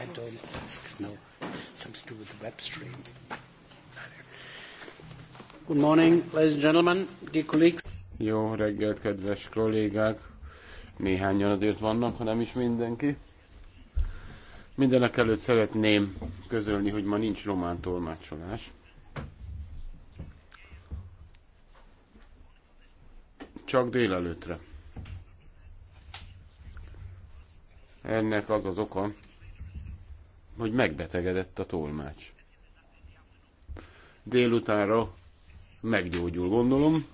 I don't ask, no. Something to do with the web stream. Good morning, ladies and gentlemen, dear colleagues. Jó reggelt, kedves kollégák! Néhányan azért vannak, ha nem is mindenki. Mindenek előtt szeretném közölni, hogy ma nincs román tolmácsolás. Csak délelőtre. Ennek az az oka, hogy megbetegedett a tolmács. Délutánra meggyógyul, gondolom.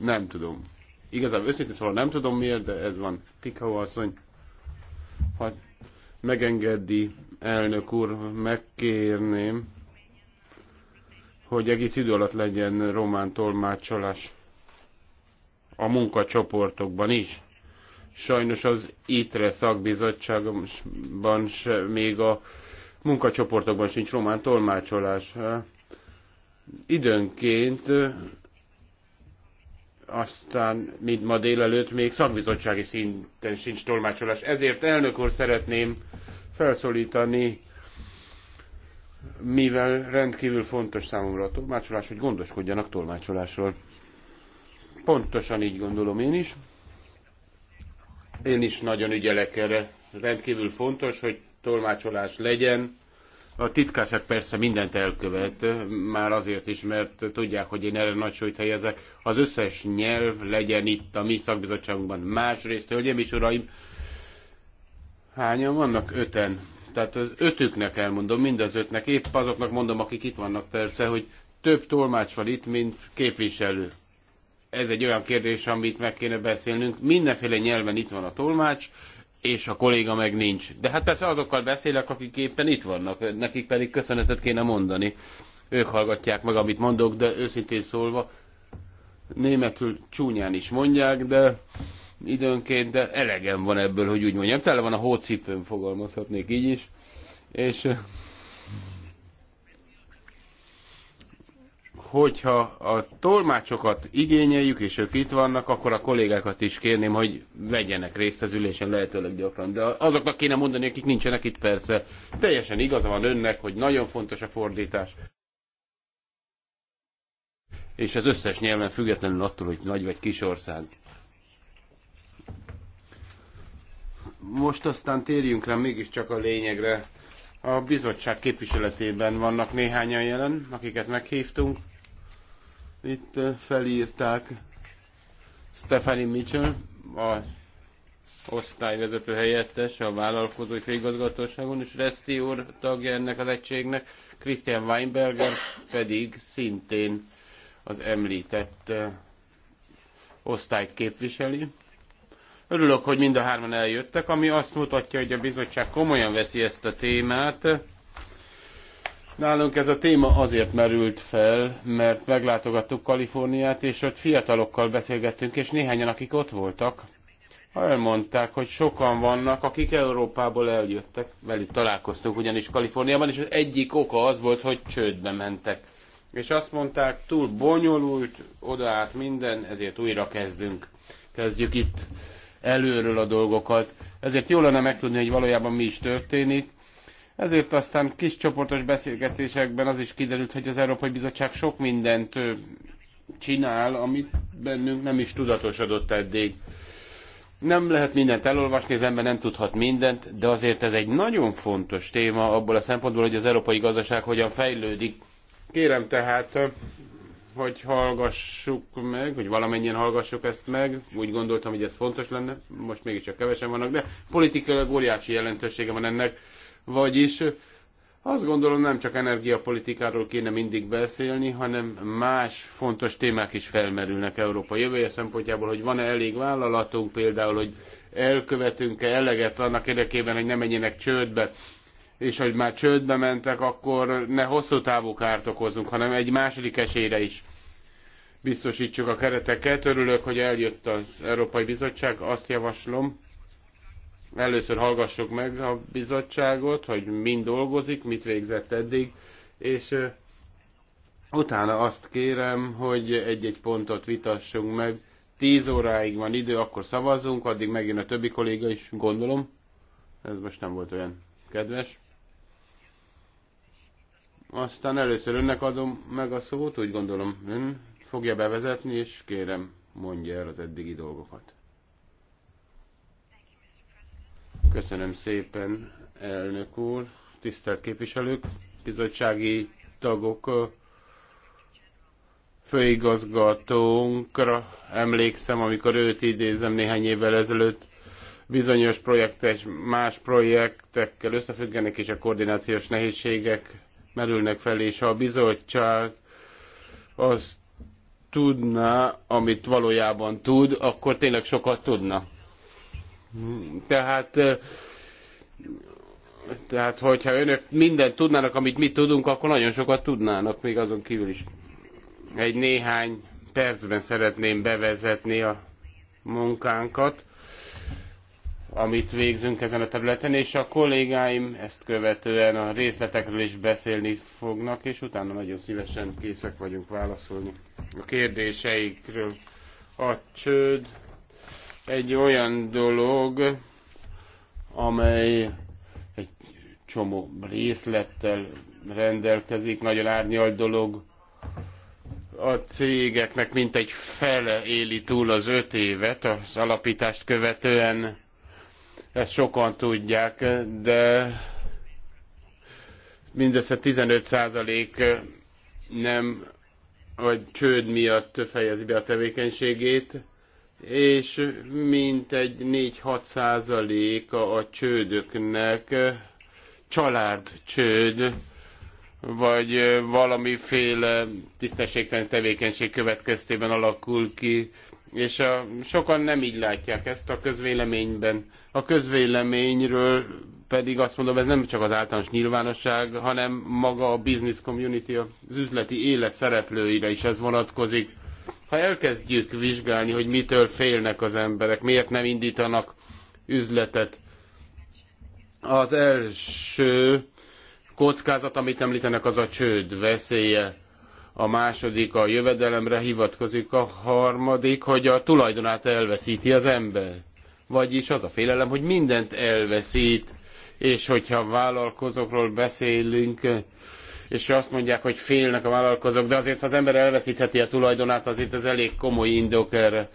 Nem tudom. Igazából őszintén szóval nem tudom miért, de ez van. Tikau asszony, ha megengedi, elnök úr, megkérném, hogy egész idő alatt legyen román tolmácsolás a munkacsoportokban is. Sajnos az ITRE szakbizottságban még a munkacsoportokban sincs román tolmácsolás. Időnként aztán, mint ma délelőtt, még szakbizottsági szinten sincs tolmácsolás. Ezért elnök úr szeretném felszólítani, mivel rendkívül fontos számomra a tolmácsolás, hogy gondoskodjanak tolmácsolásról. Pontosan így gondolom én is. Én is nagyon ügyelek erre. Rendkívül fontos, hogy tolmácsolás legyen. A titkárság hát persze mindent elkövet, már azért is, mert tudják, hogy én erre nagy súlyt helyezek. Az összes nyelv legyen itt a mi szakbizottságunkban. Másrészt, hölgyeim és uraim, hányan vannak? Öten. Tehát az ötüknek elmondom, mind az ötnek. Épp azoknak mondom, akik itt vannak persze, hogy több tolmács van itt, mint képviselő ez egy olyan kérdés, amit meg kéne beszélnünk. Mindenféle nyelven itt van a tolmács, és a kolléga meg nincs. De hát persze azokkal beszélek, akik éppen itt vannak, nekik pedig köszönetet kéne mondani. Ők hallgatják meg, amit mondok, de őszintén szólva, németül csúnyán is mondják, de időnként, de elegem van ebből, hogy úgy mondjam. Tele van a hócipőm, fogalmazhatnék így is. És hogyha a tolmácsokat igényeljük, és ők itt vannak, akkor a kollégákat is kérném, hogy vegyenek részt az ülésen lehetőleg gyakran. De azoknak kéne mondani, akik nincsenek itt persze. Teljesen igaza van önnek, hogy nagyon fontos a fordítás. És az összes nyelven függetlenül attól, hogy nagy vagy kis ország. Most aztán térjünk rá mégiscsak a lényegre. A bizottság képviseletében vannak néhányan jelen, akiket meghívtunk. Itt eh, felírták Stephanie Mitchell, a osztályvezető helyettes a vállalkozói főigazgatóságon, és Reszti úr tagja ennek az egységnek, Christian Weinberger pedig szintén az említett eh, osztályt képviseli. Örülök, hogy mind a hárman eljöttek, ami azt mutatja, hogy a bizottság komolyan veszi ezt a témát, Nálunk ez a téma azért merült fel, mert meglátogattuk Kaliforniát, és ott fiatalokkal beszélgettünk, és néhányan, akik ott voltak, elmondták, hogy sokan vannak, akik Európából eljöttek, velük találkoztunk ugyanis Kaliforniában, és az egyik oka az volt, hogy csődbe mentek. És azt mondták, túl bonyolult, oda át minden, ezért újra kezdünk. Kezdjük itt előről a dolgokat. Ezért jól lenne megtudni, hogy valójában mi is történik, ezért aztán kis csoportos beszélgetésekben az is kiderült, hogy az Európai Bizottság sok mindent csinál, amit bennünk nem is tudatosodott eddig. Nem lehet mindent elolvasni, az ember nem tudhat mindent, de azért ez egy nagyon fontos téma abból a szempontból, hogy az európai gazdaság hogyan fejlődik. Kérem tehát, hogy hallgassuk meg, hogy valamennyien hallgassuk ezt meg. Úgy gondoltam, hogy ez fontos lenne, most mégiscsak kevesen vannak, de politikailag óriási jelentősége van ennek vagyis azt gondolom nem csak energiapolitikáról kéne mindig beszélni, hanem más fontos témák is felmerülnek Európa jövője szempontjából, hogy van-e elég vállalatunk például, hogy elkövetünk-e eleget annak érdekében, hogy ne menjenek csődbe, és hogy már csődbe mentek, akkor ne hosszú távú kárt okozunk, hanem egy második esélyre is biztosítsuk a kereteket. Örülök, hogy eljött az Európai Bizottság, azt javaslom, Először hallgassuk meg a bizottságot, hogy mind dolgozik, mit végzett eddig, és utána azt kérem, hogy egy-egy pontot vitassunk meg. Tíz óráig van idő, akkor szavazunk, addig megint a többi kolléga is, gondolom. Ez most nem volt olyan kedves. Aztán először önnek adom meg a szót, úgy gondolom ön fogja bevezetni, és kérem, mondja el az eddigi dolgokat. Köszönöm szépen, elnök úr, tisztelt képviselők, bizottsági tagok, főigazgatónkra emlékszem, amikor őt idézem néhány évvel ezelőtt, bizonyos projektek más projektekkel összefüggenek, és a koordinációs nehézségek merülnek fel, és ha a bizottság azt tudná, amit valójában tud, akkor tényleg sokat tudna. Tehát tehát, hogyha önök mindent tudnának, amit mi tudunk, akkor nagyon sokat tudnának, még azon kívül is. Egy néhány percben szeretném bevezetni a munkánkat, amit végzünk ezen a területen, és a kollégáim ezt követően a részletekről is beszélni fognak, és utána nagyon szívesen készek vagyunk válaszolni a kérdéseikről. A csőd egy olyan dolog, amely egy csomó részlettel rendelkezik, nagyon árnyalt dolog. A cégeknek mintegy fele éli túl az öt évet az alapítást követően. Ezt sokan tudják, de mindössze 15% nem, vagy csőd miatt fejezi be a tevékenységét és mintegy 4-6 százaléka a csődöknek család csőd, vagy valamiféle tisztességtelen tevékenység következtében alakul ki, és a, sokan nem így látják ezt a közvéleményben. A közvéleményről pedig azt mondom, ez nem csak az általános nyilvánosság, hanem maga a business community, az üzleti élet szereplőire is ez vonatkozik ha elkezdjük vizsgálni, hogy mitől félnek az emberek, miért nem indítanak üzletet, az első kockázat, amit említenek, az a csőd veszélye. A második a jövedelemre hivatkozik, a harmadik, hogy a tulajdonát elveszíti az ember. Vagyis az a félelem, hogy mindent elveszít, és hogyha vállalkozókról beszélünk, és azt mondják, hogy félnek a vállalkozók, de azért, ha az ember elveszítheti a tulajdonát, azért ez elég komoly indok erre.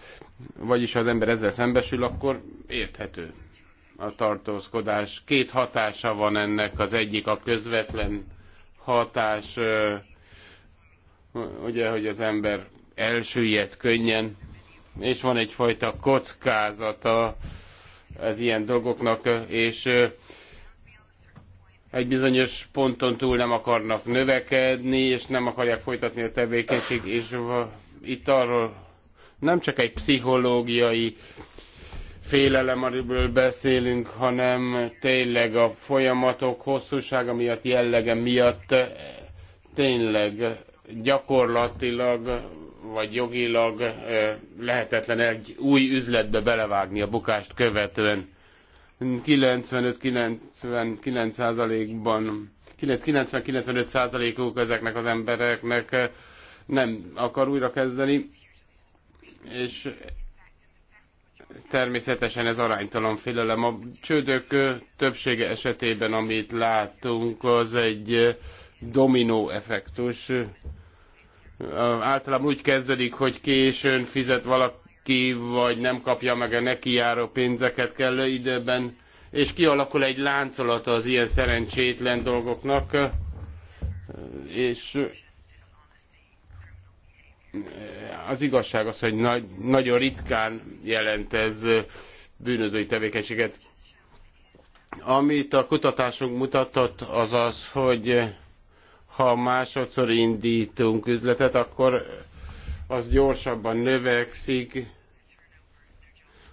Vagyis ha az ember ezzel szembesül, akkor érthető a tartózkodás. Két hatása van ennek, az egyik a közvetlen hatás, ugye, hogy az ember elsüllyed könnyen, és van egyfajta kockázata az ilyen dolgoknak, és egy bizonyos ponton túl nem akarnak növekedni, és nem akarják folytatni a tevékenység, és itt arról nem csak egy pszichológiai félelem, amiről beszélünk, hanem tényleg a folyamatok hosszúsága miatt, jellege miatt eh, tényleg gyakorlatilag vagy jogilag eh, lehetetlen egy új üzletbe belevágni a bukást követően. 95-99%-ban, 90-95%-uk ezeknek az embereknek eh, nem akar újra kezdeni, és természetesen ez aránytalan félelem. A csődök eh, többsége esetében, amit látunk, az egy eh, dominó effektus. Általában úgy kezdődik, hogy későn fizet valaki, ki, vagy nem kapja meg a neki járó pénzeket kellő időben, és kialakul egy láncolata az ilyen szerencsétlen dolgoknak, és az igazság az, hogy nagy, nagyon ritkán jelent ez bűnözői tevékenységet. Amit a kutatásunk mutatott, az az, hogy ha másodszor indítunk üzletet, akkor az gyorsabban növekszik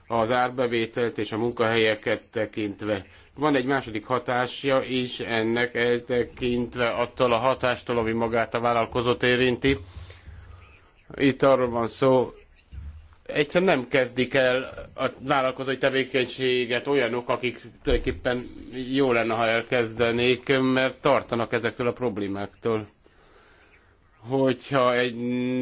az árbevételt és a munkahelyeket tekintve. Van egy második hatásja is ennek eltekintve attól a hatástól, ami magát a vállalkozót érinti. Itt arról van szó, egyszer nem kezdik el a vállalkozói tevékenységet olyanok, akik tulajdonképpen jó lenne, ha elkezdenék, mert tartanak ezektől a problémáktól hogyha egy,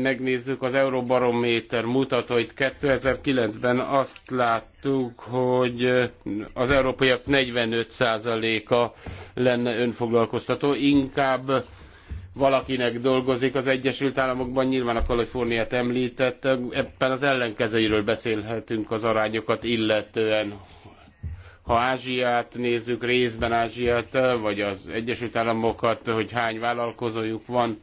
megnézzük az Euróbarométer mutatóit 2009-ben azt láttuk, hogy az európaiak 45%-a lenne önfoglalkoztató, inkább valakinek dolgozik az Egyesült Államokban, nyilván a Kaliforniát említett, ebben az ellenkezőiről beszélhetünk az arányokat illetően. Ha Ázsiát nézzük, részben Ázsiát, vagy az Egyesült Államokat, hogy hány vállalkozójuk van,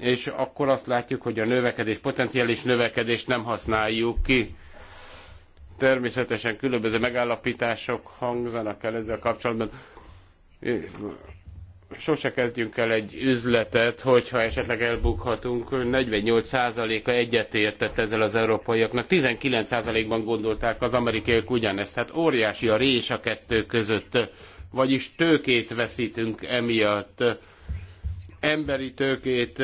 és akkor azt látjuk, hogy a növekedés, potenciális növekedést nem használjuk ki. Természetesen különböző megállapítások hangzanak el ezzel kapcsolatban. Sose kezdjünk el egy üzletet, hogyha esetleg elbukhatunk. 48%-a egyetértett ezzel az európaiaknak, 19%-ban gondolták az amerikaiak ugyanezt. Tehát óriási a rés a kettő között, vagyis tőkét veszítünk emiatt emberi tőkét,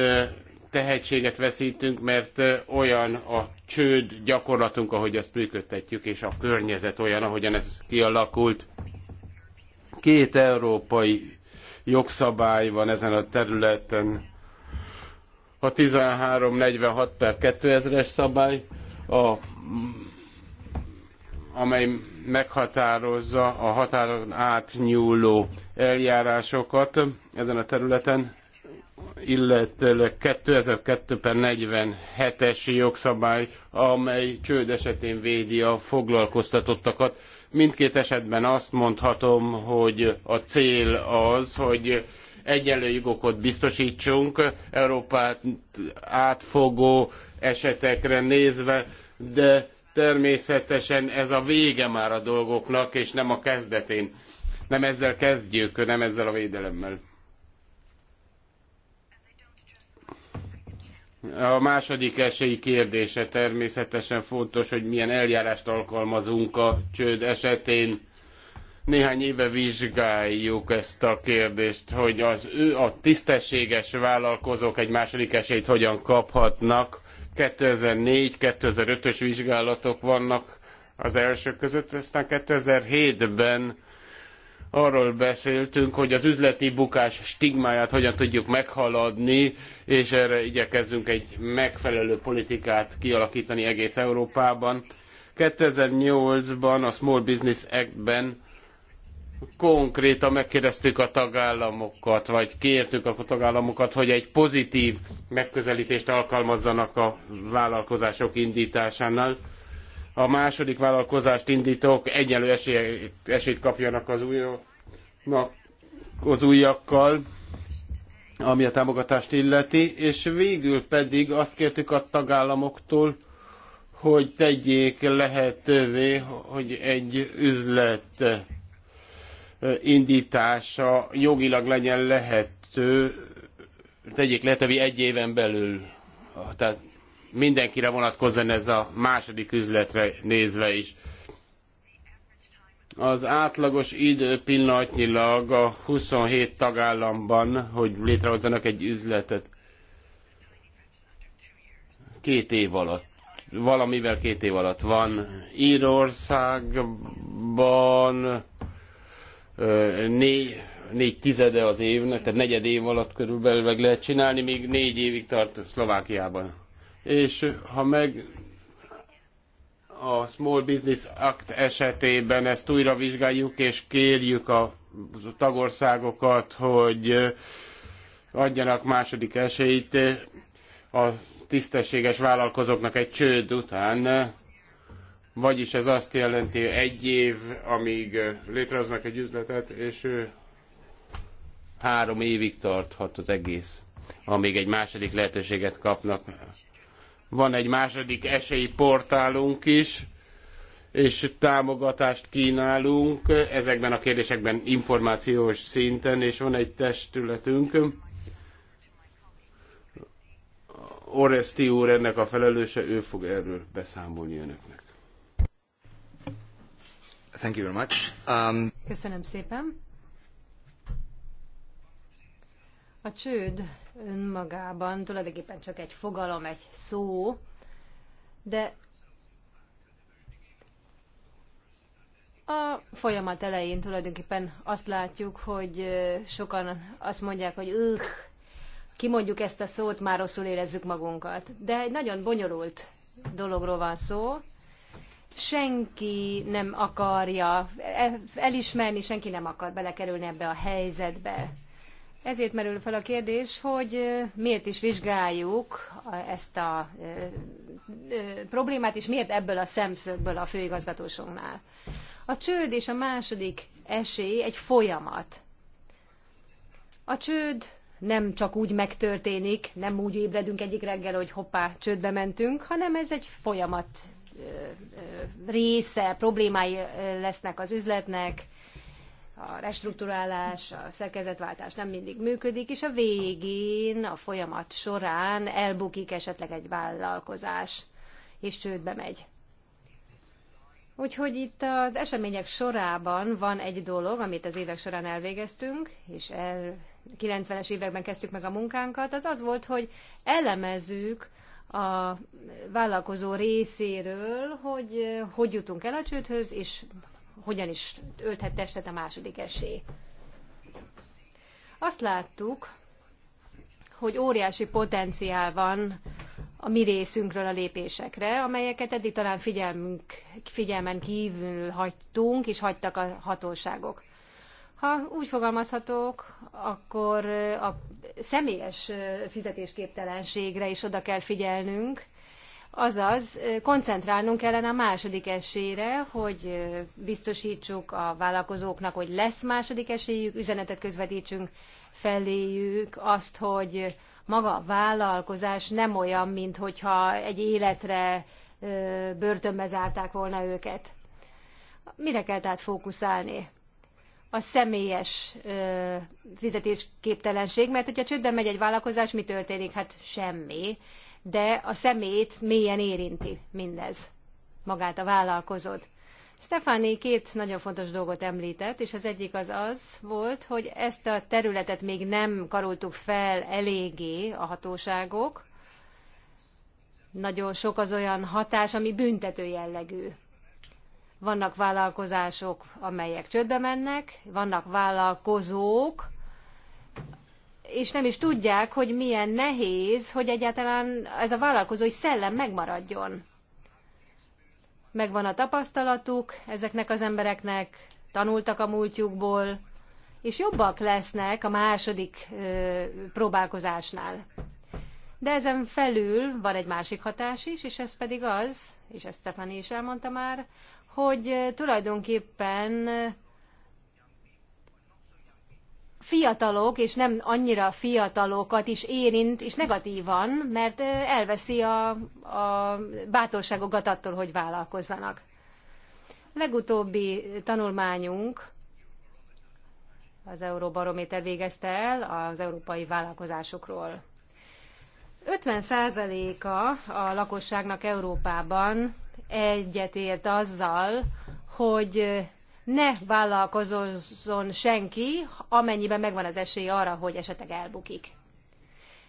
tehetséget veszítünk, mert olyan a csőd gyakorlatunk, ahogy azt működtetjük, és a környezet olyan, ahogyan ez kialakult. Két európai jogszabály van ezen a területen. A 1346 per 2000-es szabály, a, amely meghatározza a határon átnyúló eljárásokat ezen a területen, illetőleg 2002-47-es jogszabály, amely csőd esetén védi a foglalkoztatottakat. Mindkét esetben azt mondhatom, hogy a cél az, hogy egyenlő jogokat biztosítsunk Európát átfogó esetekre nézve, de természetesen ez a vége már a dolgoknak, és nem a kezdetén. Nem ezzel kezdjük, nem ezzel a védelemmel. A második esélyi kérdése természetesen fontos, hogy milyen eljárást alkalmazunk a csőd esetén. Néhány éve vizsgáljuk ezt a kérdést, hogy az ő a tisztességes vállalkozók egy második esélyt hogyan kaphatnak. 2004-2005-ös vizsgálatok vannak az első között, aztán 2007-ben arról beszéltünk, hogy az üzleti bukás stigmáját hogyan tudjuk meghaladni, és erre igyekezzünk egy megfelelő politikát kialakítani egész Európában. 2008-ban a Small Business Act-ben konkrétan megkérdeztük a tagállamokat, vagy kértük a tagállamokat, hogy egy pozitív megközelítést alkalmazzanak a vállalkozások indításánál a második vállalkozást indítók egyenlő esélyt, esélyt kapjanak az újaknak, az újakkal, ami a támogatást illeti, és végül pedig azt kértük a tagállamoktól, hogy tegyék lehetővé, hogy egy üzlet indítása jogilag legyen lehető, tegyék lehetővé egy éven belül. Tehát mindenkire vonatkozzon ez a második üzletre nézve is. Az átlagos idő pillanatnyilag a 27 tagállamban, hogy létrehozzanak egy üzletet két év alatt valamivel két év alatt van. Írországban négy, négy tizede az évnek, tehát negyed év alatt körülbelül meg lehet csinálni, még négy évig tart Szlovákiában és ha meg a Small Business Act esetében ezt újra vizsgáljuk, és kérjük a tagországokat, hogy adjanak második esélyt a tisztességes vállalkozóknak egy csőd után, vagyis ez azt jelenti egy év, amíg létrehoznak egy üzletet, és három évig tarthat az egész, amíg egy második lehetőséget kapnak. Van egy második esélyportálunk is, és támogatást kínálunk ezekben a kérdésekben információs szinten, és van egy testületünk. Oreszti úr ennek a felelőse, ő fog erről beszámolni önöknek. Thank you very much. Um... Köszönöm szépen. A csőd önmagában tulajdonképpen csak egy fogalom, egy szó, de a folyamat elején tulajdonképpen azt látjuk, hogy sokan azt mondják, hogy ők kimondjuk ezt a szót, már rosszul érezzük magunkat. De egy nagyon bonyolult dologról van szó. Senki nem akarja e-, elismerni, senki nem akar belekerülni ebbe a helyzetbe. Ezért merül fel a kérdés, hogy miért is vizsgáljuk ezt a problémát, és miért ebből a szemszögből a főigazgatósunknál. A csőd és a második esély egy folyamat. A csőd nem csak úgy megtörténik, nem úgy ébredünk egyik reggel, hogy hoppá, csődbe mentünk, hanem ez egy folyamat része, problémái lesznek az üzletnek, a restrukturálás, a szerkezetváltás nem mindig működik, és a végén, a folyamat során elbukik esetleg egy vállalkozás, és csődbe megy. Úgyhogy itt az események sorában van egy dolog, amit az évek során elvégeztünk, és el 90-es években kezdtük meg a munkánkat, az az volt, hogy elemezzük a vállalkozó részéről, hogy hogy jutunk el a csődhöz, és hogyan is ölthet testet a második esély. Azt láttuk, hogy óriási potenciál van a mi részünkről a lépésekre, amelyeket eddig talán figyelmünk, figyelmen kívül hagytunk, és hagytak a hatóságok. Ha úgy fogalmazhatok, akkor a személyes fizetésképtelenségre is oda kell figyelnünk, Azaz, koncentrálnunk kellene a második esélyre, hogy biztosítsuk a vállalkozóknak, hogy lesz második esélyük, üzenetet közvetítsünk feléjük, azt, hogy maga a vállalkozás nem olyan, mint hogyha egy életre börtönbe zárták volna őket. Mire kell tehát fókuszálni? a személyes ö, fizetésképtelenség, mert hogyha csődben megy egy vállalkozás, mi történik? Hát semmi de a szemét mélyen érinti mindez, magát a vállalkozót. Stefani két nagyon fontos dolgot említett, és az egyik az az volt, hogy ezt a területet még nem karoltuk fel eléggé a hatóságok. Nagyon sok az olyan hatás, ami büntető jellegű. Vannak vállalkozások, amelyek csődbe mennek, vannak vállalkozók, és nem is tudják, hogy milyen nehéz, hogy egyáltalán ez a vállalkozói szellem megmaradjon. Megvan a tapasztalatuk ezeknek az embereknek, tanultak a múltjukból, és jobbak lesznek a második ö, próbálkozásnál. De ezen felül van egy másik hatás is, és ez pedig az, és ezt Stefani is elmondta már, hogy tulajdonképpen fiatalok és nem annyira fiatalokat is érint, és negatívan, mert elveszi a, a bátorságokat attól, hogy vállalkozzanak. Legutóbbi tanulmányunk az Euróbarométer végezte el az európai vállalkozásokról. 50%-a a lakosságnak Európában egyetért azzal, hogy ne vállalkozzon senki, amennyiben megvan az esély arra, hogy esetleg elbukik.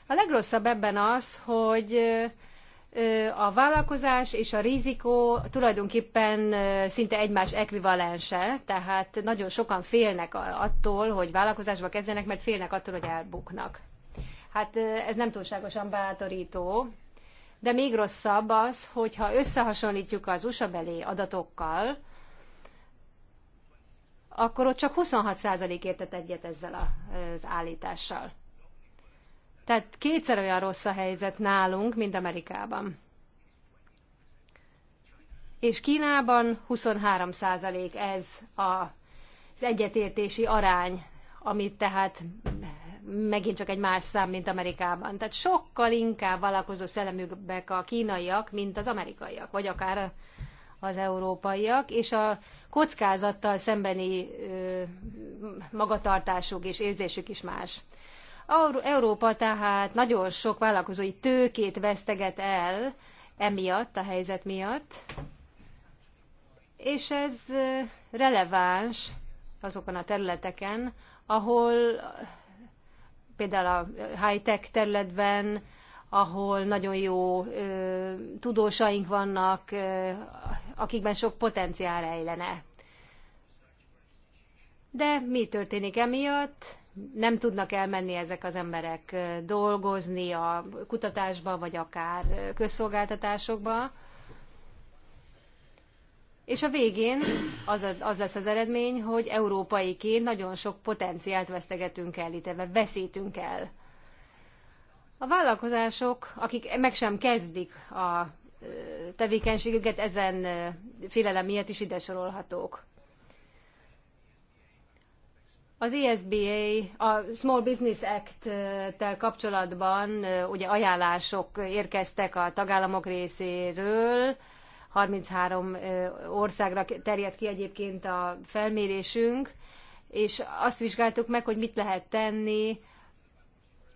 A legrosszabb ebben az, hogy a vállalkozás és a rizikó tulajdonképpen szinte egymás ekvivalense, tehát nagyon sokan félnek attól, hogy vállalkozásba kezdenek, mert félnek attól, hogy elbuknak. Hát ez nem túlságosan bátorító, de még rosszabb az, hogyha összehasonlítjuk az USA beli adatokkal, akkor ott csak 26% értett egyet ezzel az állítással. Tehát kétszer olyan rossz a helyzet nálunk, mint Amerikában. És Kínában 23 százalék ez a, az egyetértési arány, amit tehát megint csak egy más szám, mint Amerikában. Tehát sokkal inkább valakozó szellemükbek a kínaiak, mint az amerikaiak, vagy akár az európaiak, és a kockázattal szembeni magatartásuk és érzésük is más. Európa tehát nagyon sok vállalkozói tőkét veszteget el emiatt, a helyzet miatt, és ez releváns azokon a területeken, ahol például a high-tech területben, ahol nagyon jó ö, tudósaink vannak, ö, akikben sok potenciál rejlene. De mi történik emiatt? Nem tudnak elmenni ezek az emberek dolgozni a kutatásba, vagy akár közszolgáltatásokba. És a végén az, az lesz az eredmény, hogy európaiként nagyon sok potenciált vesztegetünk el, itt veszítünk el a vállalkozások, akik meg sem kezdik a tevékenységüket, ezen félelem miatt is ide sorolhatók. Az ESBA, a Small Business Act-tel kapcsolatban ugye ajánlások érkeztek a tagállamok részéről, 33 országra terjedt ki egyébként a felmérésünk, és azt vizsgáltuk meg, hogy mit lehet tenni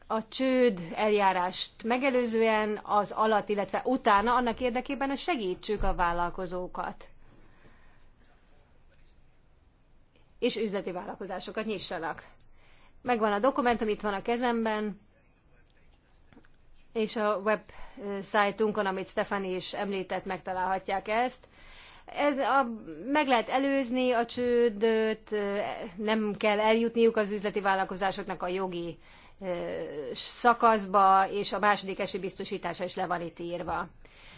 a csőd eljárást megelőzően, az alatt, illetve utána, annak érdekében, hogy segítsük a vállalkozókat. És üzleti vállalkozásokat nyissanak. Megvan a dokumentum, itt van a kezemben, és a websájtunkon, amit Stefani is említett, megtalálhatják ezt. Ez a, meg lehet előzni a csődöt, nem kell eljutniuk az üzleti vállalkozásoknak a jogi szakaszba, és a második esély biztosítása is le van itt írva.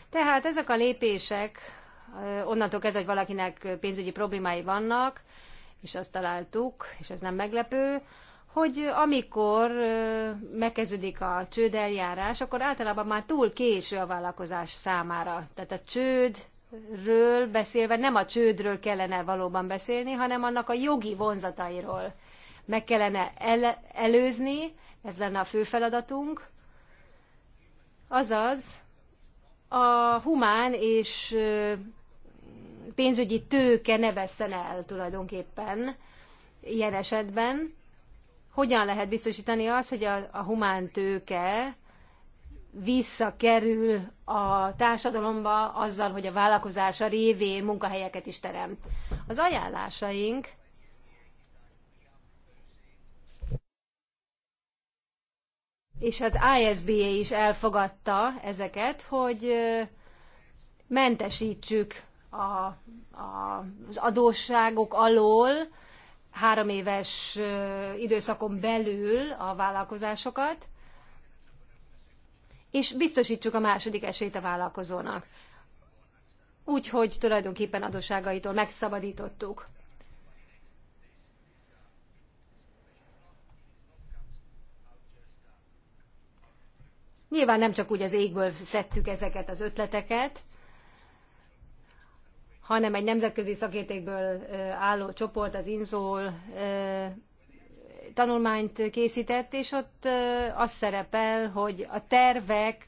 Tehát ezek a lépések, onnantól kezdve, hogy valakinek pénzügyi problémái vannak, és azt találtuk, és ez nem meglepő, hogy amikor megkezdődik a csődeljárás, akkor általában már túl késő a vállalkozás számára. Tehát a csőd ről beszélve nem a csődről kellene valóban beszélni, hanem annak a jogi vonzatairól meg kellene el- előzni, ez lenne a fő feladatunk. Azaz, a humán és pénzügyi tőke ne vesszen el tulajdonképpen ilyen esetben. Hogyan lehet biztosítani azt, hogy a, a humán tőke visszakerül a társadalomba azzal, hogy a vállalkozása révén munkahelyeket is teremt. Az ajánlásaink és az ISB is elfogadta ezeket, hogy mentesítsük a, a, az adósságok alól három éves időszakon belül a vállalkozásokat, és biztosítsuk a második esélyt a vállalkozónak. Úgyhogy tulajdonképpen adósságaitól megszabadítottuk. Nyilván nem csak úgy az égből szedtük ezeket az ötleteket, hanem egy nemzetközi szakértékből álló csoport, az INSOL tanulmányt készített, és ott az szerepel, hogy a tervek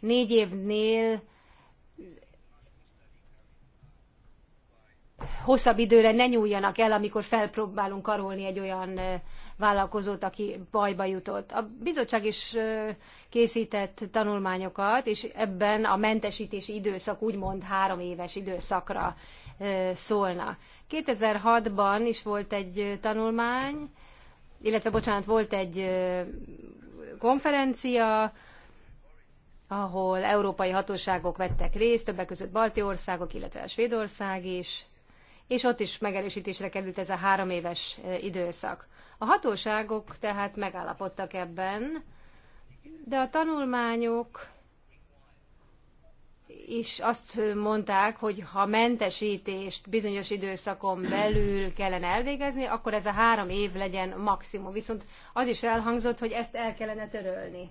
négy évnél hosszabb időre ne nyúljanak el, amikor felpróbálunk karolni egy olyan vállalkozót, aki bajba jutott. A bizottság is készített tanulmányokat, és ebben a mentesítési időszak úgymond három éves időszakra szólna. 2006-ban is volt egy tanulmány, illetve bocsánat, volt egy konferencia, ahol európai hatóságok vettek részt, többek között balti országok, illetve Svédország is, és ott is megerősítésre került ez a három éves időszak. A hatóságok tehát megállapodtak ebben, de a tanulmányok is azt mondták, hogy ha mentesítést bizonyos időszakon belül kellene elvégezni, akkor ez a három év legyen maximum. Viszont az is elhangzott, hogy ezt el kellene törölni.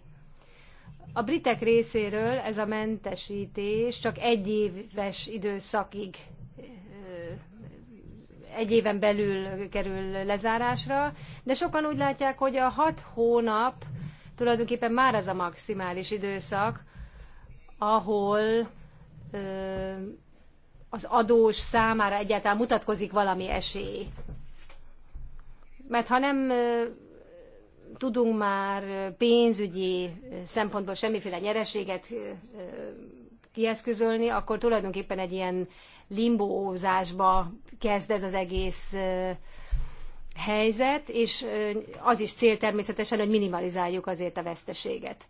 A britek részéről ez a mentesítés csak egy éves időszakig egy éven belül kerül lezárásra, de sokan úgy látják, hogy a hat hónap tulajdonképpen már az a maximális időszak, ahol az adós számára egyáltalán mutatkozik valami esély. Mert ha nem tudunk már pénzügyi szempontból semmiféle nyereséget kieszközölni, akkor tulajdonképpen egy ilyen limbózásba kezd ez az egész helyzet, és az is cél természetesen, hogy minimalizáljuk azért a veszteséget.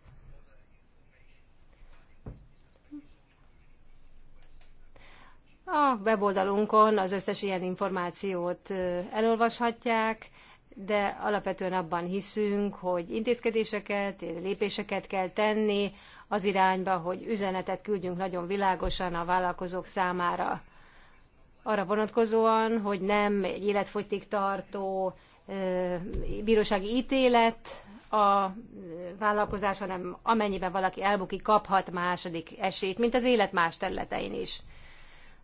A weboldalunkon az összes ilyen információt elolvashatják, de alapvetően abban hiszünk, hogy intézkedéseket, lépéseket kell tenni az irányba, hogy üzenetet küldjünk nagyon világosan a vállalkozók számára arra vonatkozóan, hogy nem egy életfogytig tartó bírósági ítélet a vállalkozás, hanem amennyiben valaki elbukik, kaphat második esélyt, mint az élet más területein is.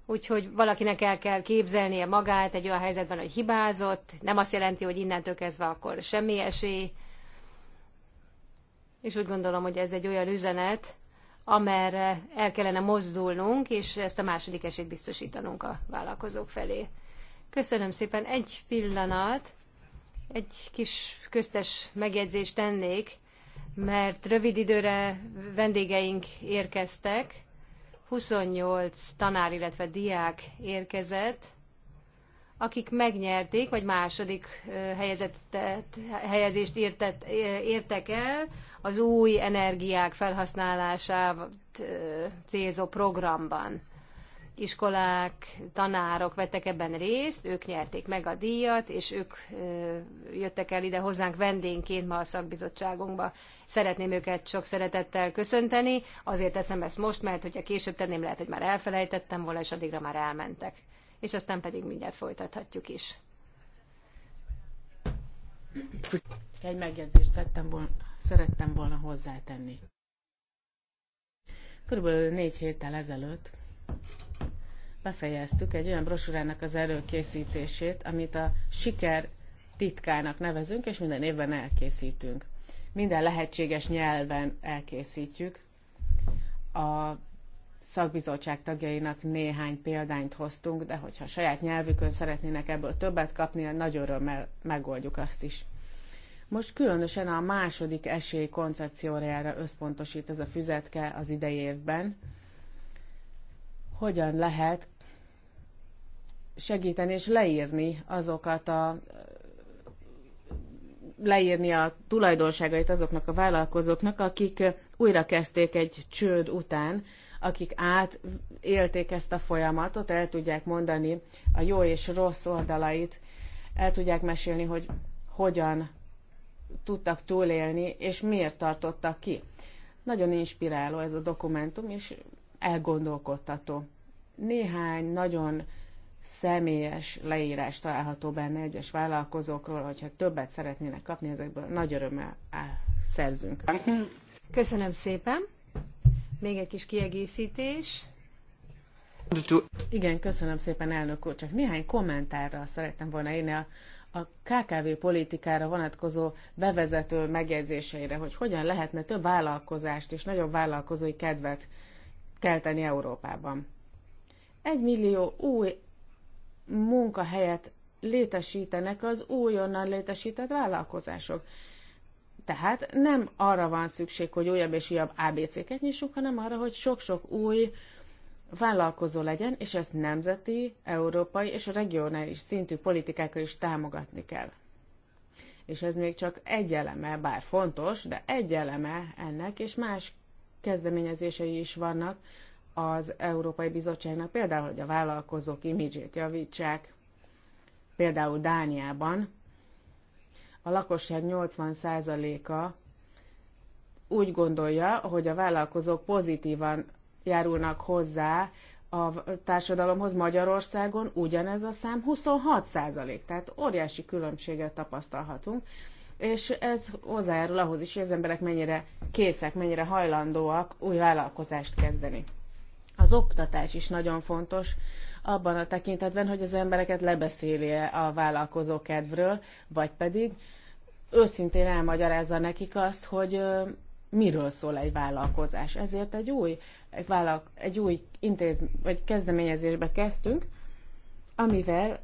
Úgyhogy valakinek el kell képzelnie magát egy olyan helyzetben, hogy hibázott, nem azt jelenti, hogy innentől kezdve akkor semmi esély. És úgy gondolom, hogy ez egy olyan üzenet, amerre el kellene mozdulnunk, és ezt a második esélyt biztosítanunk a vállalkozók felé. Köszönöm szépen. Egy pillanat, egy kis köztes megjegyzést tennék, mert rövid időre vendégeink érkeztek, 28 tanár, illetve diák érkezett, akik megnyerték, vagy második helyezettet, helyezést értett, értek el az új energiák felhasználását célzó programban. Iskolák, tanárok vettek ebben részt, ők nyerték meg a díjat, és ők jöttek el ide hozzánk vendégként ma a szakbizottságunkba. Szeretném őket sok szeretettel köszönteni, azért teszem ezt most, mert hogyha később tenném, lehet, hogy már elfelejtettem volna, és addigra már elmentek és aztán pedig mindjárt folytathatjuk is. Egy megjegyzést szerettem volna, szerettem volna hozzátenni. Körülbelül négy héttel ezelőtt befejeztük egy olyan brosúrának az előkészítését, amit a siker titkának nevezünk, és minden évben elkészítünk. Minden lehetséges nyelven elkészítjük. A szakbizottság tagjainak néhány példányt hoztunk, de hogyha saját nyelvükön szeretnének ebből többet kapni, nagyon örömmel megoldjuk azt is. Most különösen a második esély koncepciójára összpontosít ez a füzetke az idei évben. Hogyan lehet segíteni és leírni azokat a leírni a tulajdonságait azoknak a vállalkozóknak, akik újrakezdték egy csőd után, akik átélték ezt a folyamatot, el tudják mondani a jó és rossz oldalait, el tudják mesélni, hogy hogyan tudtak túlélni, és miért tartottak ki. Nagyon inspiráló ez a dokumentum, és elgondolkodtató. Néhány nagyon személyes leírás található benne egyes vállalkozókról, hogyha többet szeretnének kapni ezekből, nagy örömmel szerzünk. Köszönöm szépen! Még egy kis kiegészítés. Igen, köszönöm szépen, elnök úr. Csak néhány kommentárra szerettem volna írni a, a KKV politikára vonatkozó bevezető megjegyzéseire, hogy hogyan lehetne több vállalkozást és nagyobb vállalkozói kedvet kelteni Európában. Egy millió új munkahelyet létesítenek az újonnan létesített vállalkozások. Tehát nem arra van szükség, hogy újabb és újabb ABC-ket nyissunk, hanem arra, hogy sok-sok új vállalkozó legyen, és ezt nemzeti, európai és regionális szintű politikákkal is támogatni kell. És ez még csak egy eleme, bár fontos, de egy eleme ennek, és más kezdeményezései is vannak az Európai Bizottságnak, például, hogy a vállalkozók imidzsét javítsák, például Dániában a lakosság 80%-a úgy gondolja, hogy a vállalkozók pozitívan járulnak hozzá a társadalomhoz Magyarországon ugyanez a szám 26 százalék, tehát óriási különbséget tapasztalhatunk, és ez hozzájárul ahhoz is, hogy az emberek mennyire készek, mennyire hajlandóak új vállalkozást kezdeni. Az oktatás is nagyon fontos, abban a tekintetben, hogy az embereket lebeszéli a vállalkozó kedvről, vagy pedig őszintén elmagyarázza nekik azt, hogy miről szól egy vállalkozás. Ezért egy új, egy vállalk, egy új intéz, vagy kezdeményezésbe kezdtünk, amivel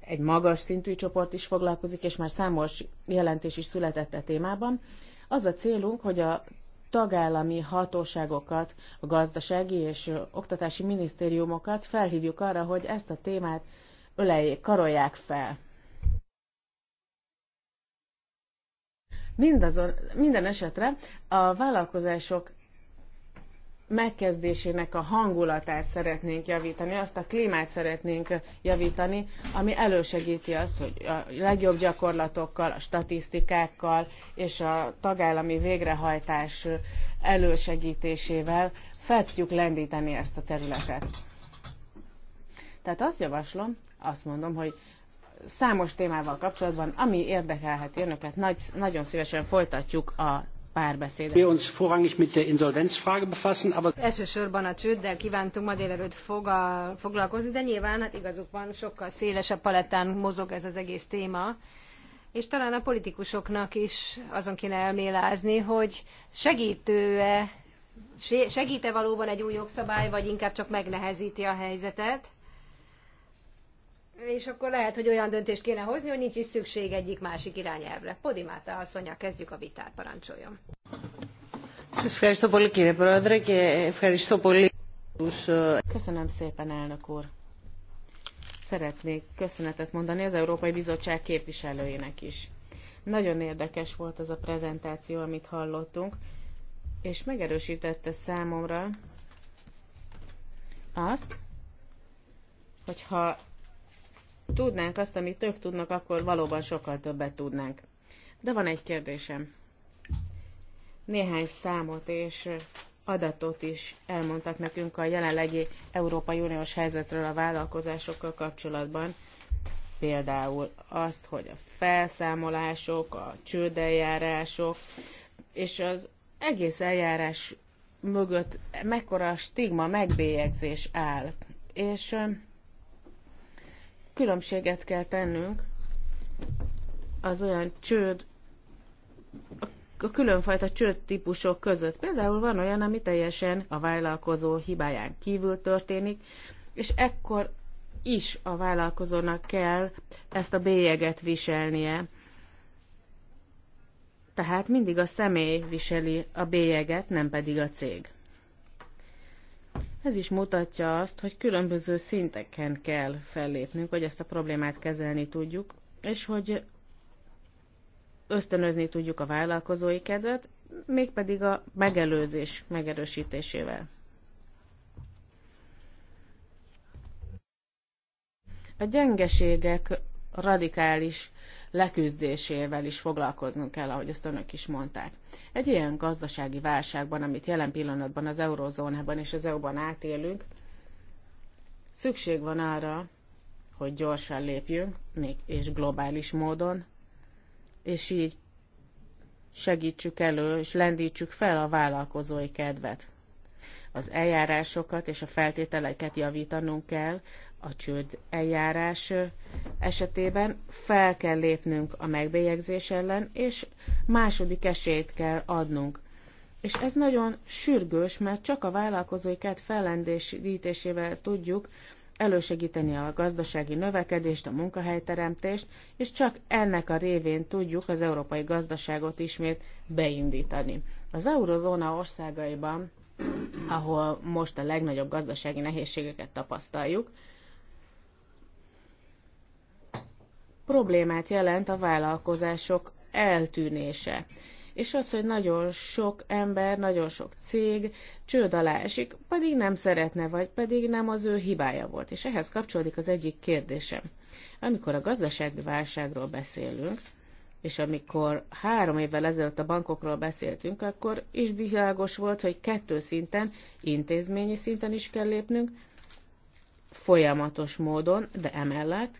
egy magas szintű csoport is foglalkozik, és már számos jelentés is született a e témában. Az a célunk, hogy a tagállami hatóságokat, a gazdasági és oktatási minisztériumokat felhívjuk arra, hogy ezt a témát öleljék, karolják fel. Mindazon, minden esetre a vállalkozások megkezdésének a hangulatát szeretnénk javítani, azt a klímát szeretnénk javítani, ami elősegíti azt, hogy a legjobb gyakorlatokkal, a statisztikákkal és a tagállami végrehajtás elősegítésével fel tudjuk lendíteni ezt a területet. Tehát azt javaslom, azt mondom, hogy számos témával kapcsolatban, ami érdekelheti önöket, nagy, nagyon szívesen folytatjuk a párbeszédet. Elsősorban a csőddel kívántunk ma délelőtt foglalkozni, de nyilván hát igazuk van, sokkal szélesebb palettán mozog ez az egész téma és talán a politikusoknak is azon kéne elmélázni, hogy segítő-e, segít-e valóban egy új jogszabály, vagy inkább csak megnehezíti a helyzetet, és akkor lehet, hogy olyan döntést kéne hozni, hogy nincs is szükség egyik másik irányelvre. Podimáta asszonya, kezdjük a vitát, parancsoljon. Köszönöm szépen, elnök úr. Szeretnék köszönetet mondani az Európai Bizottság képviselőjének is. Nagyon érdekes volt az a prezentáció, amit hallottunk, és megerősítette számomra azt, hogyha tudnánk azt, amit ők tudnak, akkor valóban sokkal többet tudnánk. De van egy kérdésem. Néhány számot és adatot is elmondtak nekünk a jelenlegi Európai Uniós helyzetről a vállalkozásokkal kapcsolatban. Például azt, hogy a felszámolások, a csődeljárások, és az egész eljárás mögött mekkora stigma megbélyegzés áll. És különbséget kell tennünk az olyan csőd, a különfajta csőd típusok között. Például van olyan, ami teljesen a vállalkozó hibáján kívül történik, és ekkor is a vállalkozónak kell ezt a bélyeget viselnie. Tehát mindig a személy viseli a bélyeget, nem pedig a cég. Ez is mutatja azt, hogy különböző szinteken kell fellépnünk, hogy ezt a problémát kezelni tudjuk, és hogy ösztönözni tudjuk a vállalkozói kedvet, mégpedig a megelőzés megerősítésével. A gyengeségek radikális leküzdésével is foglalkoznunk kell, ahogy ezt önök is mondták. Egy ilyen gazdasági válságban, amit jelen pillanatban az eurozónában és az EU-ban átélünk, szükség van arra, hogy gyorsan lépjünk, még és globális módon, és így segítsük elő és lendítsük fel a vállalkozói kedvet. Az eljárásokat és a feltételeket javítanunk kell, a csőd eljárás esetében fel kell lépnünk a megbélyegzés ellen, és második esélyt kell adnunk. És ez nagyon sürgős, mert csak a vállalkozói kert fellendítésével tudjuk elősegíteni a gazdasági növekedést, a munkahelyteremtést, és csak ennek a révén tudjuk az európai gazdaságot ismét beindítani. Az eurozóna országaiban, ahol most a legnagyobb gazdasági nehézségeket tapasztaljuk, problémát jelent a vállalkozások eltűnése. És az, hogy nagyon sok ember, nagyon sok cég csőd alá esik, pedig nem szeretne, vagy pedig nem az ő hibája volt. És ehhez kapcsolódik az egyik kérdésem. Amikor a gazdasági válságról beszélünk, és amikor három évvel ezelőtt a bankokról beszéltünk, akkor is világos volt, hogy kettő szinten, intézményi szinten is kell lépnünk, folyamatos módon, de emellett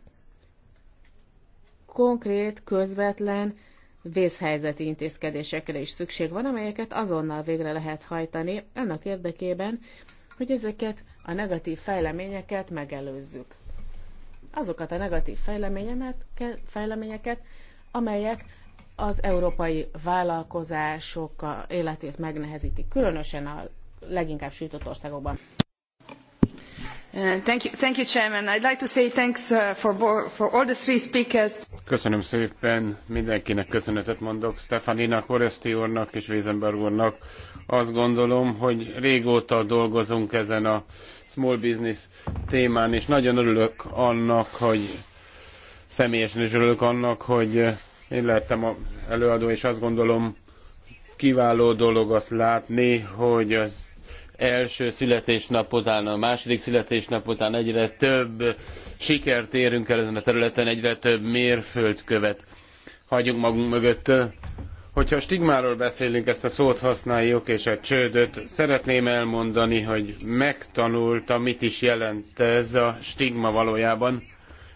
konkrét, közvetlen vészhelyzeti intézkedésekre is szükség van, amelyeket azonnal végre lehet hajtani annak érdekében, hogy ezeket a negatív fejleményeket megelőzzük. Azokat a negatív fejleményeket, amelyek az európai vállalkozások életét megnehezítik, különösen a leginkább sújtott országokban. Uh, thank you, thank you, Chairman. I'd like to say thanks uh, for, for all the three speakers. Köszönöm szépen, mindenkinek köszönetet mondok, Stefaninak, Oreszti úrnak és Wiesenberg úrnak. Azt gondolom, hogy régóta dolgozunk ezen a small business témán, és nagyon örülök annak, hogy személyesen is örülök annak, hogy uh, én lettem a előadó, és azt gondolom, kiváló dolog azt látni, hogy az első születésnap után, a második születésnap után egyre több sikert érünk el ezen a területen, egyre több mérföldkövet hagyunk magunk mögött. Hogyha a stigmáról beszélünk, ezt a szót használjuk, és a csődöt, szeretném elmondani, hogy megtanulta, mit is jelent ez a stigma valójában,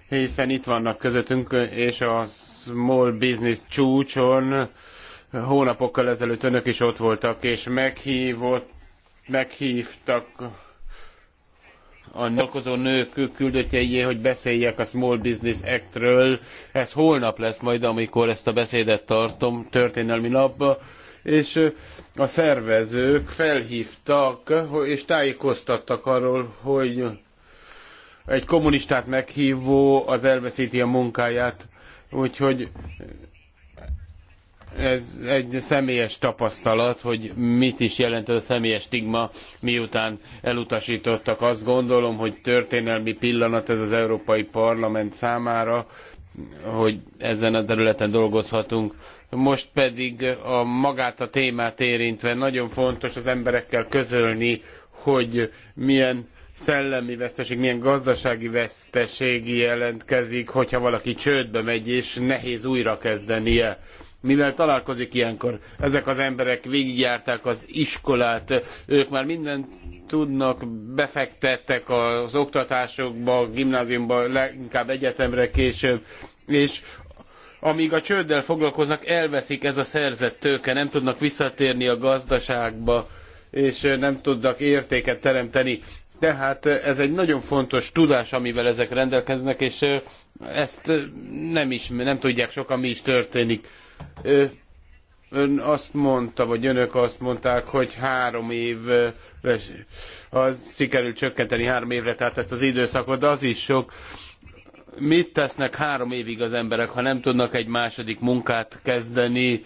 hiszen itt vannak közöttünk, és a Small Business csúcson hónapokkal ezelőtt önök is ott voltak, és meghívott meghívtak a nyilatkozó nők küldöttjeié, hogy beszéljek a Small Business Act-ről. Ez holnap lesz majd, amikor ezt a beszédet tartom, történelmi nap. És a szervezők felhívtak és tájékoztattak arról, hogy egy kommunistát meghívó az elveszíti a munkáját. Úgyhogy ez egy személyes tapasztalat, hogy mit is jelent ez a személyes stigma, miután elutasítottak. Azt gondolom, hogy történelmi pillanat ez az Európai Parlament számára, hogy ezen a területen dolgozhatunk. Most pedig a magát a témát érintve nagyon fontos az emberekkel közölni, hogy milyen szellemi veszteség, milyen gazdasági veszteség jelentkezik, hogyha valaki csődbe megy, és nehéz újrakezdenie. kezdenie mivel találkozik ilyenkor. Ezek az emberek végigjárták az iskolát, ők már mindent tudnak, befektettek az oktatásokba, gimnáziumba, leginkább egyetemre később, és amíg a csőddel foglalkoznak, elveszik ez a szerzett tőke, nem tudnak visszatérni a gazdaságba, és nem tudnak értéket teremteni. Tehát ez egy nagyon fontos tudás, amivel ezek rendelkeznek, és ezt nem, is, nem tudják sokan, mi is történik ön azt mondta, vagy önök azt mondták, hogy három év az sikerült csökkenteni három évre, tehát ezt az időszakot, de az is sok. Mit tesznek három évig az emberek, ha nem tudnak egy második munkát kezdeni,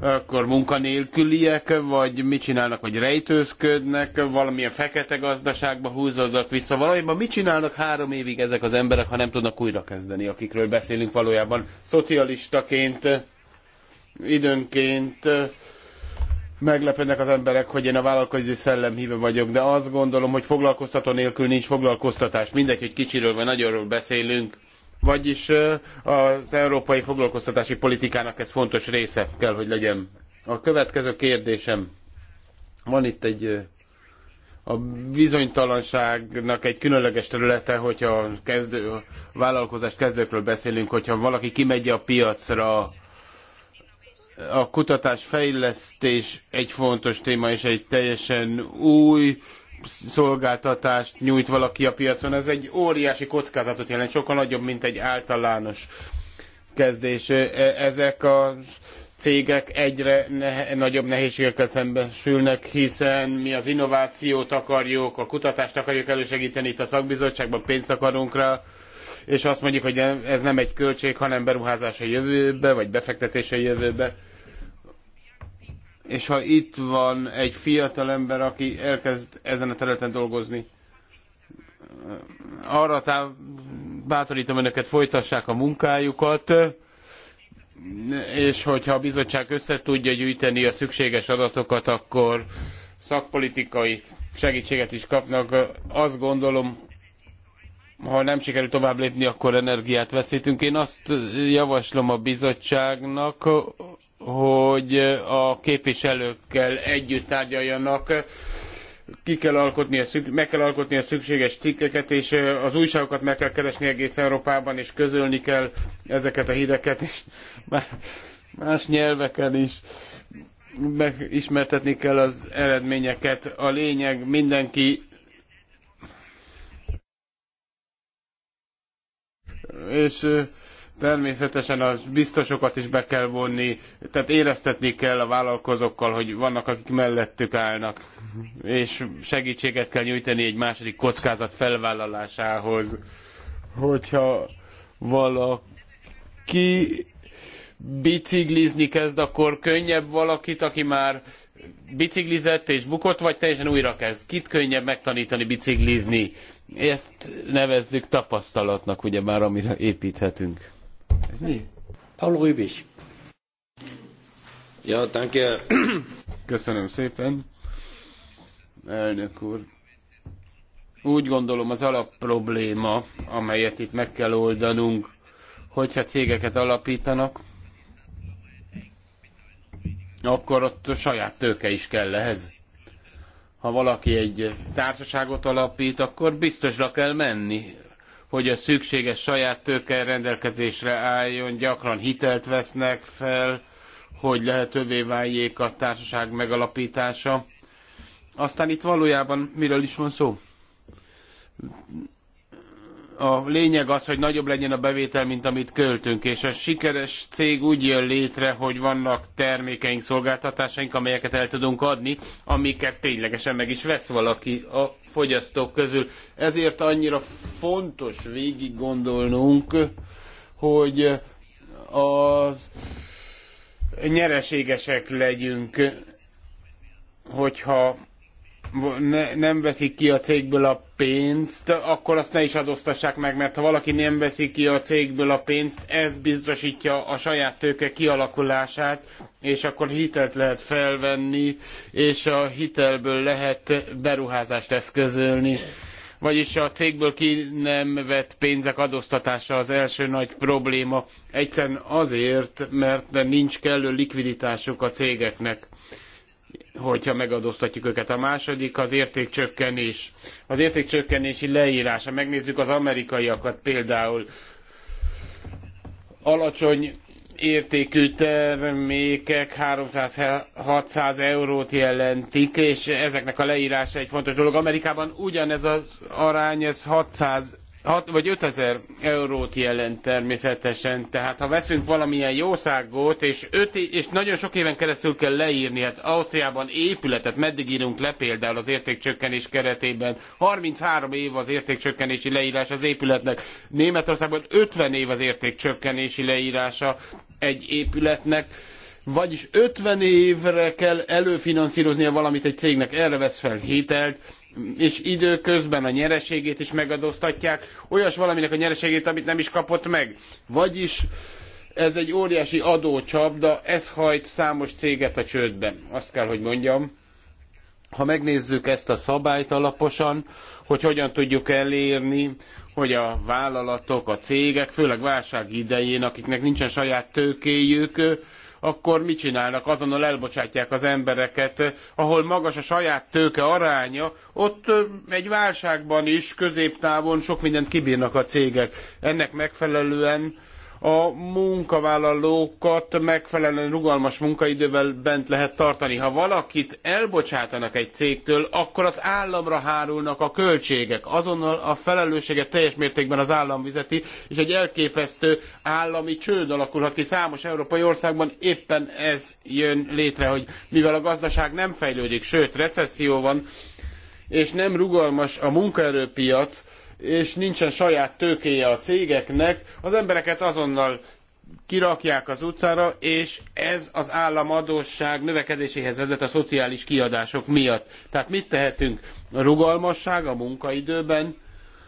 akkor munkanélküliek, vagy mit csinálnak, vagy rejtőzködnek, valamilyen fekete gazdaságba húzódnak vissza. Valójában mit csinálnak három évig ezek az emberek, ha nem tudnak újrakezdeni, akikről beszélünk valójában szocialistaként? időnként meglepődnek az emberek, hogy én a vállalkozói híve vagyok, de azt gondolom, hogy foglalkoztató nélkül nincs foglalkoztatás. Mindegy, hogy kicsiről vagy nagyról beszélünk. Vagyis az európai foglalkoztatási politikának ez fontos része kell, hogy legyen. A következő kérdésem. Van itt egy a bizonytalanságnak egy különleges területe, hogyha kezdő, vállalkozás kezdőkről beszélünk, hogyha valaki kimegy a piacra, a kutatás fejlesztés egy fontos téma, és egy teljesen új szolgáltatást nyújt valaki a piacon. Ez egy óriási kockázatot jelent, sokkal nagyobb, mint egy általános kezdés. E, ezek a cégek egyre ne nagyobb nehézségekkel szembesülnek, hiszen mi az innovációt akarjuk, a kutatást akarjuk elősegíteni itt a szakbizottságban, pénzt akarunk rá, és azt mondjuk, hogy ez nem egy költség, hanem beruházás a jövőbe, vagy befektetés a jövőbe. És ha itt van egy fiatal ember, aki elkezd ezen a területen dolgozni, arra táv, bátorítom önöket, folytassák a munkájukat, és hogyha a bizottság össze tudja gyűjteni a szükséges adatokat, akkor szakpolitikai segítséget is kapnak. Azt gondolom, ha nem sikerül tovább lépni, akkor energiát veszítünk. Én azt javaslom a bizottságnak, hogy a képviselőkkel együtt tárgyaljanak, ki kell alkotni a szükség, meg kell alkotni a szükséges cikkeket, és az újságokat meg kell keresni egész Európában, és közölni kell ezeket a híreket, és más nyelveken is megismertetni kell az eredményeket. A lényeg mindenki és természetesen a biztosokat is be kell vonni, tehát éreztetni kell a vállalkozókkal, hogy vannak, akik mellettük állnak, és segítséget kell nyújtani egy második kockázat felvállalásához, hogyha valaki biciklizni kezd, akkor könnyebb valakit, aki már biciklizett és bukott, vagy teljesen újra kezd. Kit könnyebb megtanítani biciklizni? Ezt nevezzük tapasztalatnak, ugye már amire építhetünk. Mi? Paul Rübis. Ja, danke. Köszönöm szépen. Elnök úr. Úgy gondolom az alapprobléma, amelyet itt meg kell oldanunk, hogyha cégeket alapítanak, akkor ott saját tőke is kell ehhez. Ha valaki egy társaságot alapít, akkor biztosra kell menni, hogy a szükséges saját tőke rendelkezésre álljon, gyakran hitelt vesznek fel, hogy lehetővé váljék a társaság megalapítása. Aztán itt valójában miről is van szó? a lényeg az, hogy nagyobb legyen a bevétel, mint amit költünk, és a sikeres cég úgy jön létre, hogy vannak termékeink, szolgáltatásaink, amelyeket el tudunk adni, amiket ténylegesen meg is vesz valaki a fogyasztók közül. Ezért annyira fontos végig gondolnunk, hogy az nyereségesek legyünk, hogyha ne, nem veszik ki a cégből a pénzt, akkor azt ne is adóztassák meg, mert ha valaki nem veszi ki a cégből a pénzt, ez biztosítja a saját tőke kialakulását, és akkor hitelt lehet felvenni, és a hitelből lehet beruházást eszközölni. Vagyis a cégből ki nem vett pénzek adóztatása az első nagy probléma, egyszerűen azért, mert nincs kellő likviditásuk a cégeknek hogyha megadóztatjuk őket. A második az értékcsökkenés. Az értékcsökkenési leírása. Megnézzük az amerikaiakat például. Alacsony értékű termékek 300-600 eurót jelentik, és ezeknek a leírása egy fontos dolog. Amerikában ugyanez az arány, ez 600 6 vagy 5000 eurót jelent természetesen. Tehát ha veszünk valamilyen jószágot, és, öt, és nagyon sok éven keresztül kell leírni, hát Ausztriában épületet meddig írunk le például az értékcsökkenés keretében. 33 év az értékcsökkenési leírás az épületnek. Németországban 50 év az értékcsökkenési leírása egy épületnek. Vagyis 50 évre kell előfinanszíroznia valamit egy cégnek, erre vesz fel hitelt és időközben a nyereségét is megadóztatják, olyas valaminek a nyereségét, amit nem is kapott meg. Vagyis ez egy óriási adócsapda, ez hajt számos céget a csődbe. Azt kell, hogy mondjam. Ha megnézzük ezt a szabályt alaposan, hogy hogyan tudjuk elérni, hogy a vállalatok, a cégek, főleg válság idején, akiknek nincsen saját tőkéjük, akkor mit csinálnak? Azonnal elbocsátják az embereket, ahol magas a saját tőke aránya, ott egy válságban is középtávon sok mindent kibírnak a cégek. Ennek megfelelően a munkavállalókat megfelelően rugalmas munkaidővel bent lehet tartani. Ha valakit elbocsátanak egy cégtől, akkor az államra hárulnak a költségek. Azonnal a felelősséget teljes mértékben az állam vizeti, és egy elképesztő állami csőd alakulhat ki számos európai országban. Éppen ez jön létre, hogy mivel a gazdaság nem fejlődik, sőt recesszió van, és nem rugalmas a munkaerőpiac, és nincsen saját tőkéje a cégeknek, az embereket azonnal kirakják az utcára, és ez az államadósság növekedéséhez vezet a szociális kiadások miatt. Tehát mit tehetünk? A rugalmasság a munkaidőben,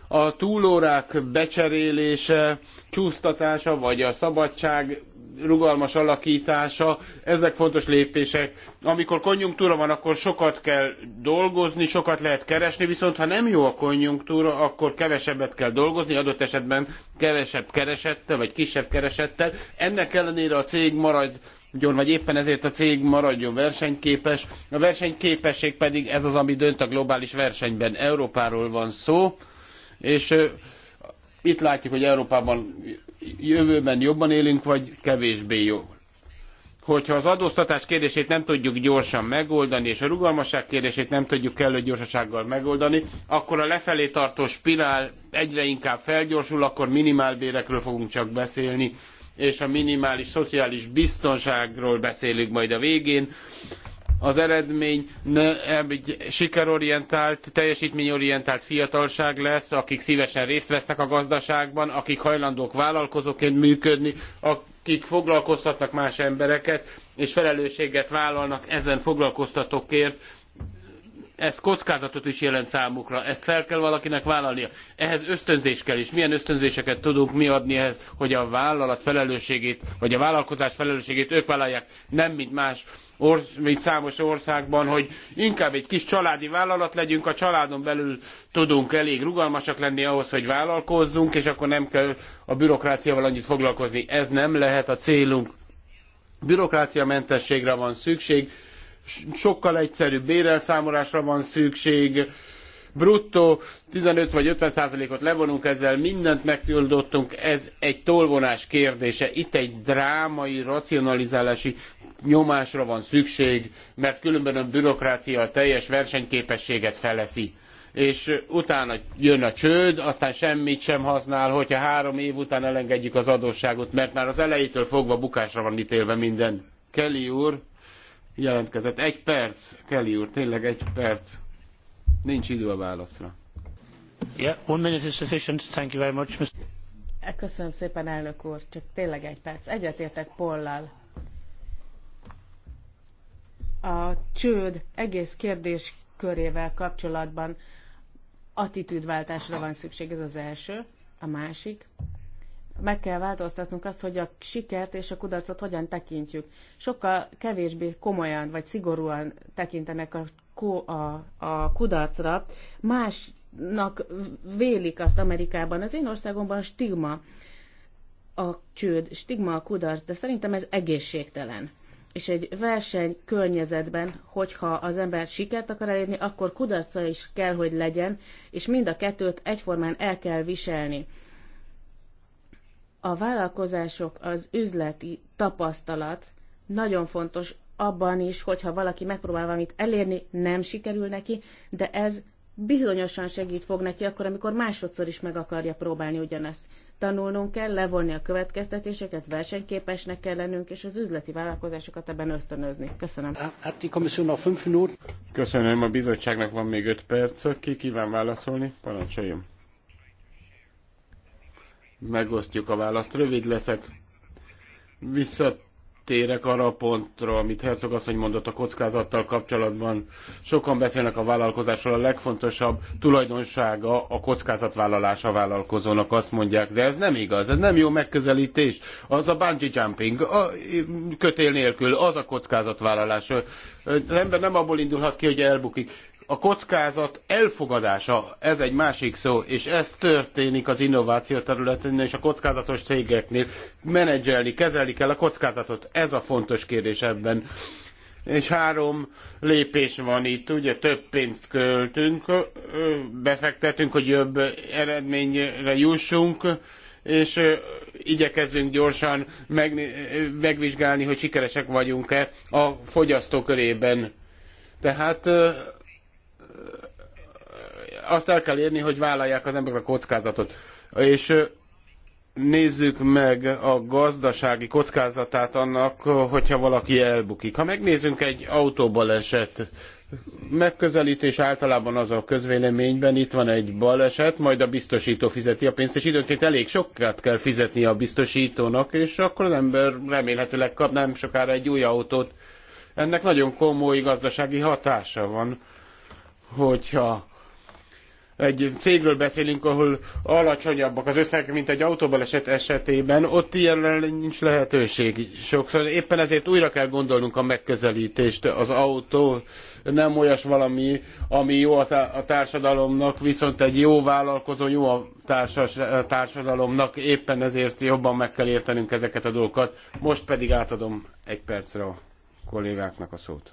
a túlórák becserélése, csúsztatása, vagy a szabadság rugalmas alakítása, ezek fontos lépések. Amikor konjunktúra van, akkor sokat kell dolgozni, sokat lehet keresni, viszont ha nem jó a konjunktúra, akkor kevesebbet kell dolgozni, adott esetben kevesebb keresettel, vagy kisebb keresettel. Ennek ellenére a cég marad maradjon, vagy éppen ezért a cég maradjon versenyképes. A versenyképesség pedig ez az, ami dönt a globális versenyben. Európáról van szó, és itt látjuk, hogy Európában jövőben jobban élünk, vagy kevésbé jó. Hogyha az adóztatás kérdését nem tudjuk gyorsan megoldani, és a rugalmasság kérdését nem tudjuk kellő gyorsasággal megoldani, akkor a lefelé tartó spirál egyre inkább felgyorsul, akkor minimálbérekről fogunk csak beszélni, és a minimális szociális biztonságról beszélünk majd a végén az eredmény egy sikerorientált, teljesítményorientált fiatalság lesz, akik szívesen részt vesznek a gazdaságban, akik hajlandók vállalkozóként működni, akik foglalkoztatnak más embereket, és felelősséget vállalnak ezen foglalkoztatókért, ez kockázatot is jelent számukra, ezt fel kell valakinek vállalnia. Ehhez ösztönzés kell is. Milyen ösztönzéseket tudunk mi adni ehhez, hogy a vállalat felelősségét, vagy a vállalkozás felelősségét ők vállalják, nem mint más mint számos országban, hogy inkább egy kis családi vállalat legyünk, a családon belül tudunk elég rugalmasak lenni ahhoz, hogy vállalkozzunk, és akkor nem kell a bürokráciával annyit foglalkozni. Ez nem lehet a célunk. Bürokráciamentességre van szükség, sokkal egyszerűbb bérelszámolásra van szükség, bruttó 15 vagy 50 százalékot levonunk, ezzel mindent megoldottunk ez egy tolvonás kérdése. Itt egy drámai, racionalizálási nyomásra van szükség, mert különben a bürokrácia a teljes versenyképességet feleszi és utána jön a csőd, aztán semmit sem használ, hogyha három év után elengedjük az adósságot, mert már az elejétől fogva bukásra van ítélve minden. Kelly úr jelentkezett. Egy perc, Kelly úr, tényleg egy perc. Nincs idő a válaszra. one minute is Köszönöm szépen, elnök úr, csak tényleg egy perc. Egyetértek Pollal. A csőd egész kérdés körével kapcsolatban attitűdváltásra van szükség, ez az első. A másik, meg kell változtatnunk azt, hogy a sikert és a kudarcot hogyan tekintjük. Sokkal kevésbé komolyan vagy szigorúan tekintenek a a, a kudarcra, másnak vélik azt Amerikában. Az én országomban stigma a csőd, stigma a kudarc, de szerintem ez egészségtelen. És egy verseny környezetben, hogyha az ember sikert akar elérni, akkor kudarca is kell, hogy legyen, és mind a kettőt egyformán el kell viselni. A vállalkozások, az üzleti tapasztalat nagyon fontos abban is, hogyha valaki megpróbál valamit elérni, nem sikerül neki, de ez bizonyosan segít fog neki akkor, amikor másodszor is meg akarja próbálni ugyanezt. Tanulnunk kell, levonni a következtetéseket, versenyképesnek kell lennünk, és az üzleti vállalkozásokat ebben ösztönözni. Köszönöm. Hát, hát, Köszönöm, a bizottságnak van még 5 perc, ki kíván válaszolni, parancsoljon. Megosztjuk a választ, rövid leszek. Visszat térek arra a pontra, amit Herzog asszony mondott a kockázattal kapcsolatban. Sokan beszélnek a vállalkozásról, a legfontosabb tulajdonsága a kockázatvállalás a vállalkozónak, azt mondják, de ez nem igaz, ez nem jó megközelítés. Az a bungee jumping, a kötél nélkül, az a kockázatvállalás. Az ember nem abból indulhat ki, hogy elbukik a kockázat elfogadása, ez egy másik szó, és ez történik az innováció területén és a kockázatos cégeknél. Menedzselni, kezelni kell a kockázatot, ez a fontos kérdés ebben. És három lépés van itt, ugye több pénzt költünk, befektetünk, hogy jobb eredményre jussunk, és igyekezzünk gyorsan meg, megvizsgálni, hogy sikeresek vagyunk-e a fogyasztó körében. Tehát azt el kell érni, hogy vállalják az emberek a kockázatot. És nézzük meg a gazdasági kockázatát annak, hogyha valaki elbukik. Ha megnézzünk egy autóbaleset megközelítés általában az a közvéleményben, itt van egy baleset, majd a biztosító fizeti a pénzt, és időnként elég sokat kell fizetni a biztosítónak, és akkor az ember remélhetőleg kap nem sokára egy új autót. Ennek nagyon komoly gazdasági hatása van, hogyha egy cégről beszélünk, ahol alacsonyabbak az összegek, mint egy autóbaleset esetében, ott ilyen nincs lehetőség sokszor. Éppen ezért újra kell gondolnunk a megközelítést. Az autó nem olyas valami, ami jó a társadalomnak, viszont egy jó vállalkozó jó a társas, társadalomnak. Éppen ezért jobban meg kell értenünk ezeket a dolgokat. Most pedig átadom egy percre a kollégáknak a szót.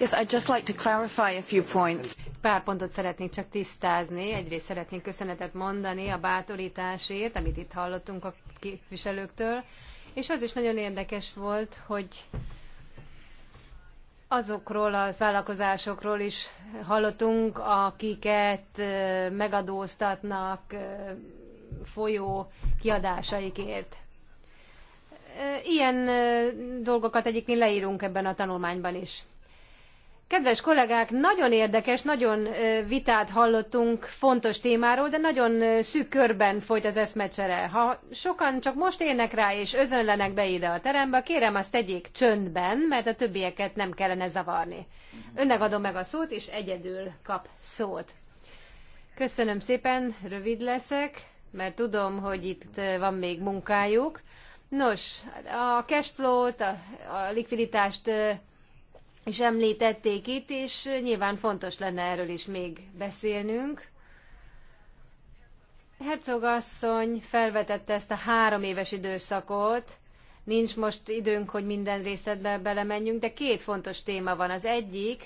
Yes, I'd just like to clarify a few points. Pár pontot szeretnék csak tisztázni. Egyrészt szeretnék köszönetet mondani a bátorításért, amit itt hallottunk a képviselőktől, és az is nagyon érdekes volt, hogy azokról a vállalkozásokról is hallottunk, akiket megadóztatnak folyó kiadásaikért. Ilyen dolgokat egyébként leírunk ebben a tanulmányban is. Kedves kollégák, nagyon érdekes, nagyon vitát hallottunk fontos témáról, de nagyon szűk körben folyt az eszmecsere. Ha sokan csak most érnek rá és özönlenek be ide a terembe, kérem azt tegyék csöndben, mert a többieket nem kellene zavarni. Önnek adom meg a szót, és egyedül kap szót. Köszönöm szépen, rövid leszek, mert tudom, hogy itt van még munkájuk. Nos, a cashflow-t, a, a likviditást és említették itt, és nyilván fontos lenne erről is még beszélnünk. Herzog asszony felvetette ezt a három éves időszakot, nincs most időnk, hogy minden részletbe belemenjünk, de két fontos téma van. Az egyik,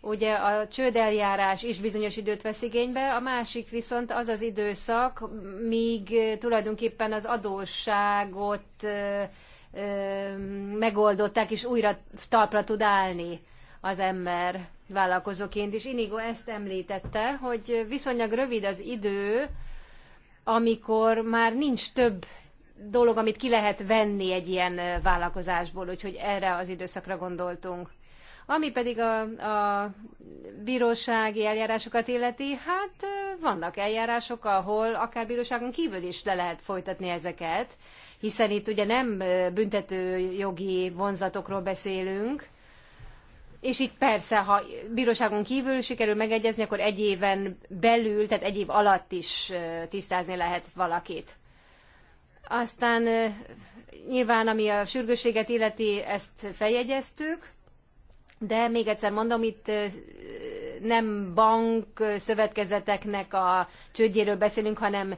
ugye a csődeljárás is bizonyos időt vesz igénybe, a másik viszont az az időszak, míg tulajdonképpen az adósságot megoldották, és újra talpra tud állni az ember vállalkozóként. És Inigo ezt említette, hogy viszonylag rövid az idő, amikor már nincs több dolog, amit ki lehet venni egy ilyen vállalkozásból, úgyhogy erre az időszakra gondoltunk. Ami pedig a, a bírósági eljárásokat illeti, hát vannak eljárások, ahol akár bíróságon kívül is le lehet folytatni ezeket, hiszen itt ugye nem büntetőjogi jogi vonzatokról beszélünk, és itt persze, ha bíróságon kívül sikerül megegyezni, akkor egy éven belül, tehát egy év alatt is tisztázni lehet valakit. Aztán nyilván, ami a sürgősséget illeti, ezt feljegyeztük, de még egyszer mondom, itt nem bank szövetkezeteknek a csődjéről beszélünk, hanem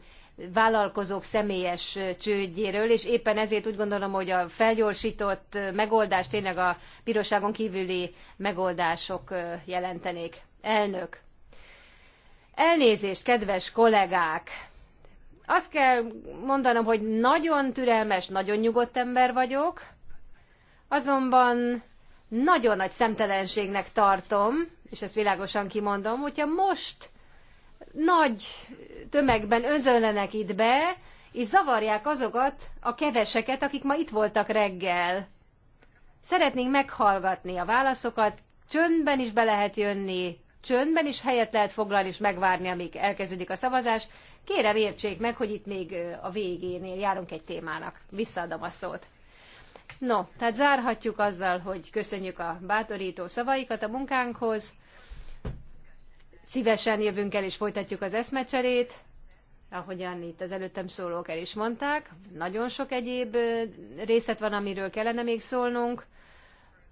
vállalkozók személyes csődjéről, és éppen ezért úgy gondolom, hogy a felgyorsított megoldást tényleg a bíróságon kívüli megoldások jelentenék. Elnök. Elnézést, kedves kollégák! Azt kell mondanom, hogy nagyon türelmes, nagyon nyugodt ember vagyok, azonban nagyon nagy szemtelenségnek tartom, és ezt világosan kimondom, hogyha most nagy tömegben özönlenek itt be, és zavarják azokat a keveseket, akik ma itt voltak reggel. Szeretnénk meghallgatni a válaszokat, csöndben is be lehet jönni, csöndben is helyet lehet foglalni és megvárni, amíg elkezdődik a szavazás. Kérem értsék meg, hogy itt még a végénél járunk egy témának. Visszaadom a szót. No, tehát zárhatjuk azzal, hogy köszönjük a bátorító szavaikat a munkánkhoz. Szívesen jövünk el és folytatjuk az eszmecserét, ahogyan itt az előttem szólók el is mondták. Nagyon sok egyéb részlet van, amiről kellene még szólnunk,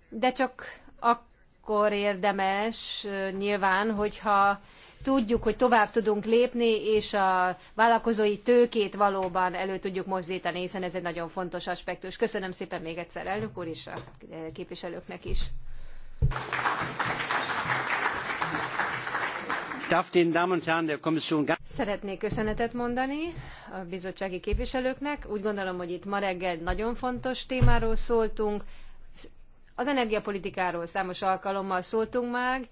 de csak akkor érdemes nyilván, hogyha tudjuk, hogy tovább tudunk lépni, és a vállalkozói tőkét valóban elő tudjuk mozdítani, hiszen ez egy nagyon fontos aspektus. Köszönöm szépen még egyszer elnök úr és a képviselőknek is. Szeretnék köszönetet mondani a bizottsági képviselőknek. Úgy gondolom, hogy itt ma reggel nagyon fontos témáról szóltunk. Az energiapolitikáról számos alkalommal szóltunk meg,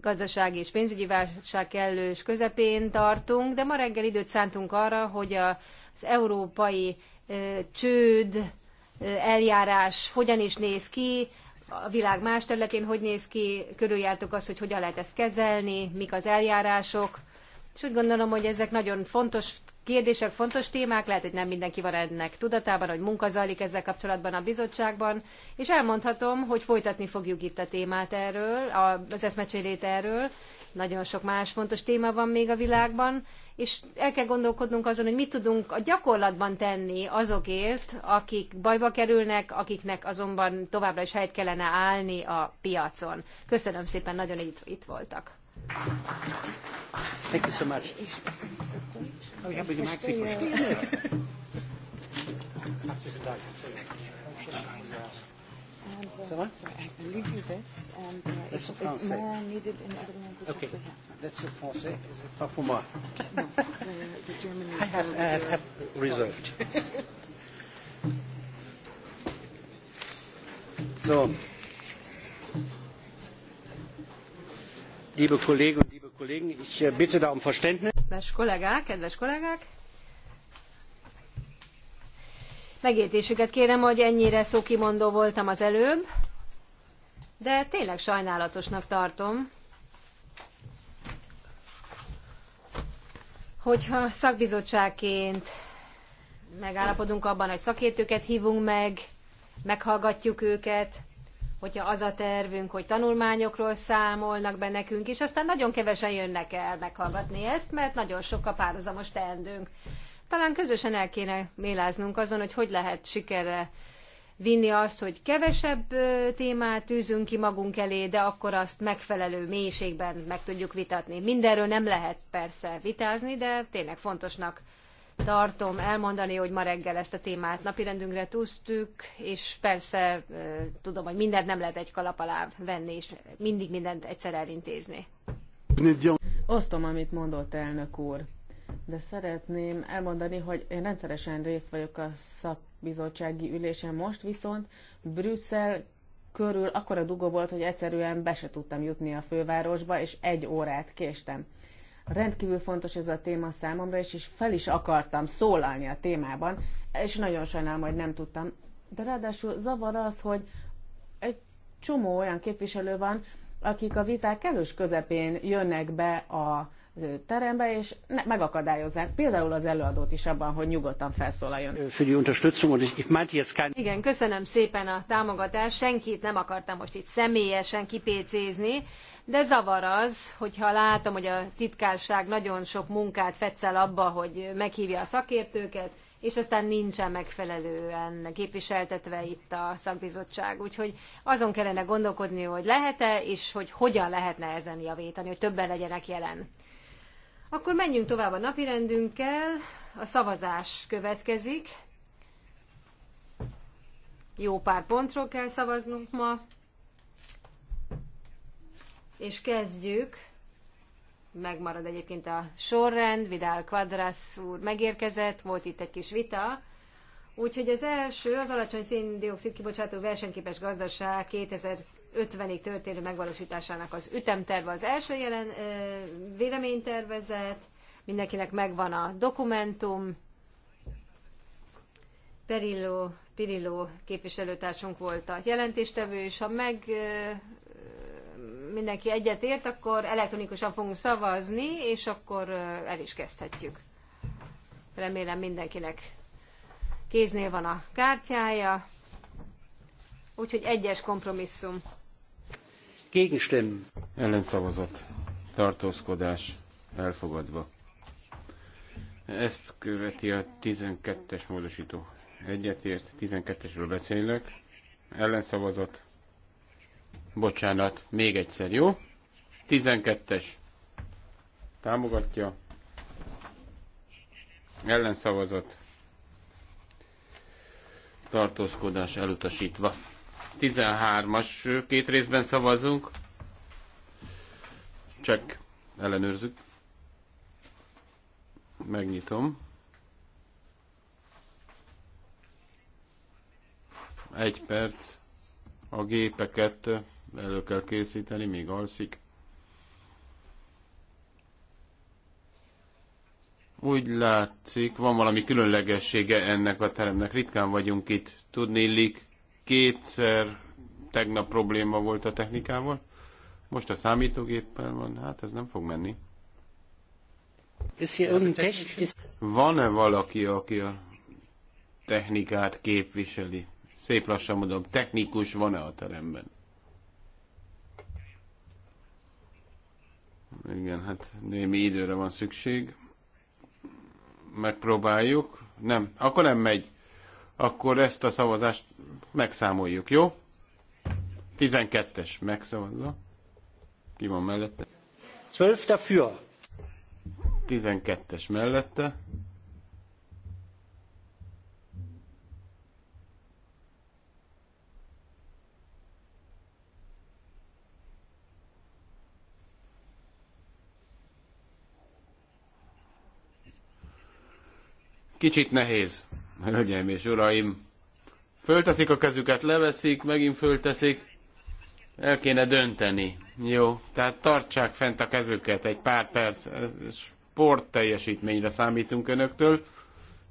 gazdasági és pénzügyi válság kellős közepén tartunk, de ma reggel időt szántunk arra, hogy az európai csőd eljárás hogyan is néz ki, a világ más területén hogy néz ki, körüljártuk azt, hogy hogyan lehet ezt kezelni, mik az eljárások, és úgy gondolom, hogy ezek nagyon fontos kérdések, fontos témák, lehet, hogy nem mindenki van ennek tudatában, hogy munka zajlik ezzel kapcsolatban a bizottságban, és elmondhatom, hogy folytatni fogjuk itt a témát erről, az eszmecserét erről, nagyon sok más fontos téma van még a világban, és el kell gondolkodnunk azon, hogy mit tudunk a gyakorlatban tenni azokért, akik bajba kerülnek, akiknek azonban továbbra is helyt kellene állni a piacon. Köszönöm szépen, nagyon itt, itt voltak. Thank you so much. Oh, Yeah. And uh, ça va? I can leave you this, and uh, it's, it's more needed in other languages okay. we have. That's the is it pas pour moi? the, German is I have, have, have reserved. so. Liebe Kollegen, und liebe Kollegen, ich bitte da um Verständnis. Kedves kollégák, kedves kollégák! Megértésüket kérem, hogy ennyire szókimondó voltam az előbb, de tényleg sajnálatosnak tartom, hogyha szakbizottságként megállapodunk abban, hogy szakértőket hívunk meg, meghallgatjuk őket, hogyha az a tervünk, hogy tanulmányokról számolnak be nekünk, és aztán nagyon kevesen jönnek el meghallgatni ezt, mert nagyon sok a párhuzamos teendőnk. Talán közösen el kéne méláznunk azon, hogy hogy lehet sikerre vinni azt, hogy kevesebb témát tűzünk ki magunk elé, de akkor azt megfelelő mélységben meg tudjuk vitatni. Mindenről nem lehet persze vitázni, de tényleg fontosnak tartom elmondani, hogy ma reggel ezt a témát napirendünkre tűztük, és persze tudom, hogy mindent nem lehet egy kalap alá venni, és mindig mindent egyszer elintézni. Osztom, amit mondott elnök úr de szeretném elmondani, hogy én rendszeresen részt vagyok a szakbizottsági ülésen most, viszont Brüsszel körül akkora dugó volt, hogy egyszerűen be se tudtam jutni a fővárosba, és egy órát késtem. Rendkívül fontos ez a téma számomra, és, fel is akartam szólalni a témában, és nagyon sajnálom, hogy nem tudtam. De ráadásul zavar az, hogy egy csomó olyan képviselő van, akik a viták elős közepén jönnek be a terembe, és ne, megakadályozzák például az előadót is abban, hogy nyugodtan felszólaljon. Igen, köszönöm szépen a támogatást, senkit nem akartam most itt személyesen kipécézni, de zavar az, hogyha látom, hogy a titkárság nagyon sok munkát fetszel abba, hogy meghívja a szakértőket, és aztán nincsen megfelelően képviseltetve itt a szakbizottság. Úgyhogy azon kellene gondolkodni, hogy lehet-e, és hogy hogyan lehetne ezen javítani, hogy többen legyenek jelen. Akkor menjünk tovább a napirendünkkel. A szavazás következik. Jó pár pontról kell szavaznunk ma. És kezdjük. Megmarad egyébként a sorrend. Vidal Quadras úr megérkezett, volt itt egy kis vita. Úgyhogy az első, az alacsony széndiokszid kibocsátó versenyképes gazdaság 2000 50-ig történő megvalósításának az ütemterve az első jelen véleménytervezet, mindenkinek megvan a dokumentum. Perillo, Pirillo képviselőtársunk volt a jelentéstevő, és ha meg mindenki egyet ért, akkor elektronikusan fogunk szavazni, és akkor el is kezdhetjük. Remélem mindenkinek kéznél van a kártyája. Úgyhogy egyes kompromisszum Gegenstimmen. Ellenszavazat. Tartózkodás. Elfogadva. Ezt követi a 12-es módosító. Egyetért, 12-esről beszélek. Ellenszavazat. Bocsánat, még egyszer, jó? 12-es. Támogatja. Ellenszavazat. Tartózkodás elutasítva. 13-as két részben szavazunk. Csak ellenőrzük. Megnyitom. Egy perc. A gépeket elő kell készíteni, még alszik. Úgy látszik, van valami különlegessége ennek a teremnek. Ritkán vagyunk itt. Tudni illik, kétszer tegnap probléma volt a technikával, most a számítógéppel van, hát ez nem fog menni. Van-e valaki, aki a technikát képviseli? Szép lassan mondom, technikus van-e a teremben? Igen, hát némi időre van szükség. Megpróbáljuk. Nem, akkor nem megy akkor ezt a szavazást megszámoljuk, jó? 12-es megszavazza. Ki van mellette? 12 dafür. 12-es mellette. Kicsit nehéz. Hölgyeim és uraim, fölteszik a kezüket, leveszik, megint fölteszik. El kéne dönteni. Jó, tehát tartsák fent a kezüket egy pár perc. Sport teljesítményre számítunk önöktől.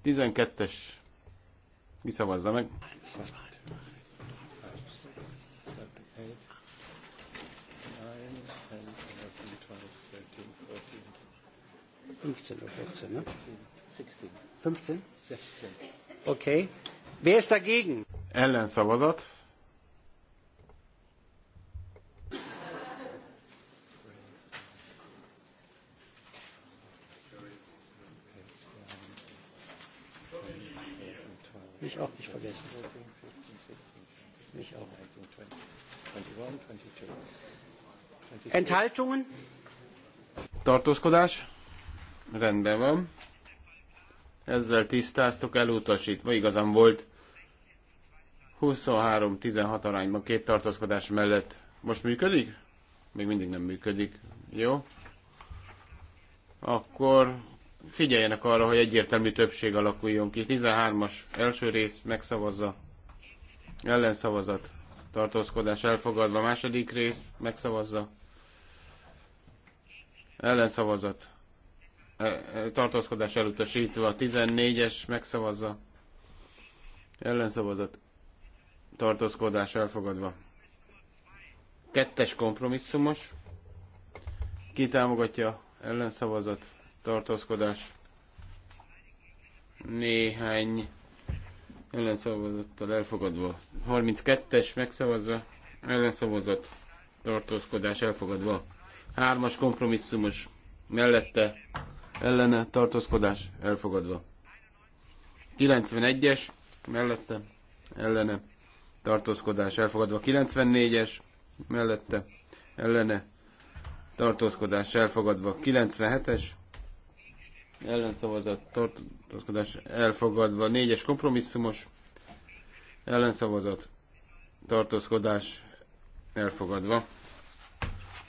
12-es. Ki szavazza meg? Fünfzehn oder 14, ne? Okay. Wer ist dagegen? Ellenszavazat. Mich auch nicht vergessen. Mich auch. Enthaltungen? Tartózkodás? Rendben van ezzel tisztáztuk, elutasítva igazam volt 23-16 arányban két tartózkodás mellett. Most működik? Még mindig nem működik. Jó? Akkor figyeljenek arra, hogy egyértelmű többség alakuljon ki. 13-as első rész megszavazza. Ellenszavazat. Tartózkodás elfogadva. Második rész megszavazza. Ellenszavazat tartózkodás elutasítva, a 14-es megszavazza, ellenszavazat, tartózkodás elfogadva. Kettes kompromisszumos, ki támogatja ellenszavazat, tartózkodás, néhány ellenszavazattal elfogadva. 32-es megszavazza ellenszavazat, tartózkodás elfogadva. Hármas kompromisszumos, mellette ellene tartózkodás elfogadva. 91-es mellette ellene tartózkodás elfogadva. 94-es mellette ellene tartózkodás elfogadva. 97-es ellenszavazat tartózkodás elfogadva. 4-es kompromisszumos ellenszavazat tartózkodás elfogadva.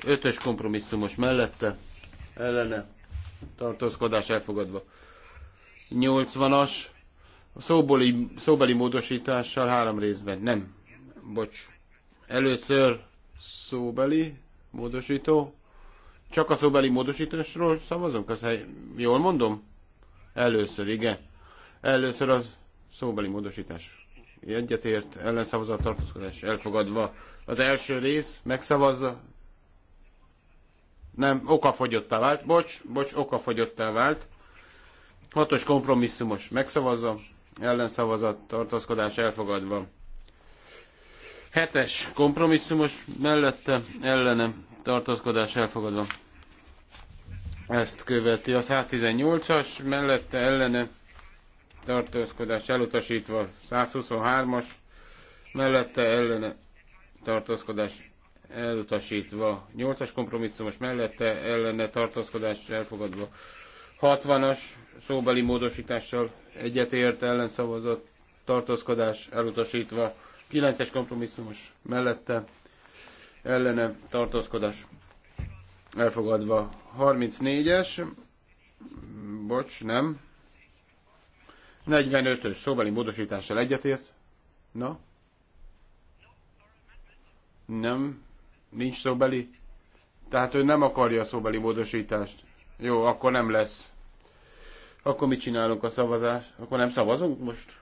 5-ös kompromisszumos mellette ellene tartózkodás elfogadva. 80-as, a szóbeli, szóbeli módosítással három részben. Nem, bocs. Először szóbeli módosító. Csak a szóbeli módosításról szavazunk? Azt hely... jól mondom? Először, igen. Először az szóbeli módosítás. Egyetért, ellenszavazat tartózkodás elfogadva. Az első rész megszavazza, nem, okafogyottá vált, bocs, bocs, okafogyottá vált. Hatos kompromisszumos megszavazva, ellenszavazat, tartózkodás elfogadva. Hetes kompromisszumos mellette, ellenem, tartózkodás elfogadva. Ezt követi a 118-as, mellette ellene tartózkodás elutasítva, 123-as, mellette ellene tartózkodás elutasítva. 8-as kompromisszumos mellette ellene tartózkodás elfogadva. 60-as szóbeli módosítással egyetért ellenszavazott tartózkodás elutasítva. 9-es kompromisszumos mellette ellene tartózkodás elfogadva. 34-es, bocs, nem. 45-ös szóbeli módosítással egyetért. Na? Nem. Nincs szóbeli? Tehát ő nem akarja a szóbeli módosítást. Jó, akkor nem lesz. Akkor mit csinálunk a szavazás? Akkor nem szavazunk most?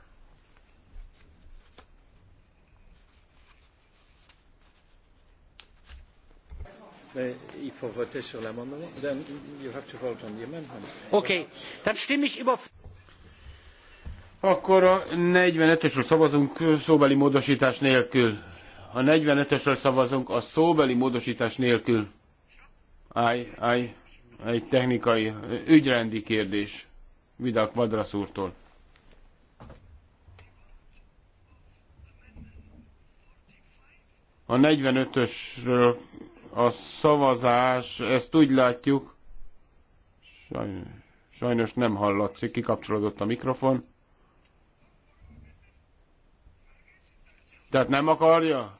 Oké, faut voter sur l'amendement. Okay, stimme ich über. Akkor a 45-ösről szavazunk szóbeli módosítás nélkül. Ha 45-ösről szavazunk a szóbeli módosítás nélkül. Áj, áj, egy technikai, ügyrendi kérdés. Vidak Vadrasz úrtól. A 45-ösről a szavazás, ezt úgy látjuk, sajnos, sajnos nem hallatszik, kikapcsolódott a mikrofon. Tehát nem akarja?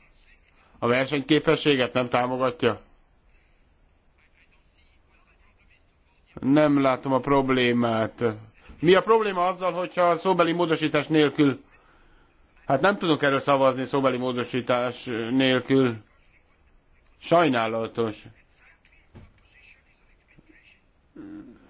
A versenyképességet nem támogatja? Nem látom a problémát. Mi a probléma azzal, hogyha szóbeli módosítás nélkül... Hát nem tudunk erről szavazni szóbeli módosítás nélkül. Sajnálatos.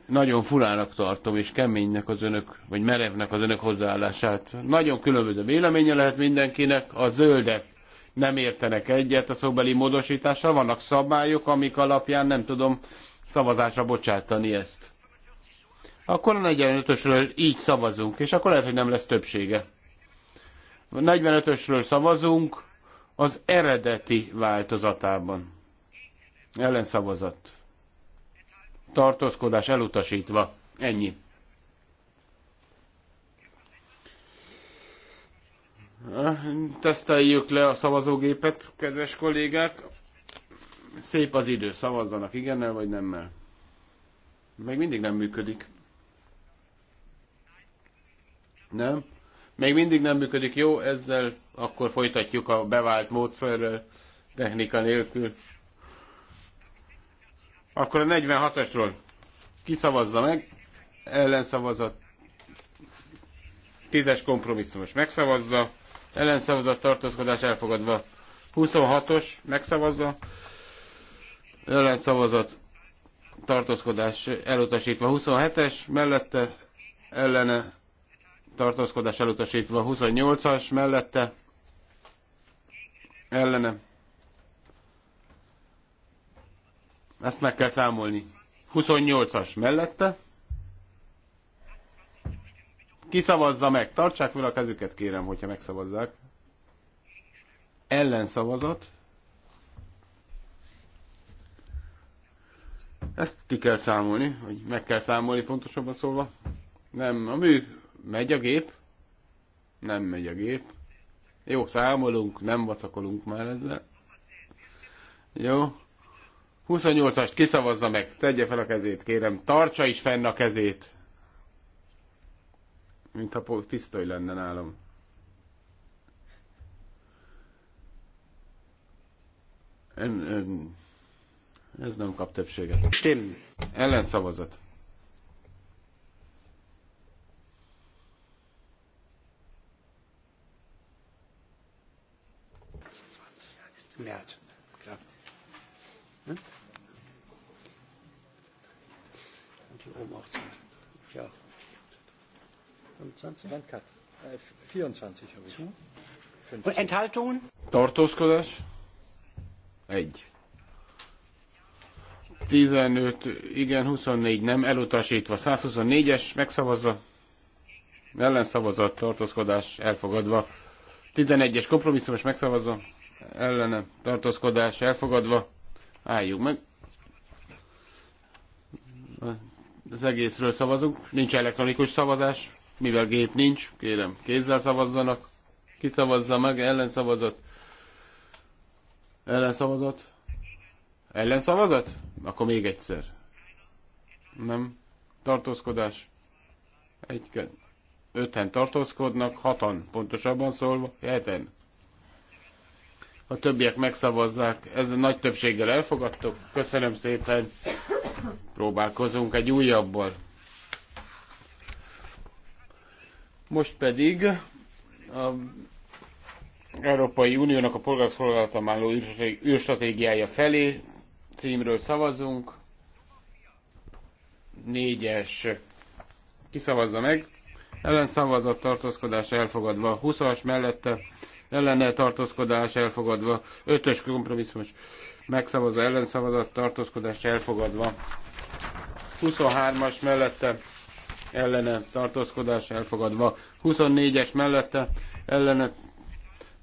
Nagyon furának tartom, és keménynek az önök, vagy merevnek az önök hozzáállását. Nagyon különböző véleménye lehet mindenkinek. A zöldek nem értenek egyet a szóbeli módosítással, vannak szabályok, amik alapján nem tudom szavazásra bocsátani ezt. Akkor a 45-ösről így szavazunk, és akkor lehet, hogy nem lesz többsége. A 45-ösről szavazunk az eredeti változatában. Ellenszavazat. Tartózkodás elutasítva. Ennyi. Teszteljük le a szavazógépet, kedves kollégák. Szép az idő, szavazzanak igennel vagy nemmel. Még mindig nem működik. Nem? Még mindig nem működik. Jó, ezzel akkor folytatjuk a bevált módszerrel, technika nélkül. Akkor a 46-asról kiszavazza meg, ellenszavazat, 10-es kompromisszumos megszavazza, ellenszavazat tartózkodás elfogadva. 26-os megszavazza, ellenszavazat tartózkodás elutasítva. 27-es mellette ellene tartózkodás elutasítva. 28-as mellette ellene. Ezt meg kell számolni. 28-as mellette Kiszavazza meg. Tartsák fel a kezüket, kérem, hogyha megszavazzák. Ellenszavazat. Ezt ki kell számolni, vagy meg kell számolni pontosabban szólva. Nem, a mű, megy a gép. Nem megy a gép. Jó, számolunk, nem vacakolunk már ezzel. Jó. 28-ast kiszavazza meg, tegye fel a kezét, kérem. Tartsa is fenn a kezét mintha pisztoly lenne nálam. Ön, ön, ez nem kap többséget. Stimm. Ellenszavazat. Mehrheit. Hm? Klar. Ne? Und die Oma auch zum 24 äh, habe Enthaltungen? Tartózkodás? 1. 15, igen, 24 nem, elutasítva. 124-es, megszavazza. Ellenszavazat, tartózkodás, elfogadva. 11-es kompromisszumos megszavazva. Ellene, tartózkodás, elfogadva. Álljuk meg. Az egészről szavazunk. Nincs elektronikus szavazás. Mivel gép nincs, kérem, kézzel szavazzanak. Ki szavazza meg? Ellenszavazat. Ellenszavazat. Ellenszavazat? Akkor még egyszer. Nem. Tartózkodás. Egy, kettő. Öten tartózkodnak, hatan, pontosabban szólva, heten. A többiek megszavazzák, Ez nagy többséggel elfogadtok. Köszönöm szépen. Próbálkozunk egy újabbal. Most pedig a Európai Uniónak a álló űrstratégiája felé címről szavazunk. Négyes ki szavazza meg. Ellen Ellenszavazat tartózkodás elfogadva. 20-as mellette ellene tartózkodás elfogadva. 5-ös kompromisszumos megszavazva ellenszavazat tartózkodás elfogadva. 23-as mellette ellene tartózkodás elfogadva, 24-es mellette ellene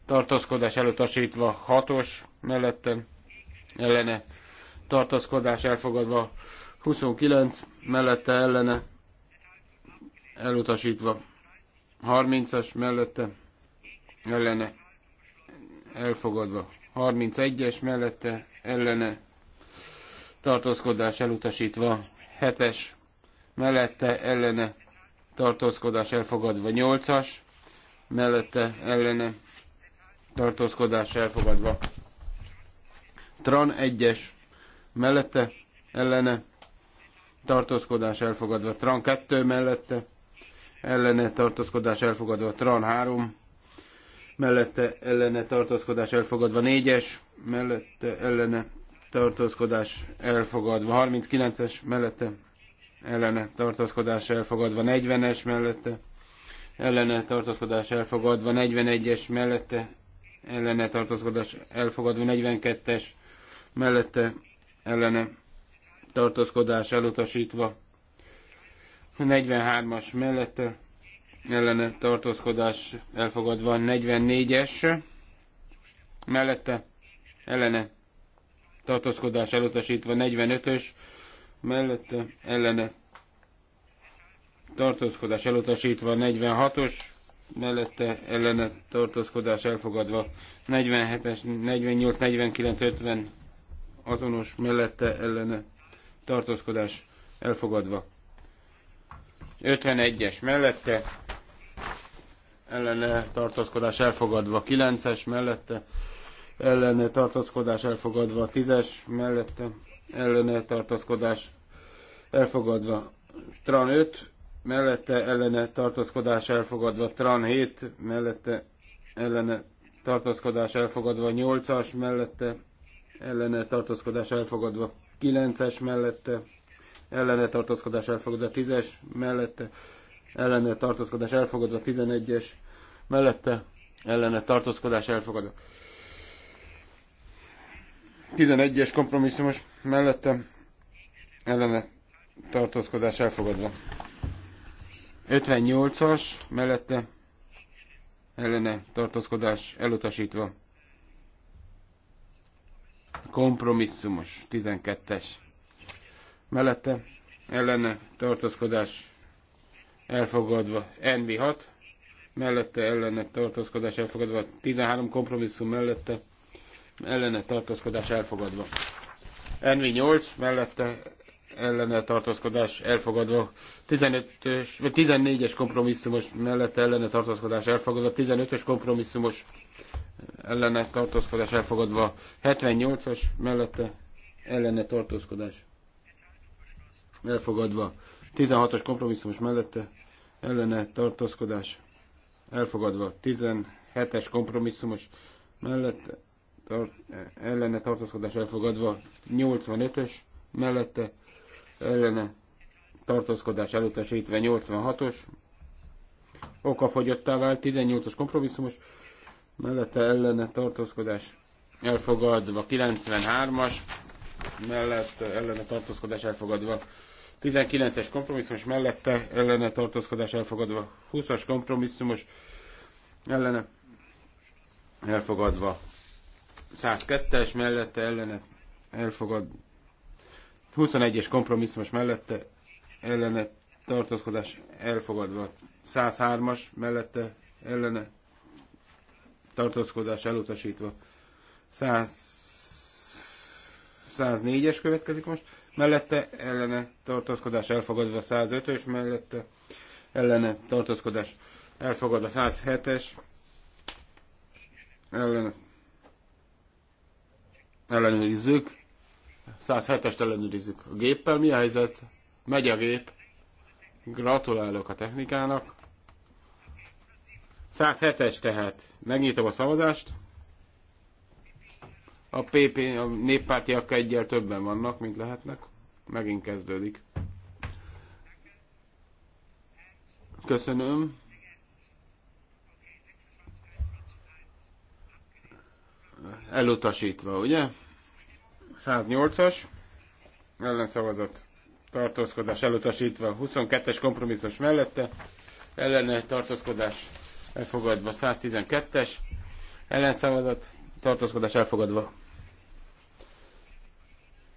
tartózkodás elutasítva, 6-os mellette ellene tartózkodás elfogadva, 29 mellette ellene elutasítva, 30-as mellette ellene elfogadva, 31-es mellette ellene tartózkodás elutasítva, 7-es mellette ellene tartózkodás elfogadva 8-as, mellette ellene tartózkodás elfogadva. Tran 1-es, mellette ellene tartózkodás elfogadva. Tran 2 mellette ellene tartózkodás elfogadva. Tran 3 mellette ellene tartózkodás elfogadva. 4-es, mellette ellene tartózkodás elfogadva. 39-es, mellette ellene tartózkodás elfogadva 40-es mellette, ellene tartózkodás elfogadva 41-es mellette, ellene tartózkodás elfogadva 42-es mellette, ellene tartózkodás elutasítva 43-as mellette, ellene tartózkodás elfogadva 44-es mellette, ellene tartózkodás elutasítva 45-ös mellette ellene tartózkodás elutasítva, 46-os mellette ellene tartózkodás elfogadva, 47-es, 48, 49, 50 azonos mellette ellene tartózkodás elfogadva. 51-es mellette ellene tartózkodás elfogadva, 9-es mellette ellene tartózkodás elfogadva, 10-es mellette ellene tartózkodás elfogadva. Tran 5 mellette ellene tartózkodás elfogadva. Tran 7 mellette ellene tartózkodás elfogadva. 8-as mellette ellene tartózkodás elfogadva. 9-es mellette ellene tartózkodás elfogadva. 10-es mellette ellene tartózkodás elfogadva. 11-es mellette ellene tartózkodás elfogadva. 11-es kompromisszumos mellette ellene tartózkodás elfogadva. 58-as mellette ellene tartózkodás elutasítva. Kompromisszumos 12-es mellette ellene tartózkodás elfogadva. NV6 mellette ellene tartózkodás elfogadva. 13 kompromisszum mellette ellene tartózkodás elfogadva. NV8 mellette ellene tartózkodás elfogadva, 15-ös, vagy 14-es kompromisszumos mellette ellene tartózkodás elfogadva, 15-ös kompromisszumos ellene tartózkodás elfogadva, 78-as mellette ellene tartózkodás elfogadva, 16-os kompromisszumos mellette ellene tartózkodás elfogadva, 17-es kompromisszumos mellette tart, ellene tartózkodás elfogadva, 85-ös mellette ellene tartózkodás elutasítva, 86-os okafogyottá vált, 18-os kompromisszumos mellette ellene tartózkodás elfogadva, 93-as mellett ellene tartózkodás elfogadva, 19-es kompromisszumos mellette ellene tartózkodás elfogadva, 20-as kompromisszumos ellene elfogadva, 102-es mellette ellene elfogad. 21-es kompromisszumos mellette ellene tartózkodás elfogadva. 103-as mellette ellene tartózkodás elutasítva. 100, 104-es következik most, mellette ellene tartózkodás elfogadva 105-ös, mellette ellene tartózkodás elfogadva 107-es, ellene Ellenőrizzük. 107-est ellenőrizzük a géppel. Mi a helyzet? Megy a gép. Gratulálok a technikának. 107-es tehát. Megnyitom a szavazást. A PP, a néppártiak egyel többen vannak, mint lehetnek. Megint kezdődik. Köszönöm. elutasítva, ugye? 108-as ellenszavazat tartózkodás elutasítva, 22-es kompromisszus mellette, ellene tartózkodás elfogadva, 112-es ellenszavazat tartózkodás elfogadva.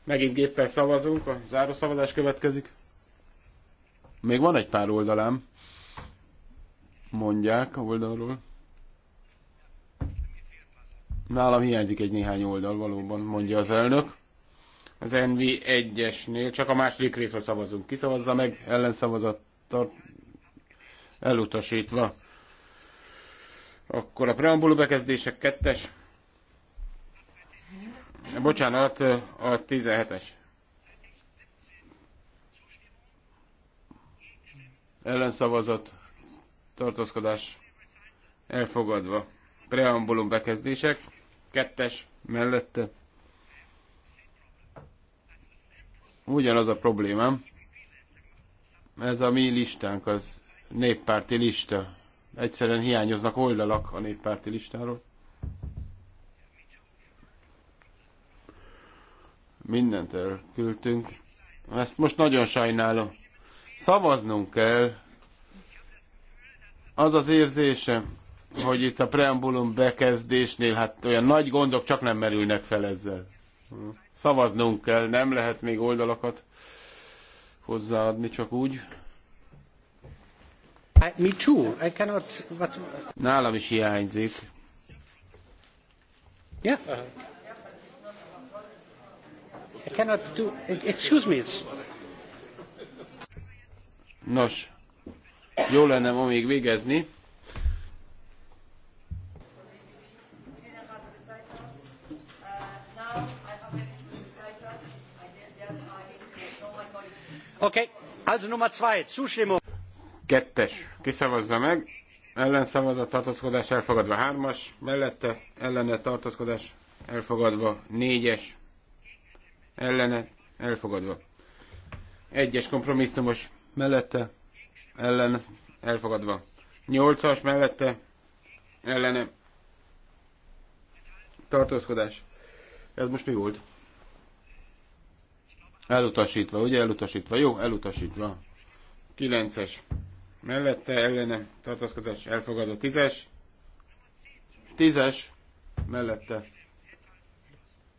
Megint géppel szavazunk, a zárószavazás következik. Még van egy pár oldalám, mondják a oldalról. Nálam hiányzik egy néhány oldal valóban, mondja az elnök. Az NV 1-esnél csak a második részről szavazunk. Kiszavazza meg? Ellenszavazattal elutasítva. Akkor a preambulú bekezdések kettes. Bocsánat, a 17-es. Ellenszavazat, tartózkodás elfogadva. Preambulum bekezdések. Kettes mellette. Ugyanaz a problémám. Ez a mi listánk, az néppárti lista. Egyszerűen hiányoznak oldalak a néppárti listáról. Mindent elküldtünk. Ezt most nagyon sajnálom. Szavaznunk kell. Az az érzésem, hogy itt a preambulum bekezdésnél hát olyan nagy gondok csak nem merülnek fel ezzel. Szavaznunk kell, nem lehet még oldalakat hozzáadni csak úgy. Me too. I cannot... But... Nálam is hiányzik. Yeah. I cannot do... Excuse me. Nos, jó lenne ma még végezni. Okay. Also Nummer Kettes. Kiszavazza meg. Ellen Ellenszavazat, tartózkodás elfogadva. Hármas. Mellette ellene tartózkodás elfogadva. Négyes. Ellene elfogadva. Egyes kompromisszumos. Mellette ellen elfogadva. Nyolcas mellette ellene tartózkodás. Ez most mi volt? Elutasítva, ugye elutasítva? Jó, elutasítva. 9-es. Mellette ellene tartaszkodás elfogadó 10-es. 10-es. Mellette.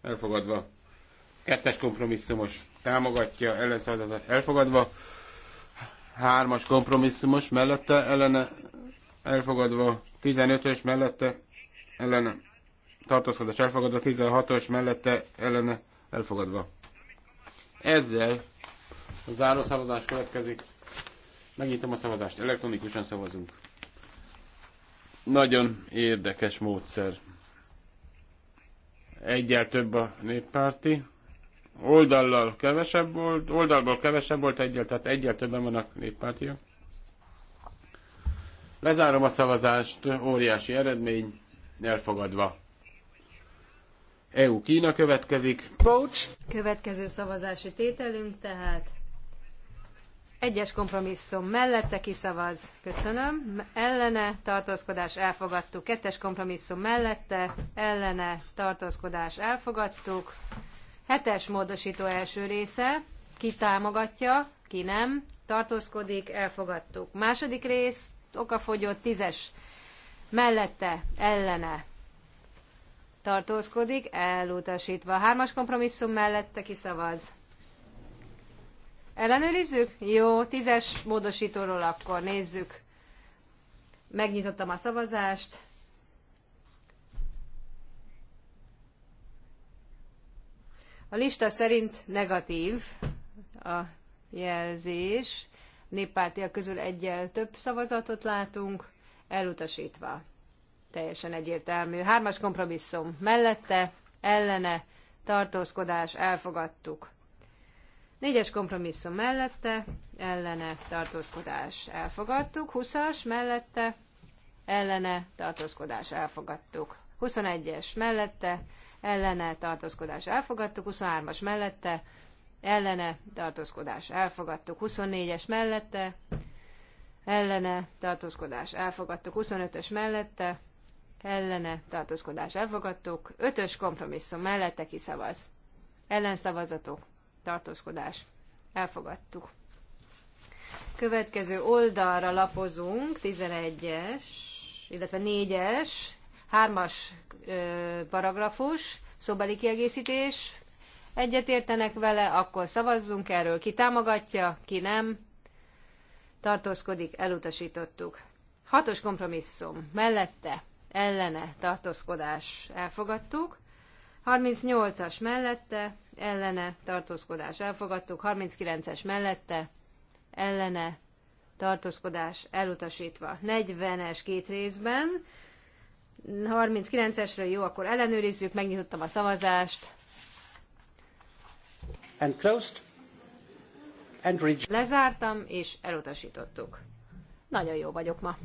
Elfogadva. Kettes kompromisszumos. Támogatja, ellenszavazat elfogadva. Hármas kompromisszumos. Mellette ellene elfogadva. 15-ös mellette ellene tartózkodás elfogadva. 16-os mellette ellene elfogadva. Ezzel a záró szavazás következik. Megnyitom a szavazást, elektronikusan szavazunk. Nagyon érdekes módszer. Egyel több a néppárti. Oldallal kevesebb volt, oldalból kevesebb volt egyel, tehát egyel többen vannak néppártiak. Lezárom a szavazást, óriási eredmény, elfogadva. EU-Kína következik. Bocs. Következő szavazási tételünk tehát egyes kompromisszum mellette kiszavaz. Köszönöm. Ellene tartózkodás elfogadtuk. Kettes kompromisszum mellette ellene tartózkodás elfogadtuk. Hetes módosító első része. Ki támogatja, ki nem. Tartózkodik, elfogadtuk. Második rész, okafogyott, tízes. Mellette, ellene tartózkodik, elutasítva. Hármas kompromisszum mellette kiszavaz. Ellenőrizzük? Jó, tízes módosítóról akkor nézzük. Megnyitottam a szavazást. A lista szerint negatív a jelzés. Néppártiak közül egyel több szavazatot látunk, elutasítva teljesen egyértelmű. Hármas kompromisszum mellette, ellene, tartózkodás, elfogadtuk. Négyes kompromisszum mellette, ellene, tartózkodás, elfogadtuk. Huszas mellette, ellene, tartózkodás, elfogadtuk. 21-es mellette, ellene, tartózkodás, elfogadtuk. 23-as mellette, ellene, tartózkodás, elfogadtuk. 24-es mellette, ellene, tartózkodás, elfogadtuk. 25-ös mellette, ellene tartózkodás elfogadtuk, ötös kompromisszum mellette kiszavaz. Ellenszavazatok, tartózkodás elfogadtuk. Következő oldalra lapozunk, 11-es, illetve 4-es, 3-as paragrafus, szóbeli kiegészítés, egyetértenek vele, akkor szavazzunk erről, ki támogatja, ki nem, tartózkodik, elutasítottuk. Hatos kompromisszum, mellette ellene tartózkodás elfogadtuk, 38-as mellette ellene tartózkodás elfogadtuk, 39-es mellette ellene tartózkodás elutasítva. 40-es két részben, 39-esről jó, akkor ellenőrizzük, megnyitottam a szavazást. And closed. And Lezártam, és elutasítottuk. Nagyon jó vagyok ma,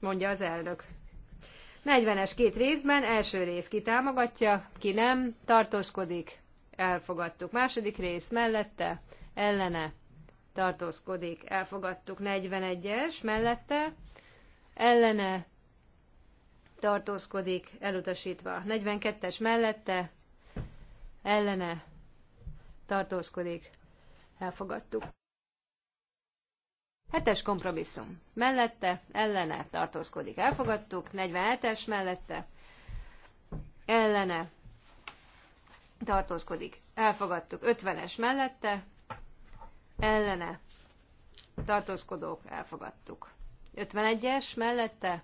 mondja az elnök. 40-es két részben, első rész ki támogatja, ki nem, tartózkodik, elfogadtuk. Második rész mellette, ellene, tartózkodik, elfogadtuk. 41-es mellette, ellene, tartózkodik, elutasítva. 42-es mellette, ellene, tartózkodik, elfogadtuk. Hetes kompromisszum. Mellette, ellene tartózkodik. Elfogadtuk. 47-es mellette, ellene tartózkodik. Elfogadtuk. 50-es mellette, ellene tartózkodók. Elfogadtuk. 51-es mellette,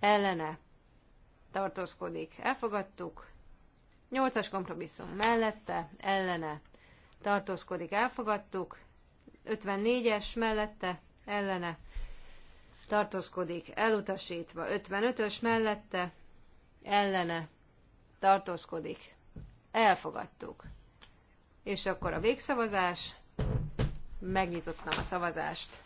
ellene tartózkodik. Elfogadtuk. 8-as kompromisszum mellette, ellene tartózkodik. Elfogadtuk. 54-es mellette ellene tartózkodik, elutasítva. 55-ös mellette ellene tartózkodik. Elfogadtuk. És akkor a végszavazás. Megnyitottam a szavazást.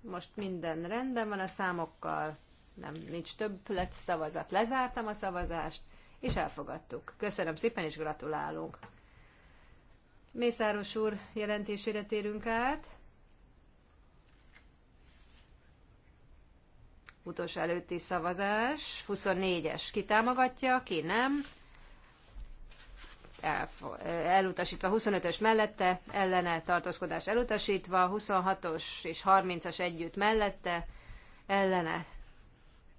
Most minden rendben van a számokkal, nem nincs több lett szavazat. Lezártam a szavazást, és elfogadtuk. Köszönöm szépen, és gratulálunk. Mészáros úr jelentésére térünk át. Utolsó előtti szavazás, 24-es. Ki támogatja, ki nem. elutasítva 25-ös mellette, ellene tartózkodás elutasítva, 26-os és 30-as együtt mellette, ellene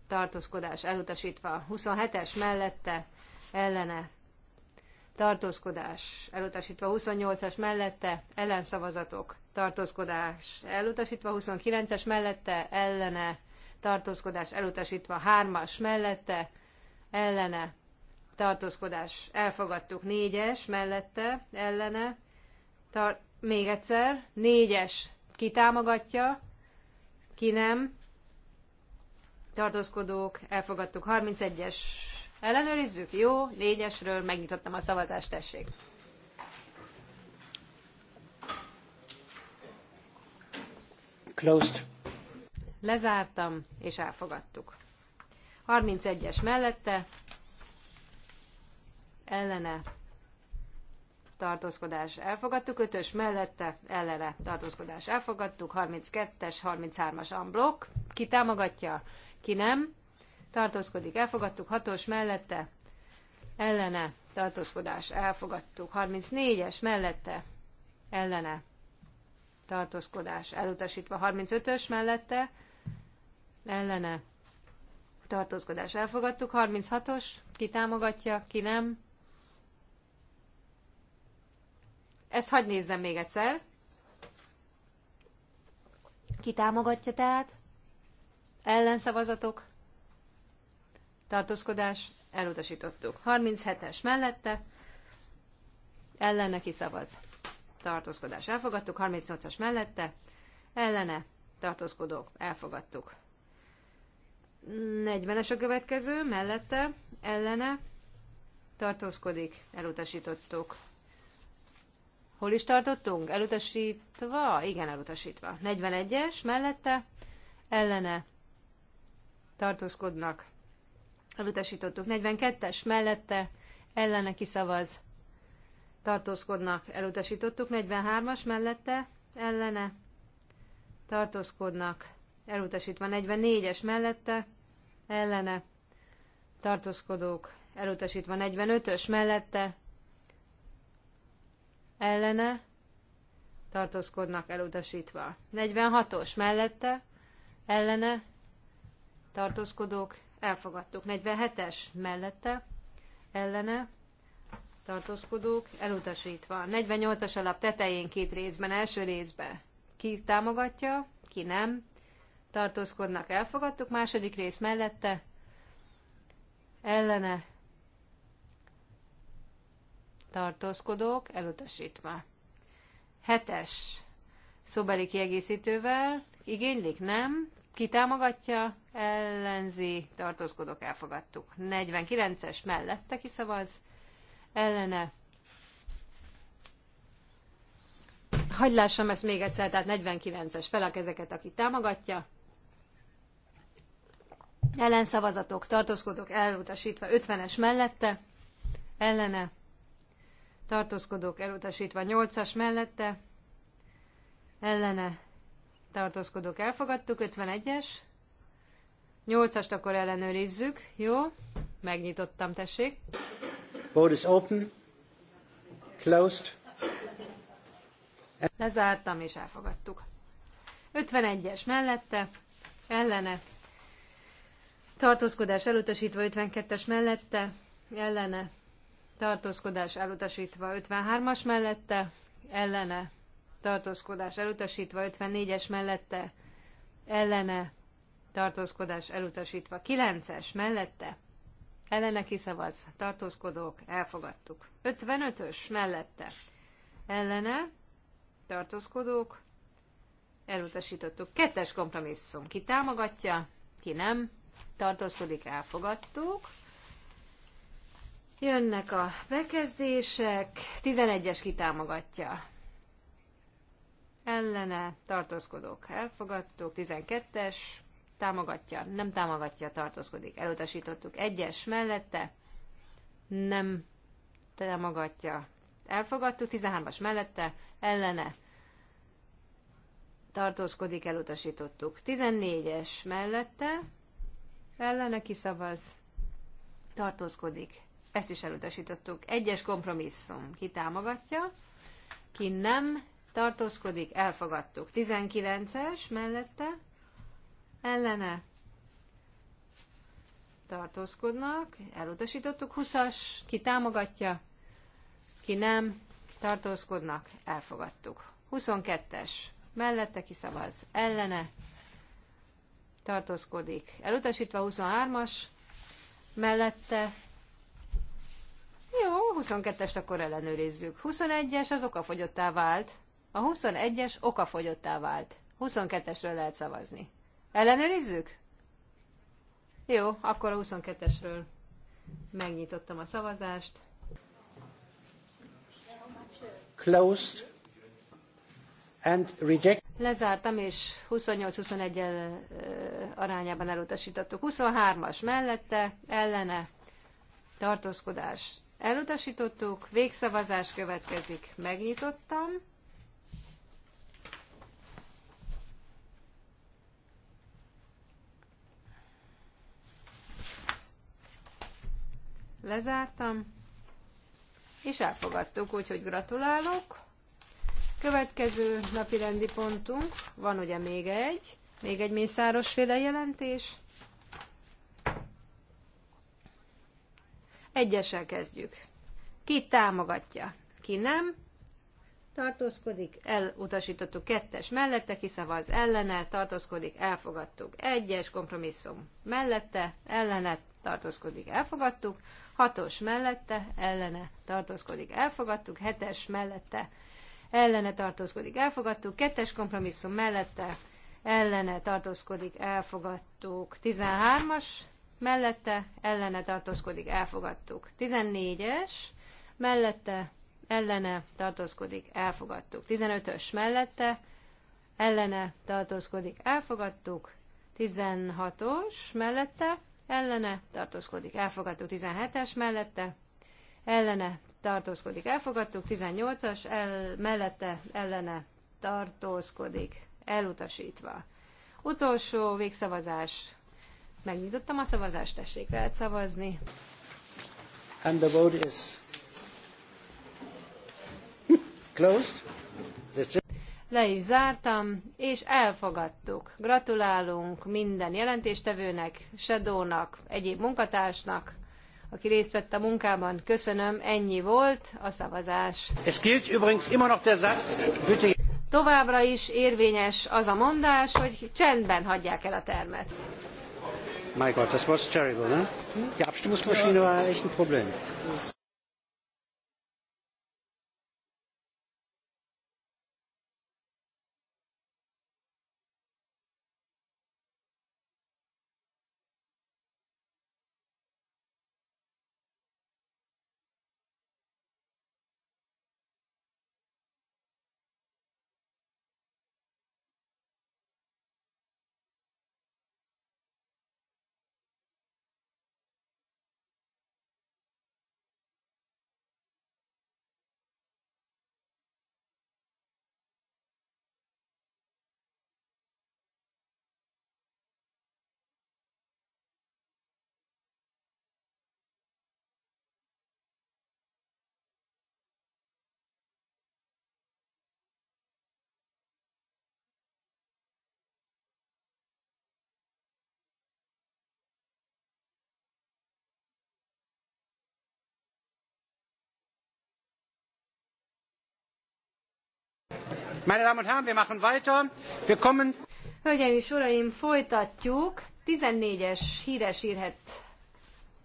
tartózkodás elutasítva, 27-es mellette, ellene tartózkodás elutasítva 28-as mellette, ellenszavazatok, tartózkodás elutasítva 29-es mellette, ellene, tartózkodás elutasítva 3-as mellette, ellene, tartózkodás elfogadtuk 4-es mellette, ellene, tar- még egyszer, 4-es kitámogatja, ki nem, tartózkodók, elfogadtuk 31-es Ellenőrizzük? Jó, négyesről megnyitottam a szavazást, tessék. Closed. Lezártam, és elfogadtuk. 31-es mellette, ellene, tartózkodás elfogadtuk, 5-ös mellette, ellene, tartózkodás elfogadtuk, 32-es, 33-as unblock, ki támogatja, ki nem, tartózkodik, elfogadtuk, hatos mellette, ellene, tartózkodás, elfogadtuk, 34-es mellette, ellene, tartózkodás, elutasítva, 35-ös mellette, ellene, tartózkodás, elfogadtuk, 36-os, ki támogatja, ki nem. Ezt hagyd nézzem még egyszer. Ki támogatja tehát? Ellenszavazatok, tartózkodás, elutasítottuk. 37-es mellette, ellene kiszavaz, tartózkodás, elfogadtuk. 38-as mellette, ellene, tartózkodók, elfogadtuk. 40-es a következő, mellette, ellene, tartózkodik, elutasítottuk. Hol is tartottunk? Elutasítva? Igen, elutasítva. 41-es, mellette, ellene, tartózkodnak, Elutasítottuk. 42-es mellette ellene kiszavaz. Tartózkodnak. Elutasítottuk. 43-as mellette ellene. Tartózkodnak. Elutasítva. 44-es mellette ellene. Tartózkodók. Elutasítva. 45-ös mellette ellene. Tartózkodnak. Elutasítva. 46-os mellette ellene. Tartózkodók elfogadtuk. 47-es mellette, ellene, tartózkodók, elutasítva. 48-as alap tetején két részben, első részben ki támogatja, ki nem, tartózkodnak, elfogadtuk. Második rész mellette, ellene, tartózkodók, elutasítva. 7-es szóbeli kiegészítővel, igénylik, nem, ki támogatja? Ellenzi. Tartózkodok, elfogadtuk. 49-es mellette kiszavaz. Ellene. Hagy lássam ezt még egyszer, tehát 49-es fel a kezeket, aki támogatja. Ellenszavazatok, tartózkodok, elutasítva 50-es mellette. Ellene. Tartózkodok, elutasítva 8-as mellette. Ellene tartózkodók elfogadtuk, 51-es. 8-ast akkor ellenőrizzük, jó? Megnyitottam, tessék. Vote is open. Closed. Lezártam és elfogadtuk. 51-es mellette, ellene. Tartózkodás elutasítva 52-es mellette, ellene. Tartózkodás elutasítva 53-as mellette, ellene tartózkodás elutasítva, 54-es mellette ellene tartózkodás elutasítva, 9-es mellette ellene kiszavaz, tartózkodók, elfogadtuk. 55-ös mellette ellene tartózkodók, elutasítottuk. Kettes kompromisszum, ki támogatja, ki nem, tartózkodik, elfogadtuk. Jönnek a bekezdések, 11-es kitámogatja, ellene tartózkodók elfogadtuk, 12-es támogatja, nem támogatja, tartózkodik, elutasítottuk, 1-es mellette nem támogatja, elfogadtuk, 13-as mellette ellene tartózkodik, elutasítottuk, 14-es mellette ellene kiszavaz, tartózkodik, ezt is elutasítottuk, 1-es kompromisszum, ki támogatja, ki nem, tartózkodik, elfogadtuk. 19-es mellette, ellene tartózkodnak, elutasítottuk. 20-as, ki támogatja, ki nem, tartózkodnak, elfogadtuk. 22-es, mellette ki szavaz, ellene tartózkodik, elutasítva. 23-as, mellette jó, 22-est akkor ellenőrizzük. 21-es az okafogyottá vált. A 21-es okafogyottá vált. 22-esről lehet szavazni. Ellenőrizzük? Jó, akkor a 22-esről megnyitottam a szavazást. Closed and reject. Lezártam, és 28-21 el, arányában elutasítottuk. 23-as mellette, ellene, tartózkodás. Elutasítottuk, végszavazás következik. Megnyitottam. Lezártam. És elfogadtuk, úgyhogy gratulálok. Következő napi rendi pontunk, van ugye még egy, még egy mészáros féle jelentés. Egyesel kezdjük. Ki támogatja, ki nem, tartózkodik, elutasítottuk kettes mellette, kiszavaz ellene, tartózkodik, elfogadtuk. Egyes kompromisszum mellette, ellene, tartózkodik, elfogadtuk. Hatos mellette, ellene, tartózkodik, elfogadtuk. Hetes mellette, ellene, tartózkodik, elfogadtuk. Kettes kompromisszum mellette, ellene, tartózkodik, elfogadtuk. 13-as mellette, ellene, tartózkodik, elfogadtuk. 14-es mellette, ellene tartózkodik, elfogadtuk. 15-ös mellette, ellene tartózkodik, elfogadtuk. 16-os mellette, ellene tartózkodik, elfogadtuk. 17-es mellette, ellene tartózkodik, elfogadtuk. 18-as el, mellette, ellene tartózkodik, elutasítva. Utolsó végszavazás. Megnyitottam a szavazást, tessék, lehet szavazni. And the vote is le is zártam, és elfogadtuk. Gratulálunk minden jelentéstevőnek, Sedónak, egyéb munkatársnak, aki részt vett a munkában. Köszönöm, ennyi volt a szavazás. Es Továbbra is érvényes az a mondás, hogy csendben hagyják el a termet. My God, das was terrible, ne? Die Abstimmungsmaschine war echt ein Problem. Meine Damen und Herren, wir machen weiter. Wir kommen... Hölgyeim és uraim, folytatjuk. 14-es híres írhet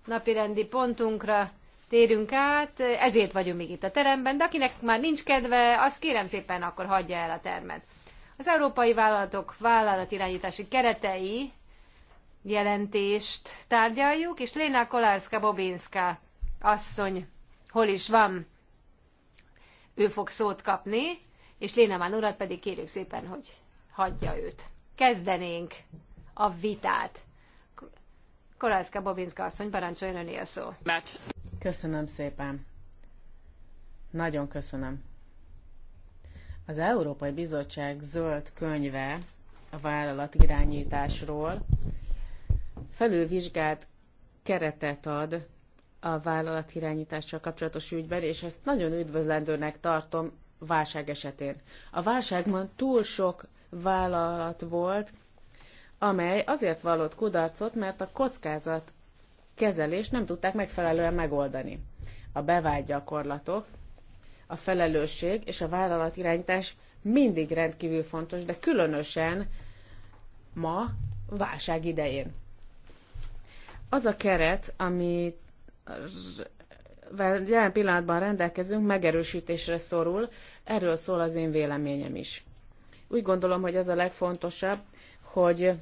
napirendi pontunkra térünk át, ezért vagyunk még itt a teremben, de akinek már nincs kedve, azt kérem szépen akkor hagyja el a termet. Az európai vállalatok vállalatirányítási keretei jelentést tárgyaljuk, és Léna Kolárszka Bobinska asszony hol is van, ő fog szót kapni, és Lénemán urat pedig kérjük szépen, hogy hagyja őt. Kezdenénk a vitát. Koralszka Bobinska asszony, parancsoljon öné a szó. Mert... Köszönöm szépen. Nagyon köszönöm. Az Európai Bizottság zöld könyve a vállalat irányításról felülvizsgált keretet ad a irányítással kapcsolatos ügyben, és ezt nagyon üdvözlendőnek tartom, válság esetén. A válságban túl sok vállalat volt, amely azért vallott kudarcot, mert a kockázat kezelést nem tudták megfelelően megoldani. A bevált gyakorlatok, a felelősség és a vállalatirányítás mindig rendkívül fontos, de különösen ma válság idején. Az a keret, ami amivel jelen pillanatban rendelkezünk, megerősítésre szorul. Erről szól az én véleményem is. Úgy gondolom, hogy az a legfontosabb, hogy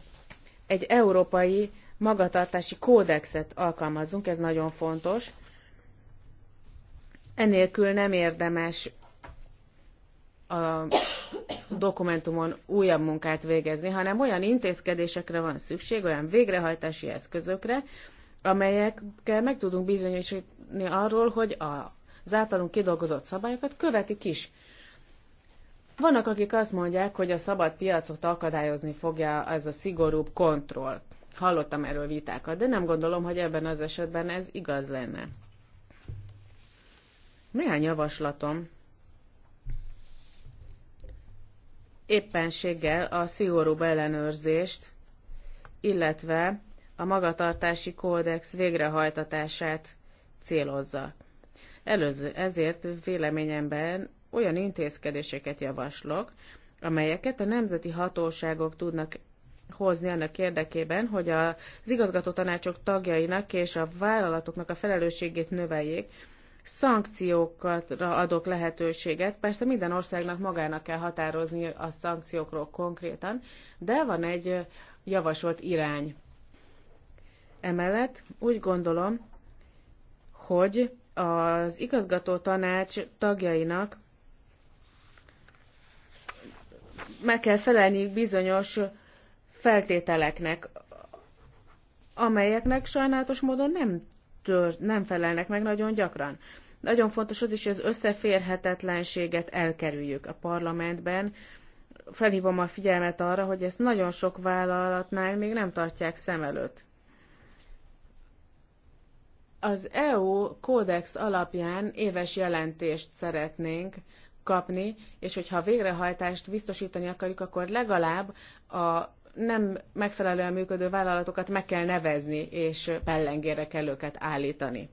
egy európai magatartási kódexet alkalmazzunk, ez nagyon fontos. Enélkül nem érdemes a dokumentumon újabb munkát végezni, hanem olyan intézkedésekre van szükség, olyan végrehajtási eszközökre, amelyekkel meg tudunk bizonyosítani arról, hogy az általunk kidolgozott szabályokat követik is. Vannak, akik azt mondják, hogy a szabad piacot akadályozni fogja ez a szigorúbb kontroll. Hallottam erről vitákat, de nem gondolom, hogy ebben az esetben ez igaz lenne. Néhány javaslatom éppenséggel a szigorúbb ellenőrzést, illetve a magatartási kódex végrehajtatását célozza. Előző, ezért véleményemben olyan intézkedéseket javaslok, amelyeket a nemzeti hatóságok tudnak hozni annak érdekében, hogy az igazgató tanácsok tagjainak és a vállalatoknak a felelősségét növeljék, szankciókra adok lehetőséget. Persze minden országnak magának kell határozni a szankciókról konkrétan, de van egy javasolt irány. Emellett úgy gondolom, hogy az igazgató tanács tagjainak meg kell felelniük bizonyos feltételeknek, amelyeknek sajnálatos módon nem, tör, nem felelnek meg nagyon gyakran. Nagyon fontos az is, hogy az összeférhetetlenséget elkerüljük a parlamentben. Felhívom a figyelmet arra, hogy ezt nagyon sok vállalatnál még nem tartják szem előtt. Az EU kódex alapján éves jelentést szeretnénk kapni, és hogyha végrehajtást biztosítani akarjuk, akkor legalább a nem megfelelően működő vállalatokat meg kell nevezni, és pellengére kell őket állítani.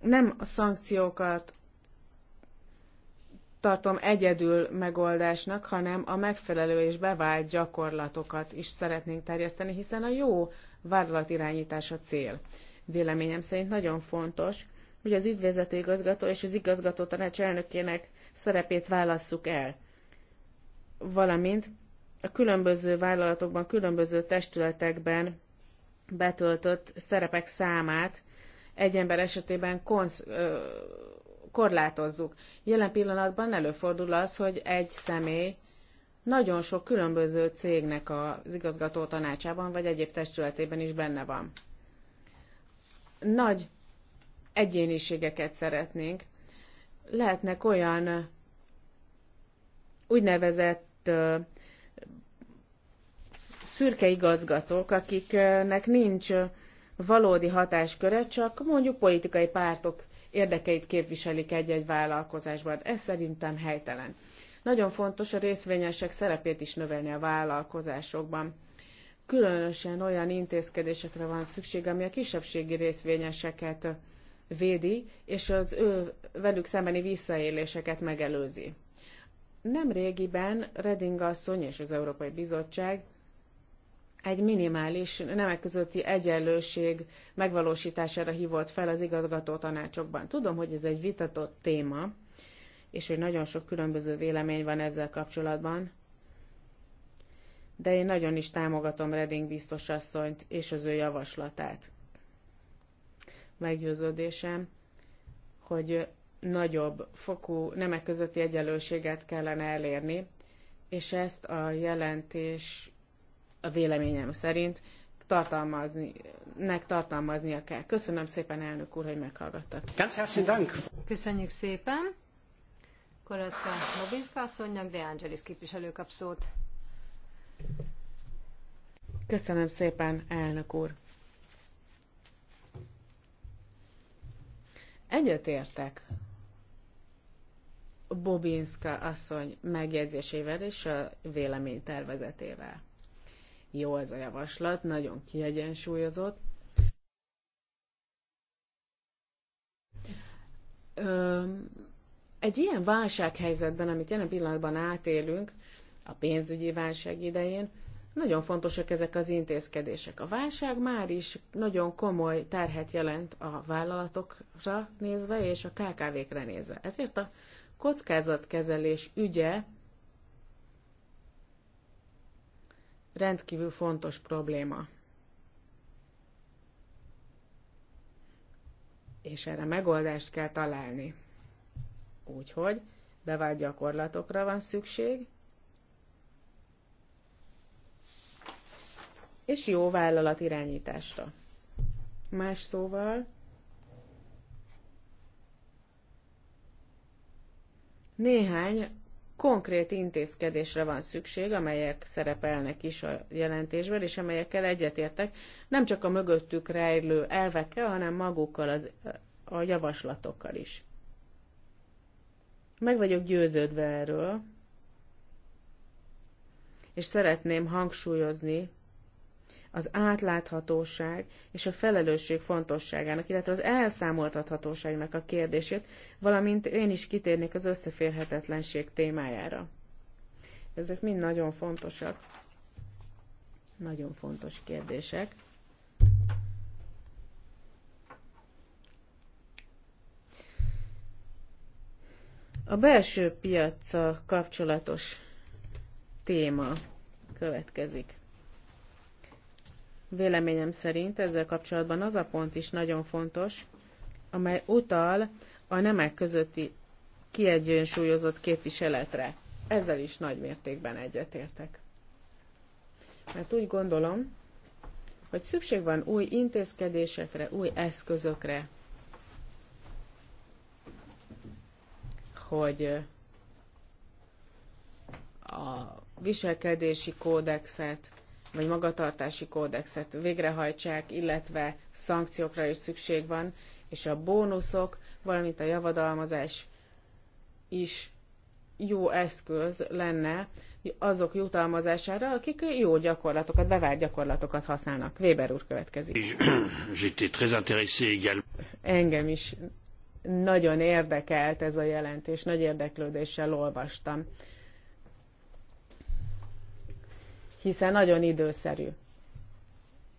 Nem a szankciókat tartom egyedül megoldásnak, hanem a megfelelő és bevált gyakorlatokat is szeretnénk terjeszteni, hiszen a jó vállalatirányítás a cél. Véleményem szerint nagyon fontos, hogy az ügyvezető igazgató és az igazgató tanács elnökének szerepét válasszuk el, valamint a különböző vállalatokban, különböző testületekben betöltött szerepek számát egy ember esetében konz ö, korlátozzuk. Jelen pillanatban előfordul az, hogy egy személy nagyon sok különböző cégnek az igazgató tanácsában vagy egyéb testületében is benne van. Nagy egyéniségeket szeretnénk. Lehetnek olyan úgynevezett szürke igazgatók, akiknek nincs valódi hatásköre, csak mondjuk politikai pártok érdekeit képviselik egy-egy vállalkozásban. Ez szerintem helytelen. Nagyon fontos a részvényesek szerepét is növelni a vállalkozásokban. Különösen olyan intézkedésekre van szükség, ami a kisebbségi részvényeseket védi, és az ő velük szembeni visszaéléseket megelőzi. Nem régiben Reding asszony és az Európai Bizottság egy minimális nemek közötti egyenlőség megvalósítására hívott fel az igazgató tanácsokban. Tudom, hogy ez egy vitatott téma, és hogy nagyon sok különböző vélemény van ezzel kapcsolatban, de én nagyon is támogatom Reding biztos asszonyt és az ő javaslatát. Meggyőződésem, hogy nagyobb fokú nemek közötti egyenlőséget kellene elérni, és ezt a jelentés a véleményem szerint tartalmazni, nek tartalmaznia kell. Köszönöm szépen, elnök úr, hogy meghallgattak. Köszönjük szépen. Koroszka Nobinszka asszonynak, De Angelis képviselő kap szót. Köszönöm szépen, elnök úr. Egyetértek Bobinska asszony megjegyzésével és a véleménytervezetével. Jó ez a javaslat, nagyon kiegyensúlyozott. egy ilyen válsághelyzetben, amit jelen pillanatban átélünk, a pénzügyi válság idején, nagyon fontosak ezek az intézkedések. A válság már is nagyon komoly terhet jelent a vállalatokra nézve és a KKV-kre nézve. Ezért a kockázatkezelés ügye rendkívül fontos probléma. És erre megoldást kell találni. Úgyhogy bevált gyakorlatokra van szükség, és jó vállalat irányításra. Más szóval, néhány konkrét intézkedésre van szükség, amelyek szerepelnek is a jelentésben, és amelyekkel egyetértek, nem csak a mögöttük rejlő elvekkel, hanem magukkal az, a javaslatokkal is. Meg vagyok győződve erről, és szeretném hangsúlyozni az átláthatóság és a felelősség fontosságának, illetve az elszámoltathatóságnak a kérdését, valamint én is kitérnék az összeférhetetlenség témájára. Ezek mind nagyon fontosak. Nagyon fontos kérdések. A belső piaca kapcsolatos téma következik. Véleményem szerint ezzel kapcsolatban az a pont is nagyon fontos, amely utal a nemek közötti kiegyensúlyozott képviseletre. Ezzel is nagy mértékben egyetértek. Mert úgy gondolom, hogy szükség van új intézkedésekre, új eszközökre, hogy a viselkedési kódexet vagy magatartási kódexet végrehajtsák, illetve szankciókra is szükség van, és a bónuszok, valamint a javadalmazás is jó eszköz lenne azok jutalmazására, akik jó gyakorlatokat, bevált gyakorlatokat használnak. Weber úr következik. Engem is nagyon érdekelt ez a jelentés, nagy érdeklődéssel olvastam. hiszen nagyon időszerű.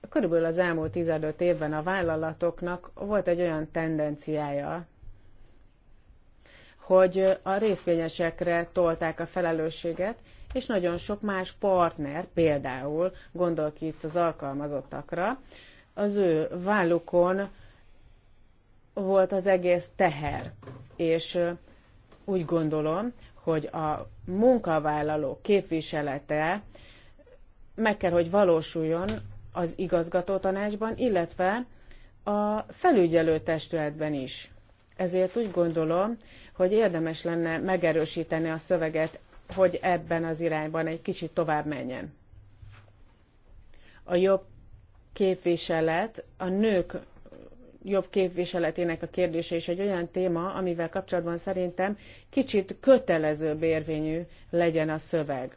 Körülbelül az elmúlt 15 évben a vállalatoknak volt egy olyan tendenciája, hogy a részvényesekre tolták a felelősséget, és nagyon sok más partner, például gondolk itt az alkalmazottakra, az ő vállukon volt az egész teher. És úgy gondolom, hogy a munkavállaló képviselete meg kell, hogy valósuljon az igazgató tanácsban, illetve a felügyelő testületben is. Ezért úgy gondolom, hogy érdemes lenne megerősíteni a szöveget, hogy ebben az irányban egy kicsit tovább menjen. A jobb képviselet, a nők jobb képviseletének a kérdése is egy olyan téma, amivel kapcsolatban szerintem kicsit kötelezőbb érvényű legyen a szöveg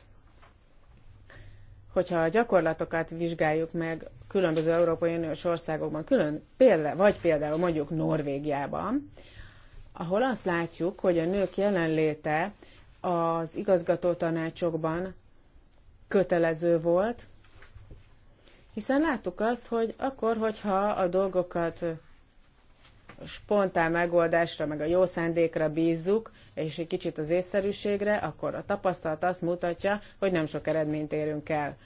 hogyha a gyakorlatokat vizsgáljuk meg különböző Európai Uniós országokban, külön példa, vagy például mondjuk Norvégiában, ahol azt látjuk, hogy a nők jelenléte az igazgató tanácsokban kötelező volt, hiszen láttuk azt, hogy akkor, hogyha a dolgokat spontán megoldásra, meg a jó szándékra bízzuk, és egy kicsit az észszerűségre, akkor a tapasztalat azt mutatja, hogy nem sok eredményt érünk el.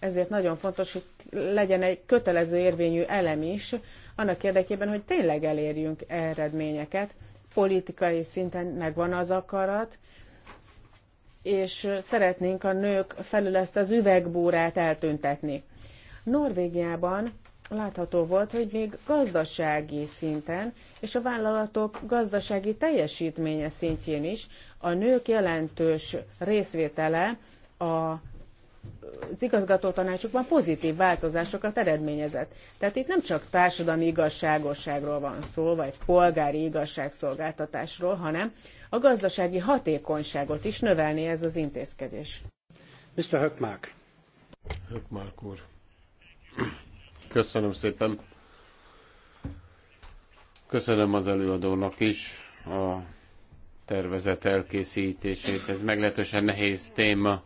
Ezért nagyon fontos, hogy legyen egy kötelező érvényű elem is, annak érdekében, hogy tényleg elérjünk eredményeket. Politikai szinten megvan az akarat, és szeretnénk a nők felül ezt az üvegbúrát eltüntetni. Norvégiában látható volt, hogy még gazdasági szinten és a vállalatok gazdasági teljesítménye szintjén is a nők jelentős részvétele a, az igazgató tanácsokban pozitív változásokat eredményezett. Tehát itt nem csak társadalmi igazságosságról van szó, vagy polgári igazságszolgáltatásról, hanem a gazdasági hatékonyságot is növelni ez az intézkedés. Mr. Höckmark. Höckmark úr. Köszönöm szépen. Köszönöm az előadónak is a tervezet elkészítését. Ez meglehetősen nehéz téma.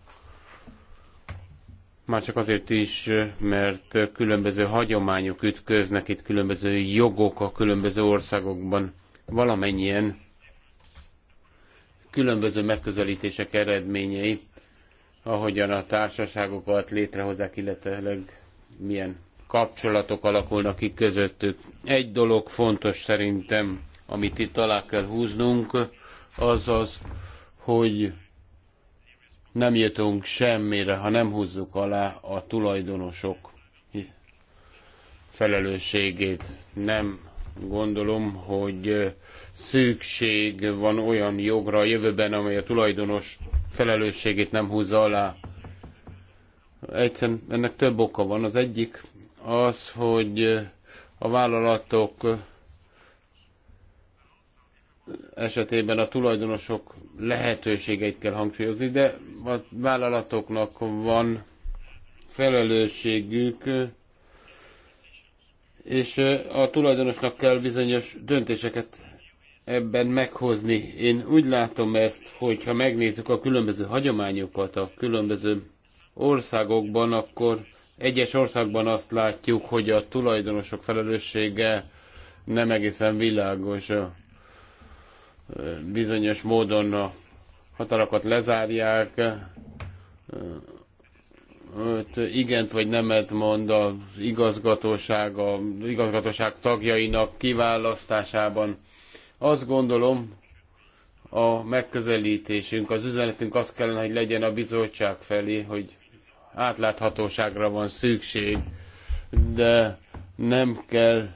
Már csak azért is, mert különböző hagyományok ütköznek itt, különböző jogok a különböző országokban. Valamennyien különböző megközelítések eredményei, ahogyan a társaságokat létrehozzák, illetve milyen kapcsolatok alakulnak ki közöttük. Egy dolog fontos szerintem, amit itt alá kell húznunk, az az, hogy nem jutunk semmire, ha nem húzzuk alá a tulajdonosok felelősségét. Nem gondolom, hogy szükség van olyan jogra a jövőben, amely a tulajdonos felelősségét nem húzza alá. Egyszerűen ennek több oka van. Az egyik az, hogy a vállalatok esetében a tulajdonosok lehetőségeit kell hangsúlyozni, de a vállalatoknak van felelősségük, és a tulajdonosnak kell bizonyos döntéseket ebben meghozni. Én úgy látom ezt, hogy ha megnézzük a különböző hagyományokat a különböző országokban, akkor egyes országban azt látjuk, hogy a tulajdonosok felelőssége nem egészen világos. Bizonyos módon a határokat lezárják, Öt igent vagy nemet mond az igazgatóság, a igazgatóság tagjainak kiválasztásában. Azt gondolom, a megközelítésünk, az üzenetünk az kellene, hogy legyen a bizottság felé, hogy átláthatóságra van szükség, de nem kell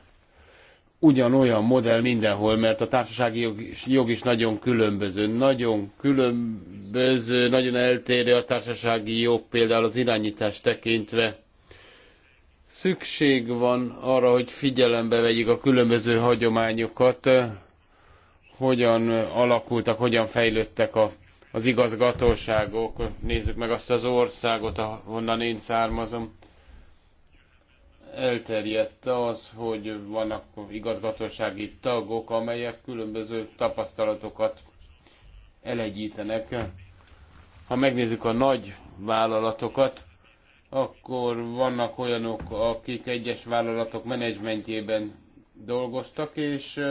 ugyanolyan modell mindenhol, mert a társasági jog is, jog is nagyon különböző. Nagyon különböző, nagyon eltérő a társasági jog például az irányítás tekintve. Szükség van arra, hogy figyelembe vegyük a különböző hagyományokat, hogyan alakultak, hogyan fejlődtek a az igazgatóságok, nézzük meg azt az országot, ahonnan én származom, elterjedt az, hogy vannak igazgatósági tagok, amelyek különböző tapasztalatokat elegyítenek. Ha megnézzük a nagy vállalatokat, akkor vannak olyanok, akik egyes vállalatok menedzsmentjében dolgoztak, és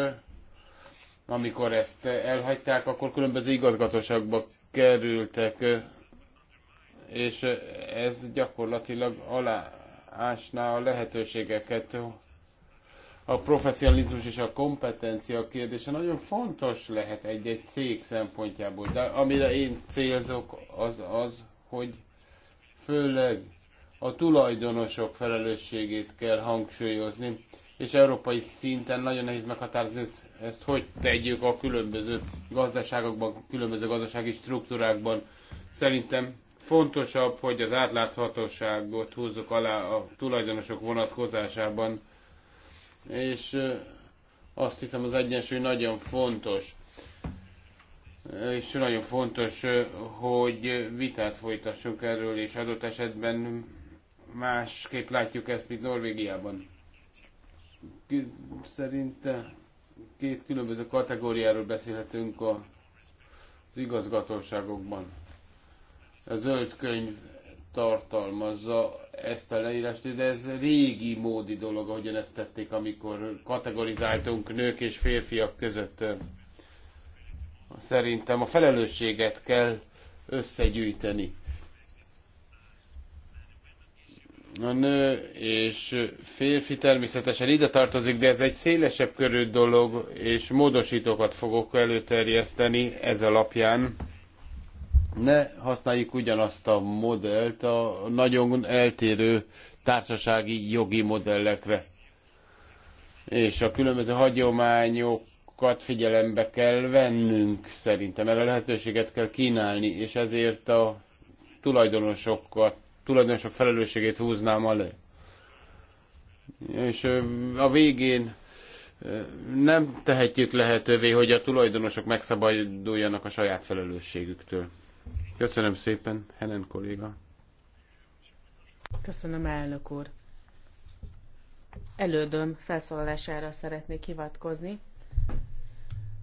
amikor ezt elhagyták, akkor különböző igazgatóságba kerültek, és ez gyakorlatilag aláásná a lehetőségeket. A professzionalizmus és a kompetencia kérdése nagyon fontos lehet egy-egy cég szempontjából, de amire én célzok, az az, hogy főleg a tulajdonosok felelősségét kell hangsúlyozni és európai szinten nagyon nehéz meghatározni ezt, ezt hogy tegyük a különböző gazdaságokban, különböző gazdasági struktúrákban. Szerintem fontosabb, hogy az átláthatóságot húzzuk alá a tulajdonosok vonatkozásában, és azt hiszem az egyensúly nagyon fontos. És nagyon fontos, hogy vitát folytassunk erről, és adott esetben másképp látjuk ezt, mint Norvégiában szerinte két különböző kategóriáról beszélhetünk a, az igazgatóságokban. A zöld könyv tartalmazza ezt a leírást, de ez régi módi dolog, ahogyan ezt tették, amikor kategorizáltunk nők és férfiak között. Szerintem a felelősséget kell összegyűjteni a nő és férfi természetesen ide tartozik, de ez egy szélesebb körű dolog, és módosítókat fogok előterjeszteni ez alapján. Ne használjuk ugyanazt a modellt a nagyon eltérő társasági jogi modellekre. És a különböző hagyományokat figyelembe kell vennünk szerintem, erre lehetőséget kell kínálni, és ezért a tulajdonosokat tulajdonosok felelősségét húznám alá. És a végén nem tehetjük lehetővé, hogy a tulajdonosok megszabaduljanak a saját felelősségüktől. Köszönöm szépen, Helen kolléga. Köszönöm, elnök úr. Elődöm felszólalására szeretnék hivatkozni.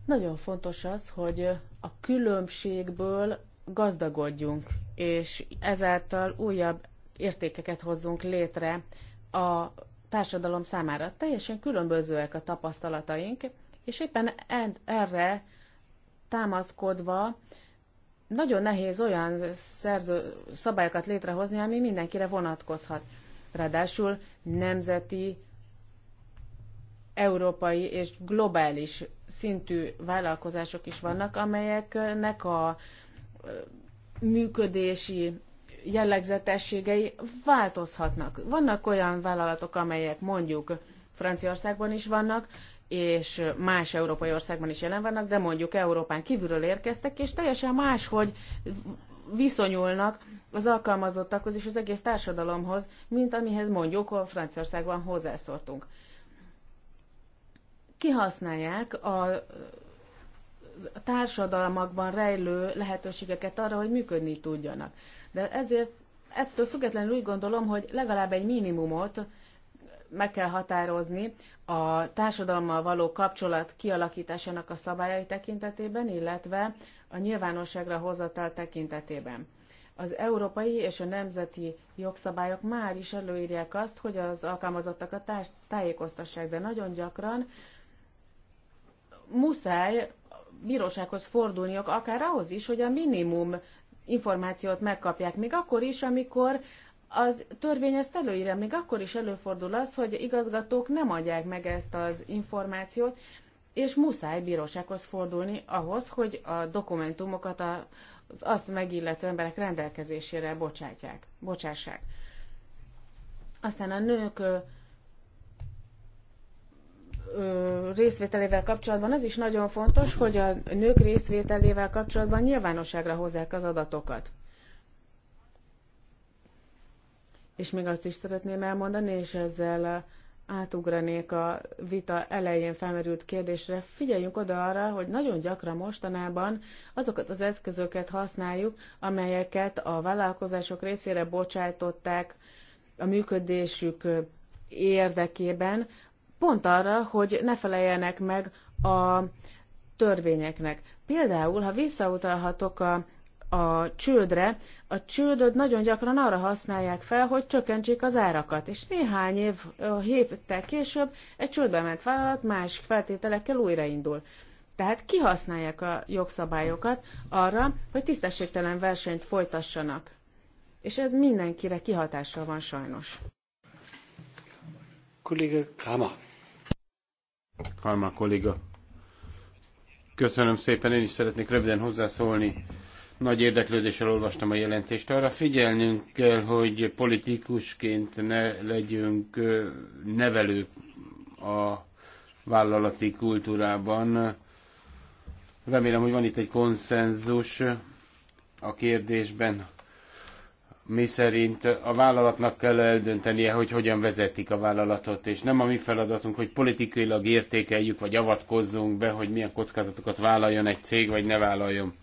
Nagyon fontos az, hogy a különbségből gazdagodjunk, és ezáltal újabb értékeket hozzunk létre a társadalom számára. Teljesen különbözőek a tapasztalataink, és éppen erre támaszkodva nagyon nehéz olyan szerző szabályokat létrehozni, ami mindenkire vonatkozhat. Ráadásul nemzeti, európai és globális szintű vállalkozások is vannak, amelyeknek a működési jellegzetességei változhatnak. Vannak olyan vállalatok, amelyek mondjuk Franciaországban is vannak, és más európai országban is jelen vannak, de mondjuk Európán kívülről érkeztek, és teljesen máshogy viszonyulnak az alkalmazottakhoz és az egész társadalomhoz, mint amihez mondjuk a Franciaországban hozzászortunk. Kihasználják a a társadalmakban rejlő lehetőségeket arra, hogy működni tudjanak. De ezért ettől függetlenül úgy gondolom, hogy legalább egy minimumot meg kell határozni a társadalommal való kapcsolat kialakításának a szabályai tekintetében, illetve a nyilvánosságra hozatal tekintetében. Az európai és a nemzeti jogszabályok már is előírják azt, hogy az alkalmazottakat tájékoztassák, de nagyon gyakran muszáj bírósághoz fordulniuk, akár ahhoz is, hogy a minimum információt megkapják, még akkor is, amikor az törvény ezt előírja, még akkor is előfordul az, hogy igazgatók nem adják meg ezt az információt, és muszáj bírósághoz fordulni ahhoz, hogy a dokumentumokat az azt megillető emberek rendelkezésére bocsátják, bocsássák. Aztán a nők részvételével kapcsolatban az is nagyon fontos, hogy a nők részvételével kapcsolatban nyilvánosságra hozzák az adatokat. És még azt is szeretném elmondani, és ezzel átugranék a vita elején felmerült kérdésre. Figyeljünk oda arra, hogy nagyon gyakran mostanában azokat az eszközöket használjuk, amelyeket a vállalkozások részére bocsájtották a működésük érdekében, pont arra, hogy ne feleljenek meg a törvényeknek. Például, ha visszautalhatok a, a csődre, a csődöt nagyon gyakran arra használják fel, hogy csökkentsék az árakat, és néhány év, héttel később egy csődbe ment vállalat más feltételekkel újraindul. Tehát kihasználják a jogszabályokat arra, hogy tisztességtelen versenyt folytassanak. És ez mindenkire kihatással van sajnos. Kolléga Kramer. Kalmár kolléga. Köszönöm szépen, én is szeretnék röviden hozzászólni. Nagy érdeklődéssel olvastam a jelentést. Arra figyelnünk kell, hogy politikusként ne legyünk nevelők a vállalati kultúrában. Remélem, hogy van itt egy konszenzus a kérdésben mi szerint a vállalatnak kell eldöntenie, hogy hogyan vezetik a vállalatot, és nem a mi feladatunk, hogy politikailag értékeljük, vagy avatkozzunk be, hogy milyen kockázatokat vállaljon egy cég, vagy ne vállaljon.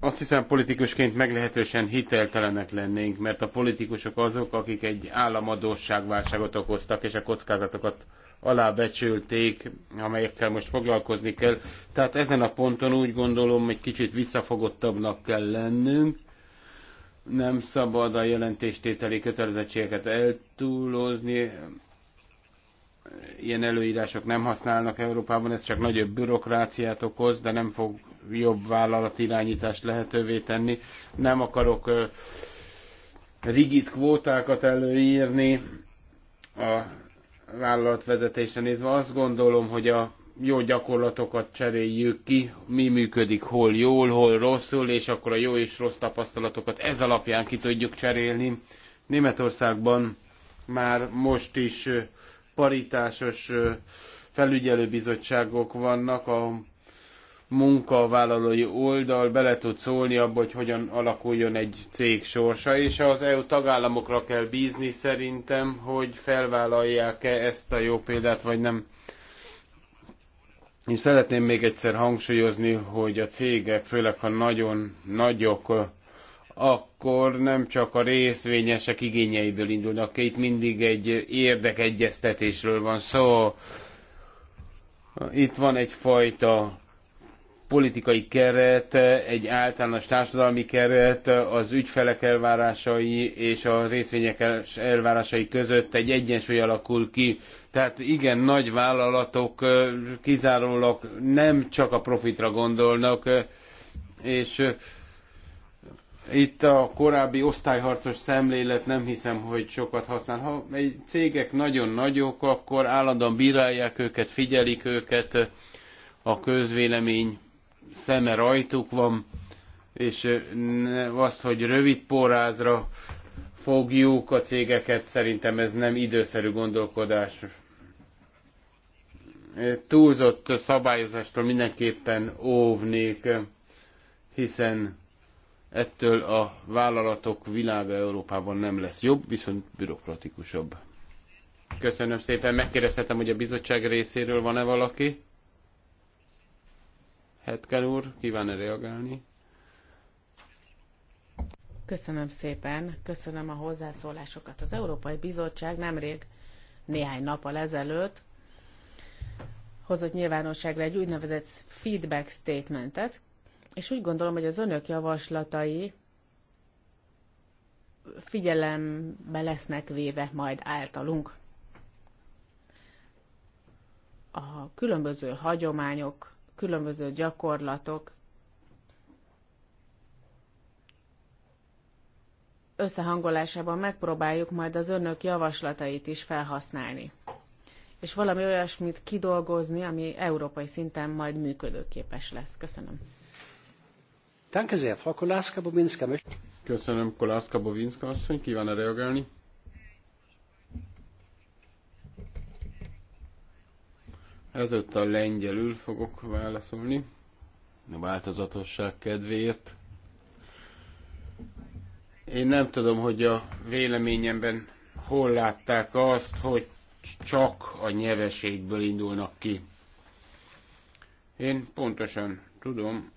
Azt hiszem politikusként meglehetősen hiteltelenek lennénk, mert a politikusok azok, akik egy államadósságválságot okoztak, és a kockázatokat alábecsülték, amelyekkel most foglalkozni kell. Tehát ezen a ponton úgy gondolom, hogy kicsit visszafogottabbnak kell lennünk, nem szabad a jelentéstételi kötelezettségeket eltúlozni. Ilyen előírások nem használnak Európában, ez csak nagyobb bürokráciát okoz, de nem fog jobb vállalatirányítást lehetővé tenni. Nem akarok rigid kvótákat előírni a vállalatvezetésre nézve. Azt gondolom, hogy a jó gyakorlatokat cseréljük ki, mi működik hol jól, hol rosszul, és akkor a jó és rossz tapasztalatokat ez alapján ki tudjuk cserélni. Németországban már most is paritásos felügyelőbizottságok vannak, a munkavállalói oldal bele tud szólni abba, hogy hogyan alakuljon egy cég sorsa, és az EU tagállamokra kell bízni szerintem, hogy felvállalják-e ezt a jó példát, vagy nem. Én szeretném még egyszer hangsúlyozni, hogy a cégek, főleg ha nagyon nagyok, akkor nem csak a részvényesek igényeiből indulnak ki, itt mindig egy érdekegyeztetésről van szó. Szóval itt van egyfajta politikai keret, egy általános társadalmi keret az ügyfelek elvárásai és a részvények elvárásai között egy egyensúly alakul ki. Tehát igen, nagy vállalatok kizárólag nem csak a profitra gondolnak, és itt a korábbi osztályharcos szemlélet nem hiszem, hogy sokat használ. Ha egy cégek nagyon nagyok, akkor állandóan bírálják őket, figyelik őket, a közvélemény szeme rajtuk van, és azt, hogy rövid porázra fogjuk a cégeket, szerintem ez nem időszerű gondolkodás. Túlzott szabályozástól mindenképpen óvnék, hiszen ettől a vállalatok világa Európában nem lesz jobb, viszont bürokratikusabb. Köszönöm szépen, megkérdezhetem, hogy a bizottság részéről van-e valaki? Hetker úr, kíván-e reagálni? Köszönöm szépen, köszönöm a hozzászólásokat. Az Európai Bizottság nemrég, néhány nappal ezelőtt hozott nyilvánosságra egy úgynevezett feedback statementet, és úgy gondolom, hogy az önök javaslatai figyelembe lesznek véve majd általunk. A különböző hagyományok különböző gyakorlatok összehangolásában megpróbáljuk majd az önök javaslatait is felhasználni, és valami olyasmit kidolgozni, ami európai szinten majd működőképes lesz. Köszönöm. Köszönöm, Kolászka Bovinska asszony. Kíván -e reagálni? a lengyelül fogok válaszolni, a változatosság kedvéért. Én nem tudom, hogy a véleményemben hol látták azt, hogy csak a nyeveségből indulnak ki. Én pontosan tudom,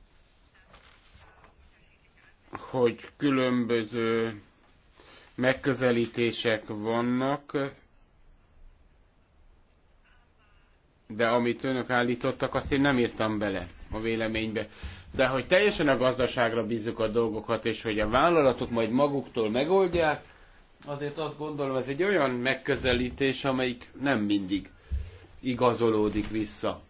hogy különböző megközelítések vannak, de amit önök állítottak, azt én nem írtam bele a véleménybe. De hogy teljesen a gazdaságra bízzuk a dolgokat, és hogy a vállalatok majd maguktól megoldják, azért azt gondolom, ez egy olyan megközelítés, amelyik nem mindig igazolódik vissza.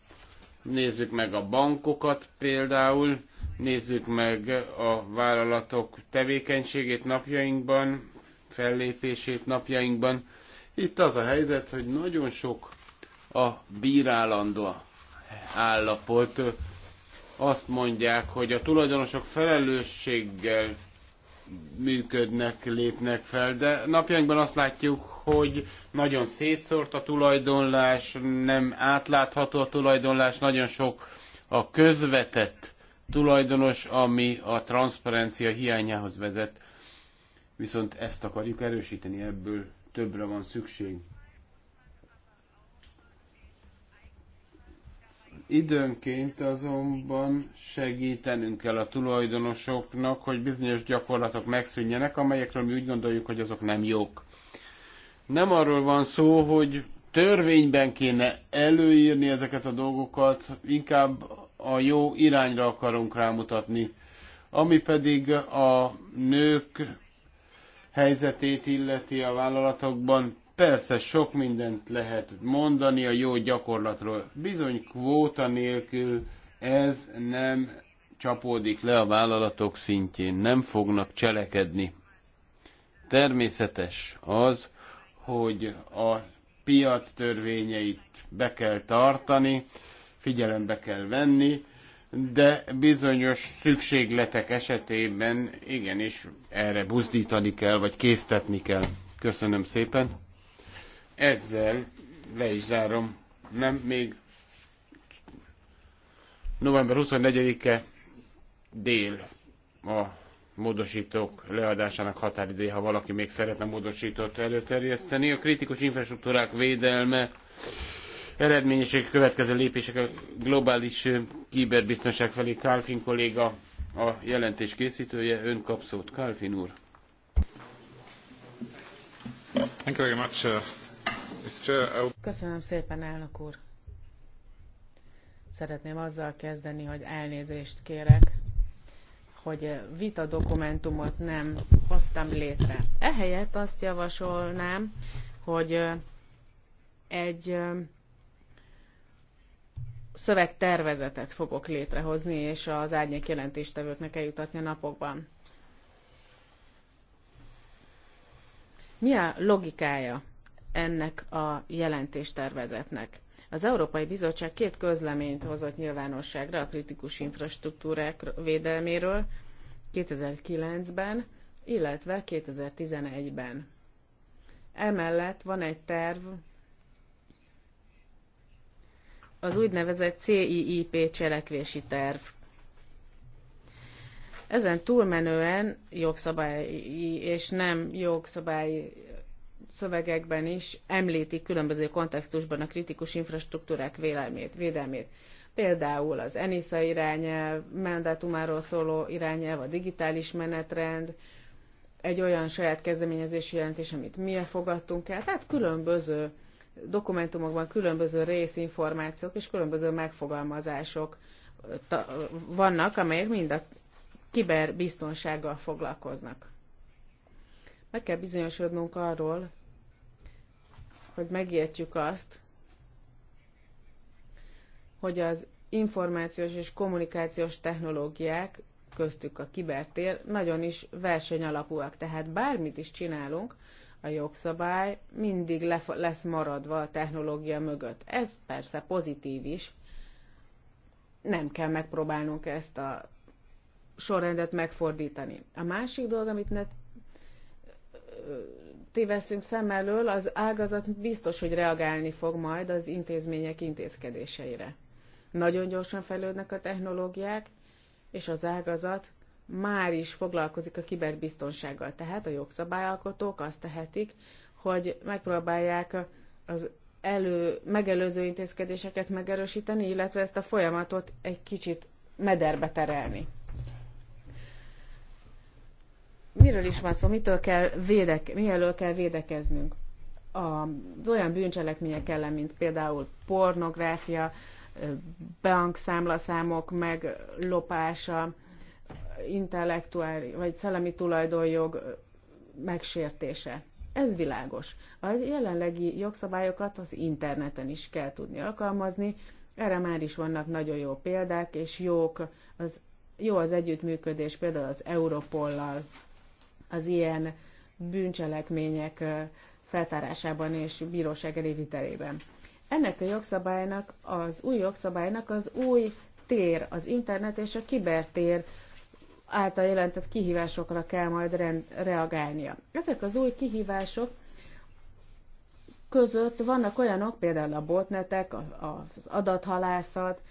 Nézzük meg a bankokat például, nézzük meg a vállalatok tevékenységét napjainkban, fellépését napjainkban. Itt az a helyzet, hogy nagyon sok a bírálandó állapot. Azt mondják, hogy a tulajdonosok felelősséggel működnek, lépnek fel, de napjainkban azt látjuk, hogy nagyon szétszórt a tulajdonlás, nem átlátható a tulajdonlás, nagyon sok a közvetett tulajdonos, ami a transzparencia hiányához vezet. Viszont ezt akarjuk erősíteni, ebből többre van szükség. Időnként azonban segítenünk kell a tulajdonosoknak, hogy bizonyos gyakorlatok megszűnjenek, amelyekről mi úgy gondoljuk, hogy azok nem jók. Nem arról van szó, hogy törvényben kéne előírni ezeket a dolgokat, inkább a jó irányra akarunk rámutatni. Ami pedig a nők helyzetét illeti a vállalatokban, Persze sok mindent lehet mondani a jó gyakorlatról. Bizony kvóta nélkül ez nem csapódik le a vállalatok szintjén, nem fognak cselekedni. Természetes az, hogy a piac törvényeit be kell tartani, figyelembe kell venni, de bizonyos szükségletek esetében igenis erre buzdítani kell, vagy késztetni kell. Köszönöm szépen. Ezzel le is zárom. Nem még november 24-e dél a módosítók leadásának határidője, ha valaki még szeretne módosítót előterjeszteni. A kritikus infrastruktúrák védelme, eredményesség következő lépések a globális kiberbiztonság felé. Kálfin kolléga a jelentés készítője, ön kap szót. Kálfin úr. Thank you very much, uh... Köszönöm szépen, elnök úr. Szeretném azzal kezdeni, hogy elnézést kérek, hogy vita dokumentumot nem hoztam létre. Ehelyett azt javasolnám, hogy egy szövegtervezetet fogok létrehozni, és az árnyék jelentéstevőknek eljutatni a napokban. Mi a logikája ennek a jelentéstervezetnek. Az Európai Bizottság két közleményt hozott nyilvánosságra a kritikus infrastruktúrák védelméről 2009-ben, illetve 2011-ben. Emellett van egy terv az úgynevezett CIIP cselekvési terv. Ezen túlmenően jogszabályi és nem jogszabályi szövegekben is említik különböző kontextusban a kritikus infrastruktúrák vélelmét, védelmét. Például az ENISA irányelv, mandátumáról szóló irányelv, a digitális menetrend, egy olyan saját kezdeményezési jelentés, amit mi fogadtunk el. Tehát különböző dokumentumokban különböző részinformációk és különböző megfogalmazások vannak, amelyek mind a kiberbiztonsággal foglalkoznak meg kell bizonyosodnunk arról, hogy megértjük azt, hogy az információs és kommunikációs technológiák, köztük a kibertér, nagyon is versenyalapúak. Tehát bármit is csinálunk, a jogszabály mindig lesz maradva a technológia mögött. Ez persze pozitív is. Nem kell megpróbálnunk ezt a sorrendet megfordítani. A másik dolog, amit ne tévesszünk szem elől, az ágazat biztos, hogy reagálni fog majd az intézmények intézkedéseire. Nagyon gyorsan fejlődnek a technológiák, és az ágazat már is foglalkozik a kiberbiztonsággal. Tehát a jogszabályalkotók azt tehetik, hogy megpróbálják az elő, megelőző intézkedéseket megerősíteni, illetve ezt a folyamatot egy kicsit mederbe terelni miről is van szó, mitől kell védek, mielől kell védekeznünk? Az olyan bűncselekmények ellen, mint például pornográfia, bankszámlaszámok meglopása, intellektuális vagy szellemi tulajdonjog megsértése. Ez világos. A jelenlegi jogszabályokat az interneten is kell tudni alkalmazni, erre már is vannak nagyon jó példák, és jók az, jó az együttműködés például az Europollal, az ilyen bűncselekmények feltárásában és bíróság elévitelében. Ennek a jogszabálynak, az új jogszabálynak az új tér, az internet és a kibertér által jelentett kihívásokra kell majd rend, reagálnia. Ezek az új kihívások között vannak olyanok, például a botnetek, az adathalászat,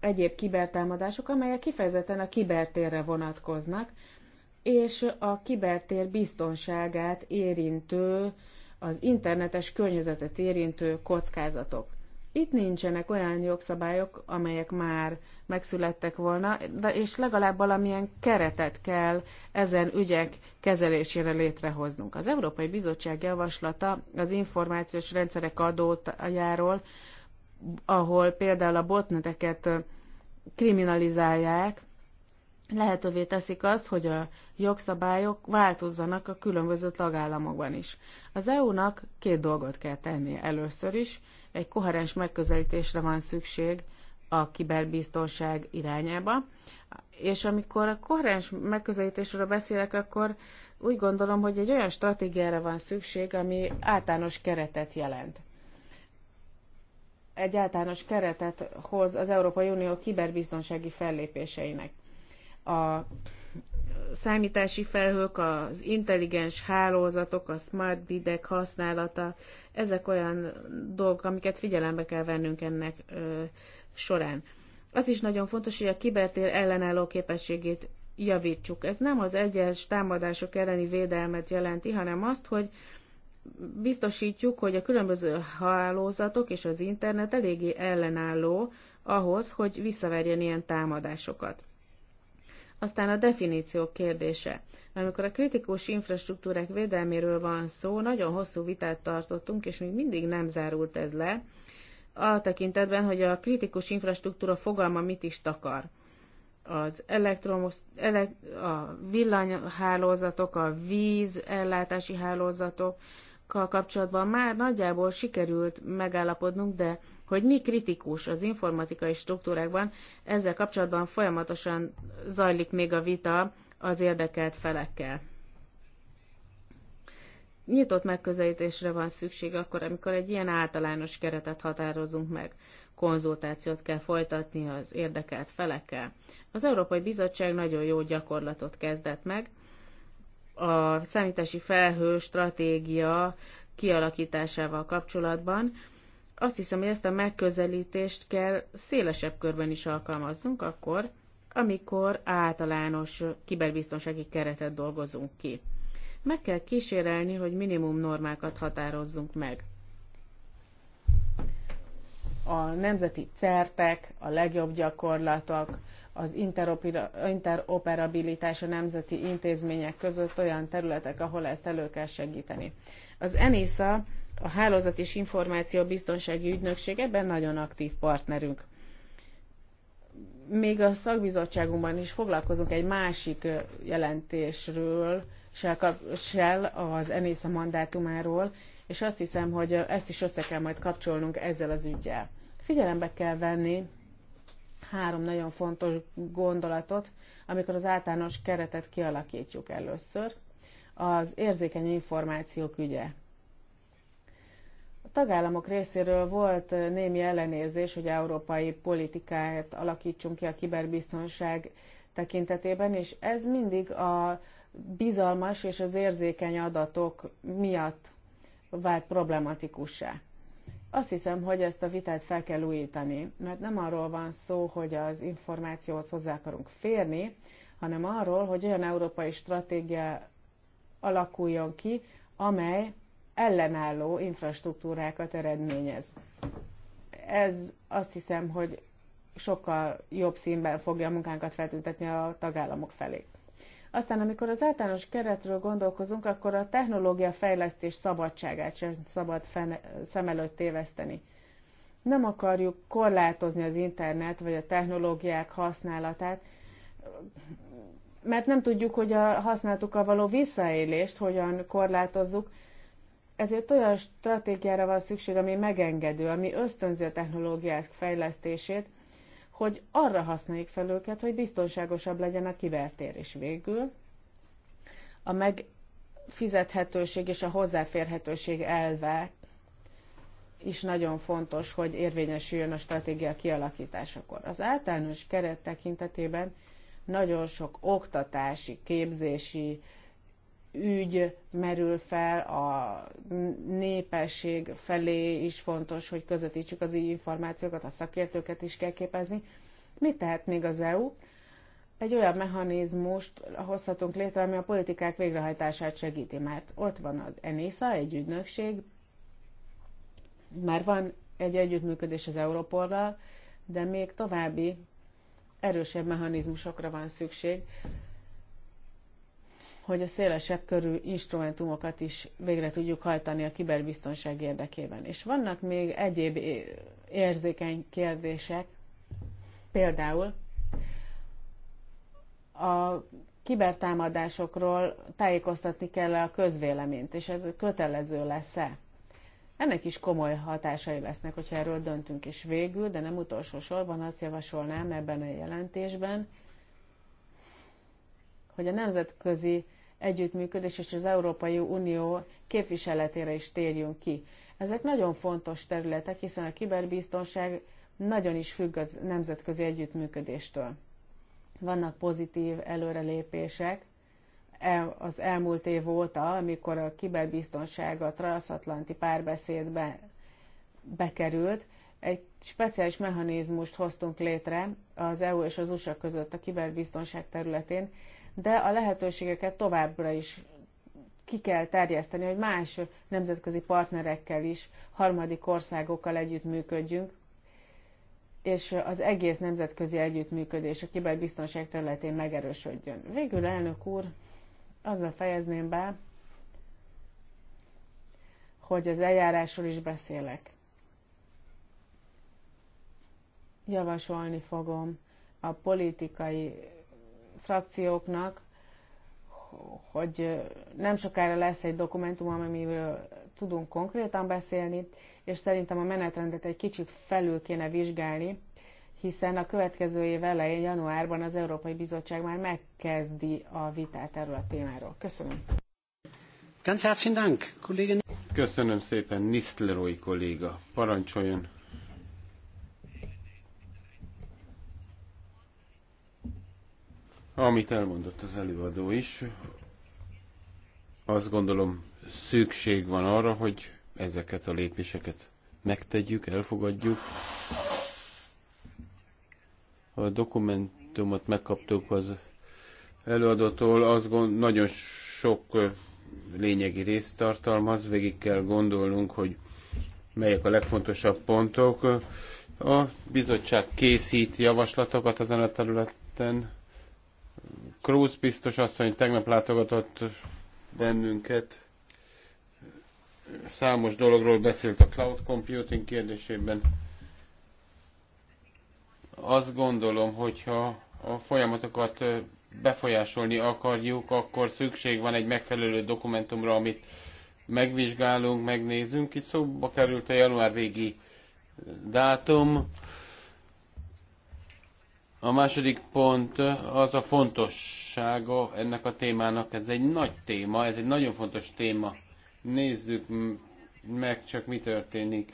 egyéb kibertámadások, amelyek kifejezetten a kibertérre vonatkoznak, és a kibertér biztonságát érintő, az internetes környezetet érintő kockázatok. Itt nincsenek olyan jogszabályok, amelyek már megszülettek volna, de és legalább valamilyen keretet kell ezen ügyek kezelésére létrehoznunk. Az Európai Bizottság javaslata az információs rendszerek adójáról, ahol például a botneteket kriminalizálják, lehetővé teszik azt, hogy a jogszabályok változzanak a különböző tagállamokban is. Az EU-nak két dolgot kell tennie először is. Egy koherens megközelítésre van szükség a kiberbiztonság irányába, és amikor a koherens megközelítésről beszélek, akkor úgy gondolom, hogy egy olyan stratégiára van szükség, ami általános keretet jelent egy általános keretet hoz az Európai Unió kiberbiztonsági fellépéseinek a számítási felhők, az intelligens hálózatok, a smart gridek használata, ezek olyan dolgok, amiket figyelembe kell vennünk ennek ö, során. Az is nagyon fontos, hogy a kibertér ellenálló képességét javítsuk. Ez nem az egyes támadások elleni védelmet jelenti, hanem azt, hogy biztosítjuk, hogy a különböző hálózatok és az internet eléggé ellenálló ahhoz, hogy visszaverjen ilyen támadásokat. Aztán a definíció kérdése. Amikor a kritikus infrastruktúrák védelméről van szó, nagyon hosszú vitát tartottunk, és még mindig nem zárult ez le, a tekintetben, hogy a kritikus infrastruktúra fogalma mit is takar. Az elektromos, ele, a villanyhálózatok, a víz ellátási hálózatokkal kapcsolatban már nagyjából sikerült megállapodnunk, de hogy mi kritikus az informatikai struktúrákban, ezzel kapcsolatban folyamatosan zajlik még a vita az érdekelt felekkel. Nyitott megközelítésre van szükség akkor, amikor egy ilyen általános keretet határozunk meg. Konzultációt kell folytatni az érdekelt felekkel. Az Európai Bizottság nagyon jó gyakorlatot kezdett meg. A számítási felhő stratégia kialakításával kapcsolatban, azt hiszem, hogy ezt a megközelítést kell szélesebb körben is alkalmaznunk akkor, amikor általános kiberbiztonsági keretet dolgozunk ki. Meg kell kísérelni, hogy minimum normákat határozzunk meg. A nemzeti certek, a legjobb gyakorlatok, az interoperabilitás a nemzeti intézmények között olyan területek, ahol ezt elő kell segíteni. Az ENISA a Hálózat és Információ Biztonsági Ügynökség ebben nagyon aktív partnerünk. Még a szakbizottságunkban is foglalkozunk egy másik jelentésről, Shell az Enésza mandátumáról, és azt hiszem, hogy ezt is össze kell majd kapcsolnunk ezzel az ügyel. Figyelembe kell venni három nagyon fontos gondolatot, amikor az általános keretet kialakítjuk először. Az érzékeny információk ügye a tagállamok részéről volt némi ellenérzés, hogy európai politikát alakítsunk ki a kiberbiztonság tekintetében, és ez mindig a bizalmas és az érzékeny adatok miatt vált problematikussá. Azt hiszem, hogy ezt a vitát fel kell újítani, mert nem arról van szó, hogy az információhoz hozzá akarunk férni, hanem arról, hogy olyan európai stratégia alakuljon ki, amely ellenálló infrastruktúrákat eredményez. Ez azt hiszem, hogy sokkal jobb színben fogja a munkánkat feltüntetni a tagállamok felé. Aztán, amikor az általános keretről gondolkozunk, akkor a technológia fejlesztés szabadságát sem szabad fene, szem előtt téveszteni. Nem akarjuk korlátozni az internet vagy a technológiák használatát, mert nem tudjuk, hogy a használatukkal való visszaélést hogyan korlátozzuk, ezért olyan stratégiára van szükség, ami megengedő, ami ösztönzi a technológiák fejlesztését, hogy arra használjuk fel őket, hogy biztonságosabb legyen a kibertér. És végül a megfizethetőség és a hozzáférhetőség elve is nagyon fontos, hogy érvényesüljön a stratégia kialakításakor. Az általános keret tekintetében nagyon sok oktatási, képzési, ügy merül fel, a népesség felé is fontos, hogy közvetítsük az így információkat, a szakértőket is kell képezni. Mit tehet még az EU? Egy olyan mechanizmust hozhatunk létre, ami a politikák végrehajtását segíti, mert ott van az ENISA, egy ügynökség, már van egy együttműködés az Európorral, de még további erősebb mechanizmusokra van szükség, hogy a szélesebb körű instrumentumokat is végre tudjuk hajtani a kiberbiztonság érdekében. És vannak még egyéb érzékeny kérdések, például a kibertámadásokról tájékoztatni kell a közvéleményt, és ez kötelező lesz-e? Ennek is komoly hatásai lesznek, hogyha erről döntünk. És végül, de nem utolsó sorban azt javasolnám ebben a jelentésben, hogy a nemzetközi együttműködés és az Európai Unió képviseletére is térjünk ki. Ezek nagyon fontos területek, hiszen a kiberbiztonság nagyon is függ az nemzetközi együttműködéstől. Vannak pozitív előrelépések e, az elmúlt év óta, amikor a kiberbiztonság a transatlanti párbeszédbe bekerült, egy speciális mechanizmust hoztunk létre az EU és az USA között a kiberbiztonság területén, de a lehetőségeket továbbra is ki kell terjeszteni, hogy más nemzetközi partnerekkel is, harmadik országokkal együttműködjünk, és az egész nemzetközi együttműködés a kiberbiztonság területén megerősödjön. Végül, elnök úr, azzal fejezném be, hogy az eljárásról is beszélek. Javasolni fogom a politikai frakcióknak, hogy nem sokára lesz egy dokumentum, amiről tudunk konkrétan beszélni, és szerintem a menetrendet egy kicsit felül kéne vizsgálni, hiszen a következő év elején, januárban az Európai Bizottság már megkezdi a vitát erről a témáról. Köszönöm. Ganz herzlichen Dank, Köszönöm szépen, Nisztlerói kolléga. Parancsoljon. Amit elmondott az előadó is, azt gondolom szükség van arra, hogy ezeket a lépéseket megtegyük, elfogadjuk. A dokumentumot megkaptuk az előadótól, az gond, nagyon sok lényegi részt tartalmaz, végig kell gondolnunk, hogy melyek a legfontosabb pontok. A bizottság készít javaslatokat ezen a területen, Krúz biztos asszony tegnap látogatott bennünket. Számos dologról beszélt a cloud computing kérdésében. Azt gondolom, hogyha a folyamatokat befolyásolni akarjuk, akkor szükség van egy megfelelő dokumentumra, amit megvizsgálunk, megnézünk. Itt szóba került a január végi dátum a második pont az a fontossága ennek a témának. Ez egy nagy téma, ez egy nagyon fontos téma. Nézzük meg csak mi történik.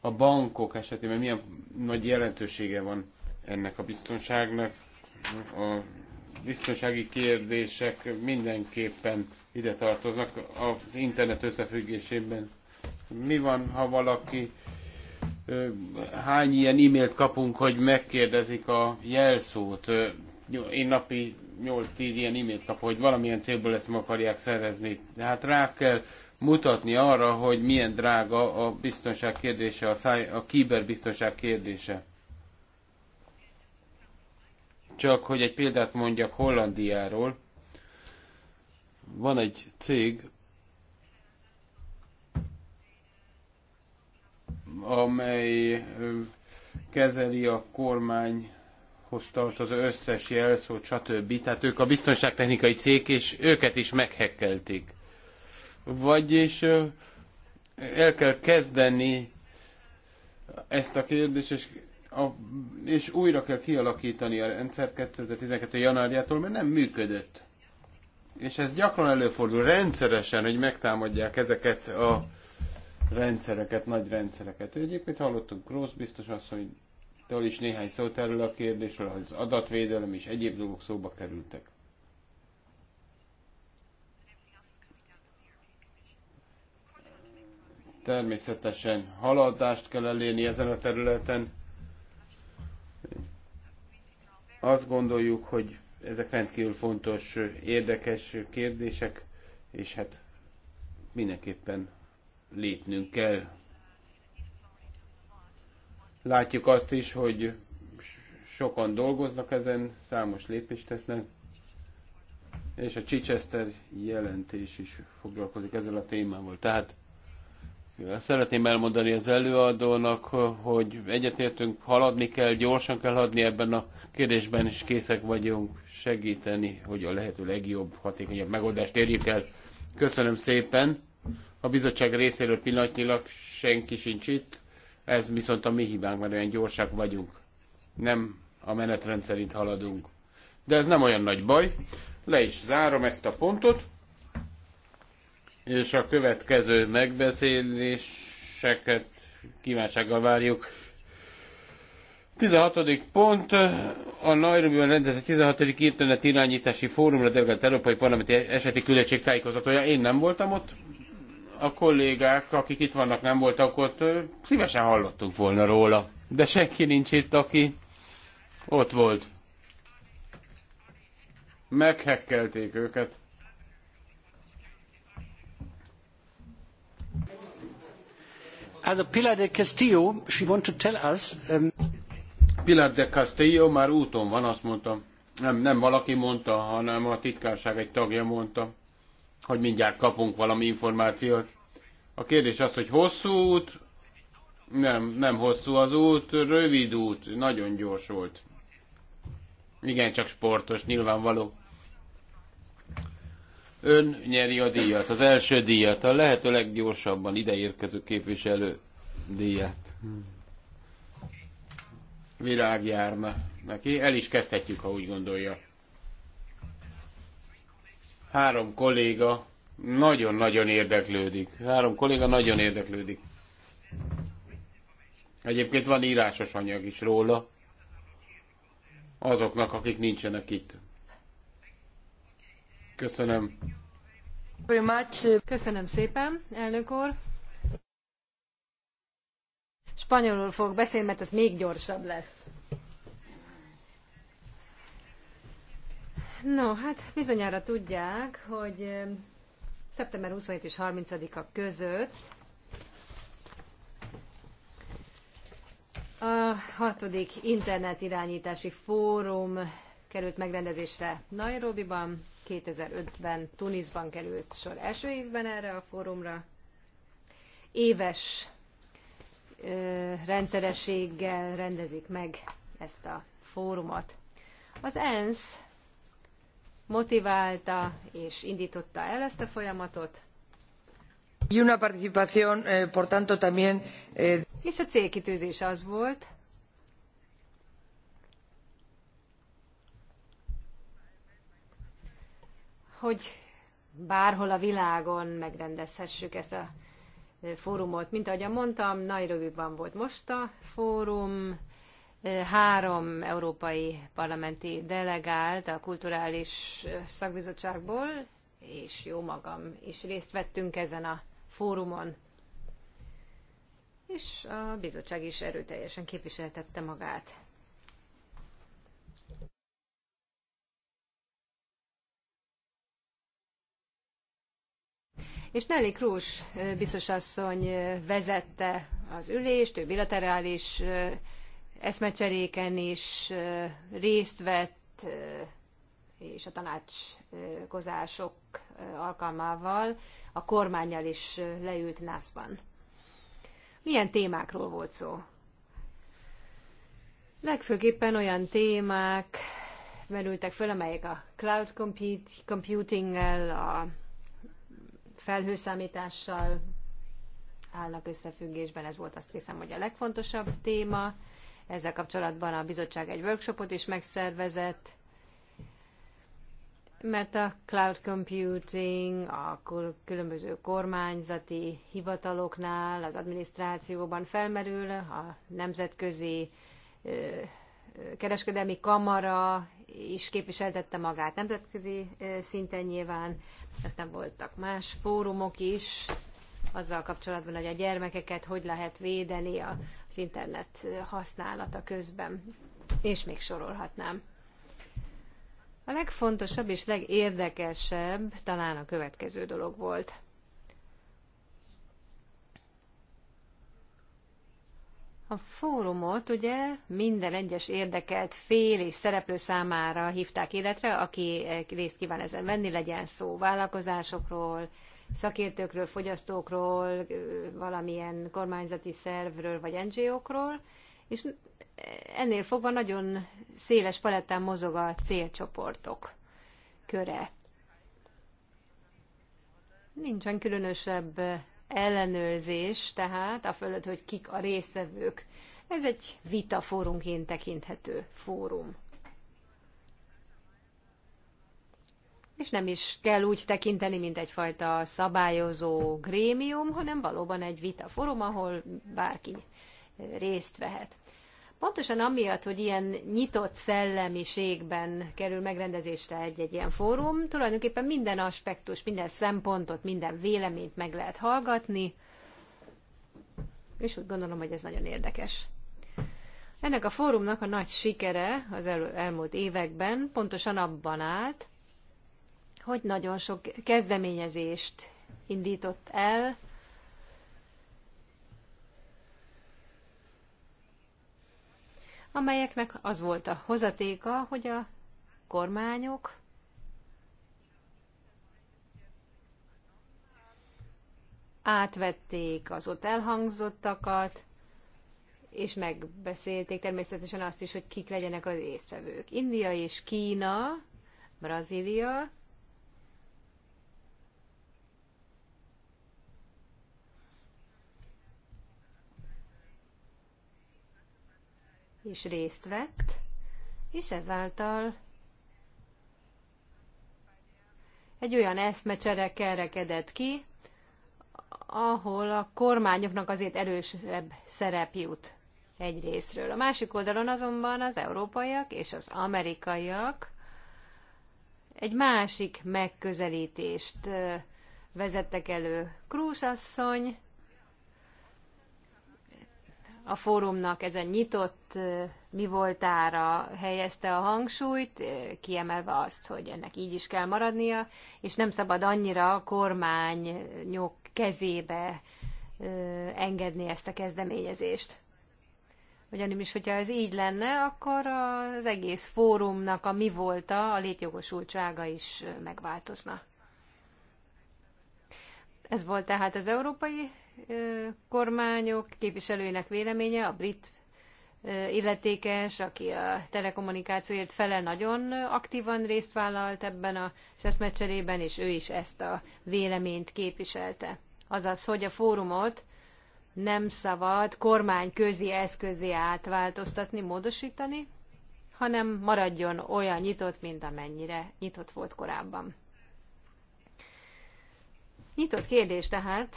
A bankok esetében milyen nagy jelentősége van ennek a biztonságnak. A biztonsági kérdések mindenképpen ide tartoznak az internet összefüggésében. Mi van, ha valaki hány ilyen e-mailt kapunk, hogy megkérdezik a jelszót. Én napi 8-10 ilyen e-mailt kapok, hogy valamilyen célból ezt meg akarják szerezni. De hát rá kell mutatni arra, hogy milyen drága a biztonság kérdése, a, száj, a kiberbiztonság kérdése. Csak hogy egy példát mondjak Hollandiáról. Van egy cég, amely kezeli a kormány tartozó az összes jelszót, stb. Tehát ők a biztonságtechnikai cég, és őket is meghekkelték. Vagyis el kell kezdeni ezt a kérdést, és, a, és újra kell kialakítani a rendszert 2012. januárjától, mert nem működött. És ez gyakran előfordul rendszeresen, hogy megtámadják ezeket a rendszereket, nagy rendszereket. Egyébként hallottuk Gross biztos azt, hogy től is néhány szót erről a kérdésről, hogy az adatvédelem és egyéb dolgok szóba kerültek. Természetesen haladást kell elérni ezen a területen. Azt gondoljuk, hogy ezek rendkívül fontos, érdekes kérdések, és hát mindenképpen lépnünk kell. Látjuk azt is, hogy sokan dolgoznak ezen, számos lépést tesznek, és a Chichester jelentés is foglalkozik ezzel a témával. Tehát szeretném elmondani az előadónak, hogy egyetértünk, haladni kell, gyorsan kell haladni ebben a kérdésben, és készek vagyunk segíteni, hogy a lehető legjobb, hatékonyabb megoldást érjük el. Köszönöm szépen! A bizottság részéről pillanatnyilag senki sincs itt, ez viszont a mi hibánk, mert olyan gyorsak vagyunk. Nem a menetrend szerint haladunk. De ez nem olyan nagy baj. Le is zárom ezt a pontot, és a következő megbeszéléseket kívánsággal várjuk. 16. pont, a Nairobiban rendezett 16. internet irányítási fórumra delegált Európai Parlamenti Eseti Küldettség tájékozatója. Én nem voltam ott, a kollégák, akik itt vannak, nem voltak ott, szívesen hallottuk volna róla. De senki nincs itt, aki ott volt. Meghekkelték őket. Also Pilar de Castillo, she want to tell us... Um... Pilar de Castillo már úton van, azt mondta. Nem, nem valaki mondta, hanem a titkárság egy tagja mondta hogy mindjárt kapunk valami információt. A kérdés az, hogy hosszú út, nem, nem hosszú az út, rövid út, nagyon gyors volt. Igen, csak sportos, nyilvánvaló. Ön nyeri a díjat, az első díjat, a lehető leggyorsabban ideérkező képviselő díjat. Virág járna neki, el is kezdhetjük, ha úgy gondolja. Három kolléga nagyon-nagyon érdeklődik. Három kolléga nagyon érdeklődik. Egyébként van írásos anyag is róla. Azoknak, akik nincsenek itt. Köszönöm. Köszönöm szépen, elnök úr. Spanyolul fog beszélni, mert ez még gyorsabb lesz. No, hát bizonyára tudják, hogy szeptember 27 és 30-a között a hatodik internet irányítási fórum került megrendezésre Nairobiban, 2005-ben Tunisban került sor első ízben erre a fórumra. Éves ö, rendszerességgel rendezik meg ezt a fórumot. Az ENSZ motiválta és indította el ezt a folyamatot. Y una participación, eh, por tanto, también, eh... És a célkitűzés az volt, hogy bárhol a világon megrendezhessük ezt a eh, fórumot. Mint ahogy mondtam, Nairobiban volt most a fórum, három európai parlamenti delegált a kulturális szakbizottságból, és jó magam is részt vettünk ezen a fórumon. És a bizottság is erőteljesen képviseltette magát. és Nelly Krús biztosasszony vezette az ülést, ő bilaterális eszmecseréken is részt vett, és a tanácskozások alkalmával a kormányjal is leült NASZ-ban. Milyen témákról volt szó? Legfőképpen olyan témák merültek föl, amelyek a cloud computing-el, a felhőszámítással állnak összefüggésben. Ez volt azt hiszem, hogy a legfontosabb téma. Ezzel kapcsolatban a bizottság egy workshopot is megszervezett, mert a cloud computing a különböző kormányzati hivataloknál, az adminisztrációban felmerül, a nemzetközi kereskedelmi kamara is képviseltette magát nemzetközi szinten nyilván, aztán voltak más fórumok is, azzal kapcsolatban, hogy a gyermekeket hogy lehet védeni az internet használata közben. És még sorolhatnám. A legfontosabb és legérdekesebb talán a következő dolog volt. A fórumot ugye minden egyes érdekelt fél és szereplő számára hívták életre, aki részt kíván ezen venni, legyen szó vállalkozásokról, szakértőkről, fogyasztókról, valamilyen kormányzati szervről vagy NGO-król, és ennél fogva nagyon széles palettán mozog a célcsoportok köre. Nincsen különösebb ellenőrzés, tehát a fölött, hogy kik a résztvevők. Ez egy vita tekinthető fórum. és nem is kell úgy tekinteni, mint egyfajta szabályozó grémium, hanem valóban egy vita forum, ahol bárki részt vehet. Pontosan amiatt, hogy ilyen nyitott szellemiségben kerül megrendezésre egy-egy ilyen fórum, tulajdonképpen minden aspektus, minden szempontot, minden véleményt meg lehet hallgatni, és úgy gondolom, hogy ez nagyon érdekes. Ennek a fórumnak a nagy sikere az el, elmúlt években pontosan abban állt, hogy nagyon sok kezdeményezést indított el, amelyeknek az volt a hozatéka, hogy a kormányok átvették az ott elhangzottakat, és megbeszélték természetesen azt is, hogy kik legyenek az észrevők. India és Kína, Brazília és részt vett, és ezáltal egy olyan eszmecsere kerekedett ki, ahol a kormányoknak azért erősebb szerep jut egy részről. A másik oldalon azonban az európaiak és az amerikaiak egy másik megközelítést vezettek elő. Krúz asszony a fórumnak ez a nyitott mi voltára helyezte a hangsúlyt, kiemelve azt, hogy ennek így is kell maradnia, és nem szabad annyira a kormányok kezébe engedni ezt a kezdeményezést. Ugyanis, hogyha ez így lenne, akkor az egész fórumnak a mi volta, a létjogosultsága is megváltozna. Ez volt tehát az európai kormányok képviselőinek véleménye, a brit illetékes, aki a telekommunikációért fele nagyon aktívan részt vállalt ebben a eszmecserében, és ő is ezt a véleményt képviselte. Azaz, hogy a fórumot nem szabad kormányközi eszközé átváltoztatni, módosítani, hanem maradjon olyan nyitott, mint amennyire nyitott volt korábban. Nyitott kérdés tehát,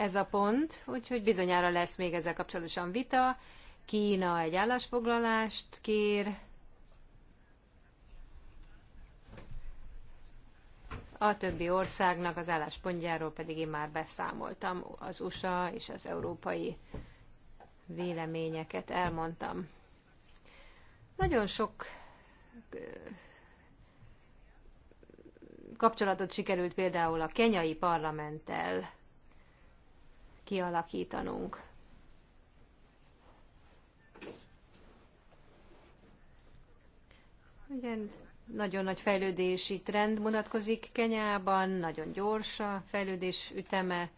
ez a pont, úgyhogy bizonyára lesz még ezzel kapcsolatosan vita. Kína egy állásfoglalást kér. A többi országnak az álláspontjáról pedig én már beszámoltam, az USA és az európai véleményeket elmondtam. Nagyon sok kapcsolatot sikerült például a kenyai parlamenttel kialakítanunk. Igen, nagyon nagy fejlődési trend vonatkozik Kenyában, nagyon gyors a fejlődés üteme,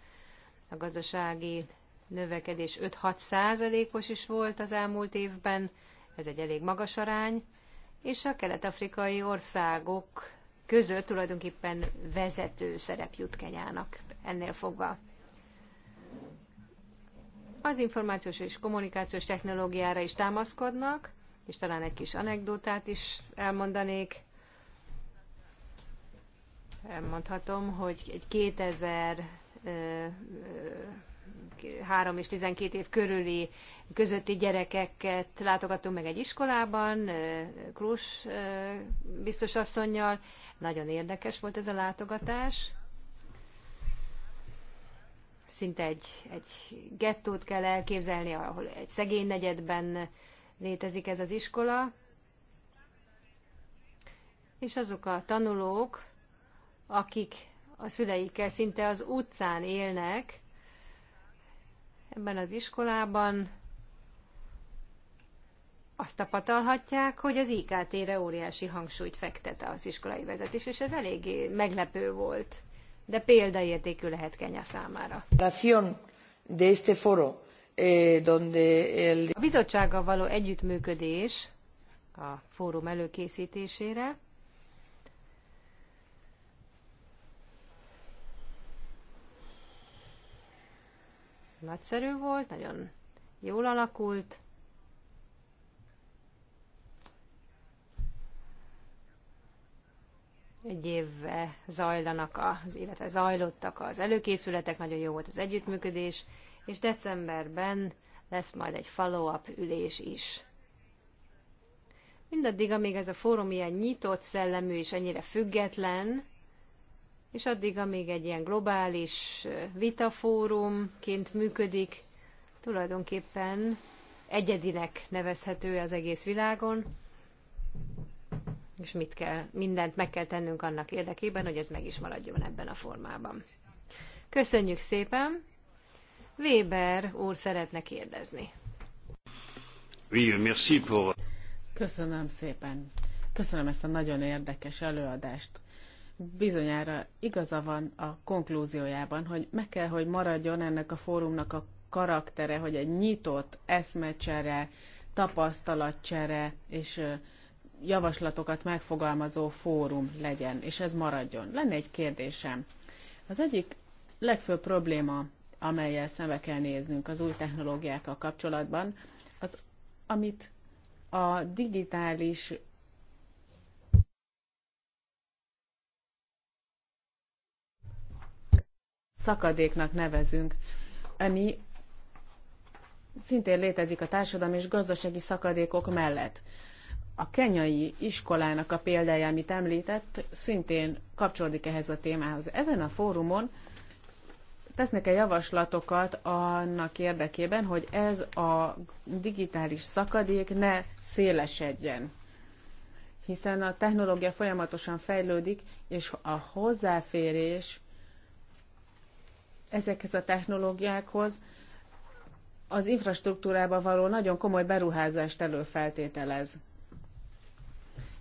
a gazdasági növekedés 5-6 százalékos is volt az elmúlt évben, ez egy elég magas arány, és a kelet-afrikai országok között tulajdonképpen vezető szerep jut Kenyának ennél fogva. Az információs és kommunikációs technológiára is támaszkodnak, és talán egy kis anekdotát is elmondanék. Elmondhatom, hogy egy 2000 3 és 12 év körüli közötti gyerekeket látogattunk meg egy iskolában, Krus asszonynal. Nagyon érdekes volt ez a látogatás szinte egy, egy gettót kell elképzelni, ahol egy szegény negyedben létezik ez az iskola, és azok a tanulók, akik a szüleikkel szinte az utcán élnek ebben az iskolában, azt tapasztalhatják, hogy az IKT-re óriási hangsúlyt fektet az iskolai vezetés, és ez eléggé meglepő volt de példaértékű lehet Kenya számára. Eh, a bizottsággal való együttműködés a fórum előkészítésére nagyszerű volt, nagyon jól alakult, egy évve zajlanak az, illetve zajlottak az előkészületek, nagyon jó volt az együttműködés, és decemberben lesz majd egy follow-up ülés is. Mindaddig, amíg ez a fórum ilyen nyitott szellemű és ennyire független, és addig, amíg egy ilyen globális vitafórumként működik, tulajdonképpen egyedinek nevezhető az egész világon, és mit kell, mindent meg kell tennünk annak érdekében, hogy ez meg is maradjon ebben a formában. Köszönjük szépen! Weber úr szeretne kérdezni. Köszönöm szépen. Köszönöm ezt a nagyon érdekes előadást. Bizonyára igaza van a konklúziójában, hogy meg kell, hogy maradjon ennek a fórumnak a karaktere, hogy egy nyitott eszmecsere, tapasztalatcsere és javaslatokat megfogalmazó fórum legyen, és ez maradjon. Lenne egy kérdésem. Az egyik legfőbb probléma, amelyel szembe kell néznünk az új technológiákkal kapcsolatban, az, amit a digitális szakadéknak nevezünk, ami szintén létezik a társadalmi és gazdasági szakadékok mellett. A kenyai iskolának a példája, amit említett, szintén kapcsolódik ehhez a témához. Ezen a fórumon tesznek-e javaslatokat annak érdekében, hogy ez a digitális szakadék ne szélesedjen? Hiszen a technológia folyamatosan fejlődik, és a hozzáférés ezekhez a technológiákhoz az infrastruktúrába való nagyon komoly beruházást előfeltételez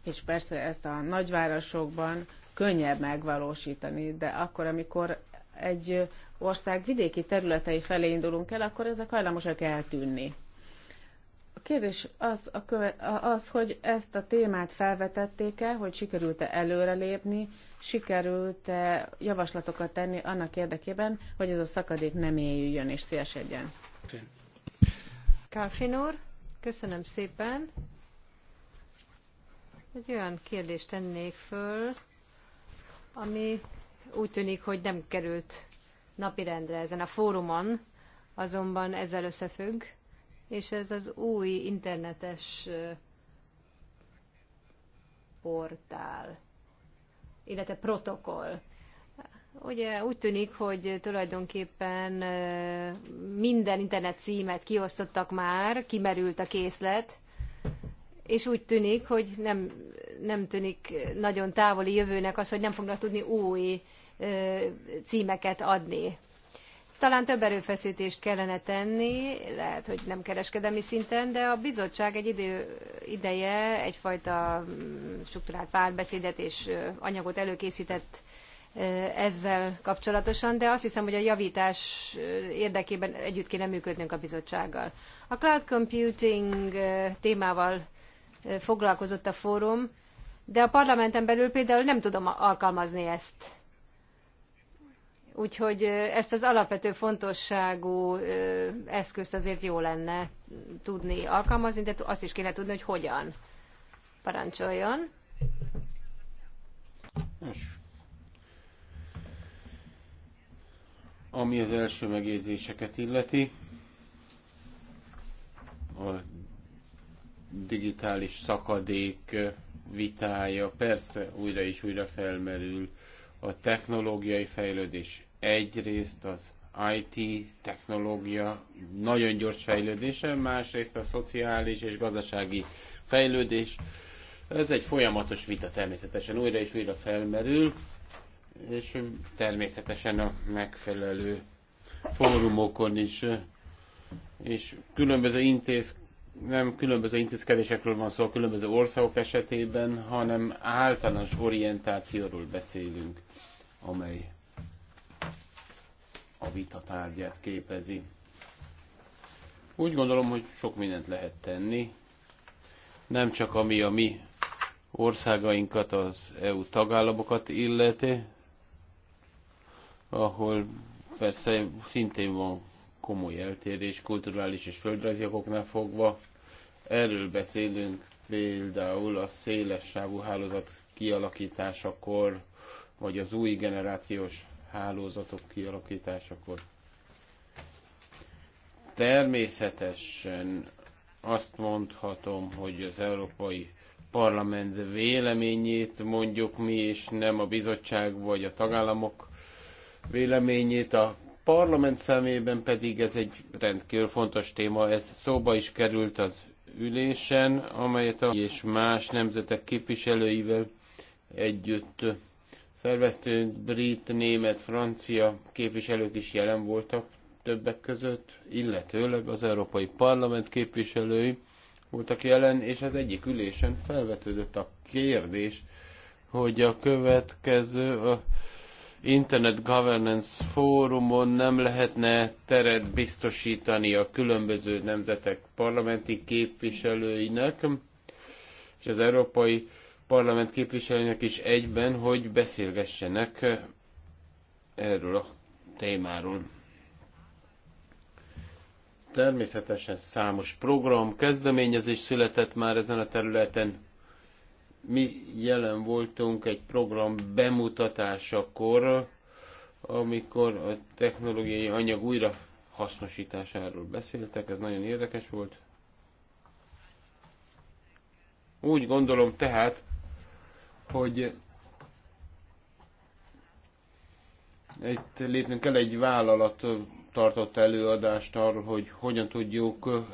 és persze ezt a nagyvárosokban könnyebb megvalósítani, de akkor, amikor egy ország vidéki területei felé indulunk el, akkor ezek hajlamosak eltűnni. A kérdés az, a köve, az hogy ezt a témát felvetették-e, hogy sikerült-e előrelépni, sikerült-e javaslatokat tenni annak érdekében, hogy ez a szakadék nem éljüljön és szélesedjen. Kálfin úr, köszönöm szépen. Egy olyan kérdést tennék föl, ami úgy tűnik, hogy nem került napirendre ezen a fórumon, azonban ezzel összefügg, és ez az új internetes portál, illetve protokoll. Ugye úgy tűnik, hogy tulajdonképpen minden internet címet kiosztottak már, kimerült a készlet, és úgy tűnik, hogy nem, nem tűnik nagyon távoli jövőnek az, hogy nem fognak tudni új címeket adni. Talán több erőfeszítést kellene tenni, lehet, hogy nem kereskedemi szinten, de a bizottság egy idő, ideje egyfajta mm, struktúrált párbeszédet és anyagot előkészített ezzel kapcsolatosan, de azt hiszem, hogy a javítás érdekében együtt kéne működnünk a bizottsággal. A cloud computing témával foglalkozott a fórum, de a parlamenten belül például nem tudom alkalmazni ezt. Úgyhogy ezt az alapvető fontosságú eszközt azért jó lenne tudni alkalmazni, de azt is kéne tudni, hogy hogyan parancsoljon. Nos. Ami az első megjegyzéseket illeti, a digitális szakadék vitája persze újra és újra felmerül. A technológiai fejlődés egyrészt az IT technológia nagyon gyors fejlődése, másrészt a szociális és gazdasági fejlődés. Ez egy folyamatos vita természetesen, újra és újra felmerül, és természetesen a megfelelő fórumokon is, és különböző intéz nem különböző intézkedésekről van szó a különböző országok esetében, hanem általános orientációról beszélünk, amely a vita tárgyát képezi. Úgy gondolom, hogy sok mindent lehet tenni, nem csak ami a mi országainkat, az EU tagállamokat illeti, ahol persze szintén van komoly eltérés kulturális és földrajzi okoknál fogva. Erről beszélünk például a széles sávú hálózat kialakításakor, vagy az új generációs hálózatok kialakításakor. Természetesen azt mondhatom, hogy az Európai Parlament véleményét mondjuk mi, és nem a bizottság vagy a tagállamok véleményét a parlament szemében pedig ez egy rendkívül fontos téma, ez szóba is került az ülésen, amelyet a és más nemzetek képviselőivel együtt szerveztő brit, német, francia képviselők is jelen voltak többek között, illetőleg az Európai Parlament képviselői voltak jelen, és az egyik ülésen felvetődött a kérdés, hogy a következő a Internet Governance Fórumon nem lehetne teret biztosítani a különböző nemzetek parlamenti képviselőinek, és az Európai Parlament képviselőinek is egyben, hogy beszélgessenek erről a témáról. Természetesen számos program, kezdeményezés született már ezen a területen, mi jelen voltunk egy program bemutatásakor, amikor a technológiai anyag újra hasznosításáról beszéltek, ez nagyon érdekes volt. Úgy gondolom tehát, hogy itt lépnünk kell egy vállalat tartott előadást arról, hogy hogyan tudjuk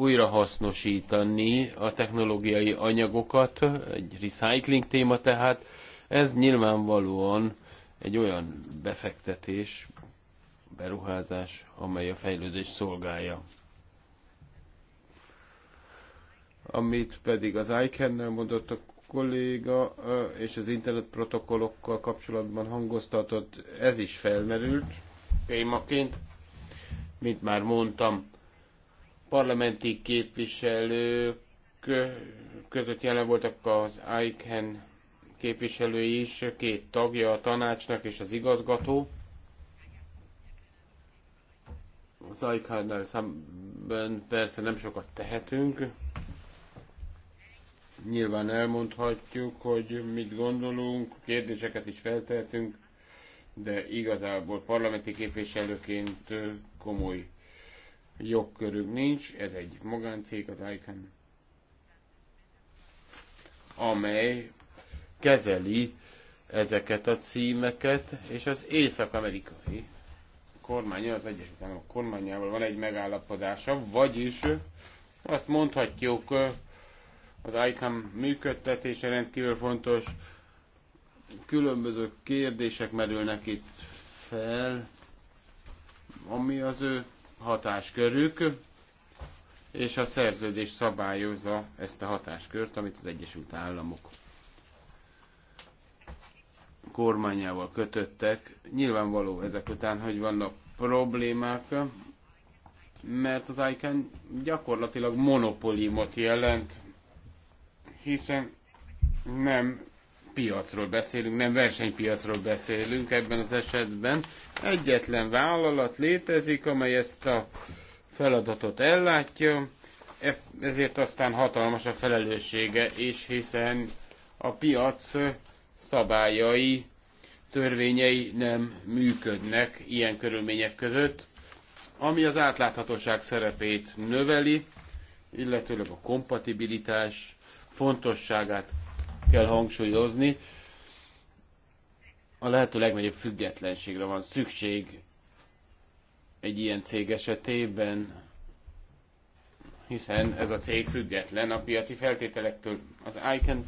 újrahasznosítani a technológiai anyagokat, egy recycling téma tehát, ez nyilvánvalóan egy olyan befektetés, beruházás, amely a fejlődés szolgálja. Amit pedig az ICANN-nel mondott a kolléga, és az internet protokollokkal kapcsolatban hangoztatott, ez is felmerült témaként, mint már mondtam, parlamenti képviselők között jelen voltak az ICAN képviselői is, két tagja a tanácsnak és az igazgató. Az ICANN-nel szemben persze nem sokat tehetünk. Nyilván elmondhatjuk, hogy mit gondolunk, kérdéseket is feltehetünk, de igazából parlamenti képviselőként komoly jogkörünk nincs, ez egy magáncég, az ICANN, amely kezeli ezeket a címeket, és az észak-amerikai kormánya, az Egyesült Államok kormányával van egy megállapodása, vagyis azt mondhatjuk, az ICAM működtetése rendkívül fontos, különböző kérdések merülnek itt fel, ami az ő hatáskörük, és a szerződés szabályozza ezt a hatáskört, amit az Egyesült Államok kormányával kötöttek. Nyilvánvaló ezek után, hogy vannak problémák, mert az ICANN gyakorlatilag monopóliumot jelent, hiszen nem piacról beszélünk, nem versenypiacról beszélünk ebben az esetben. Egyetlen vállalat létezik, amely ezt a feladatot ellátja, e- ezért aztán hatalmas a felelőssége is, hiszen a piac szabályai, törvényei nem működnek ilyen körülmények között, ami az átláthatóság szerepét növeli, illetőleg a kompatibilitás fontosságát kell hangsúlyozni. A lehető legnagyobb függetlenségre van szükség egy ilyen cég esetében, hiszen ez a cég független a piaci feltételektől. Az ICAN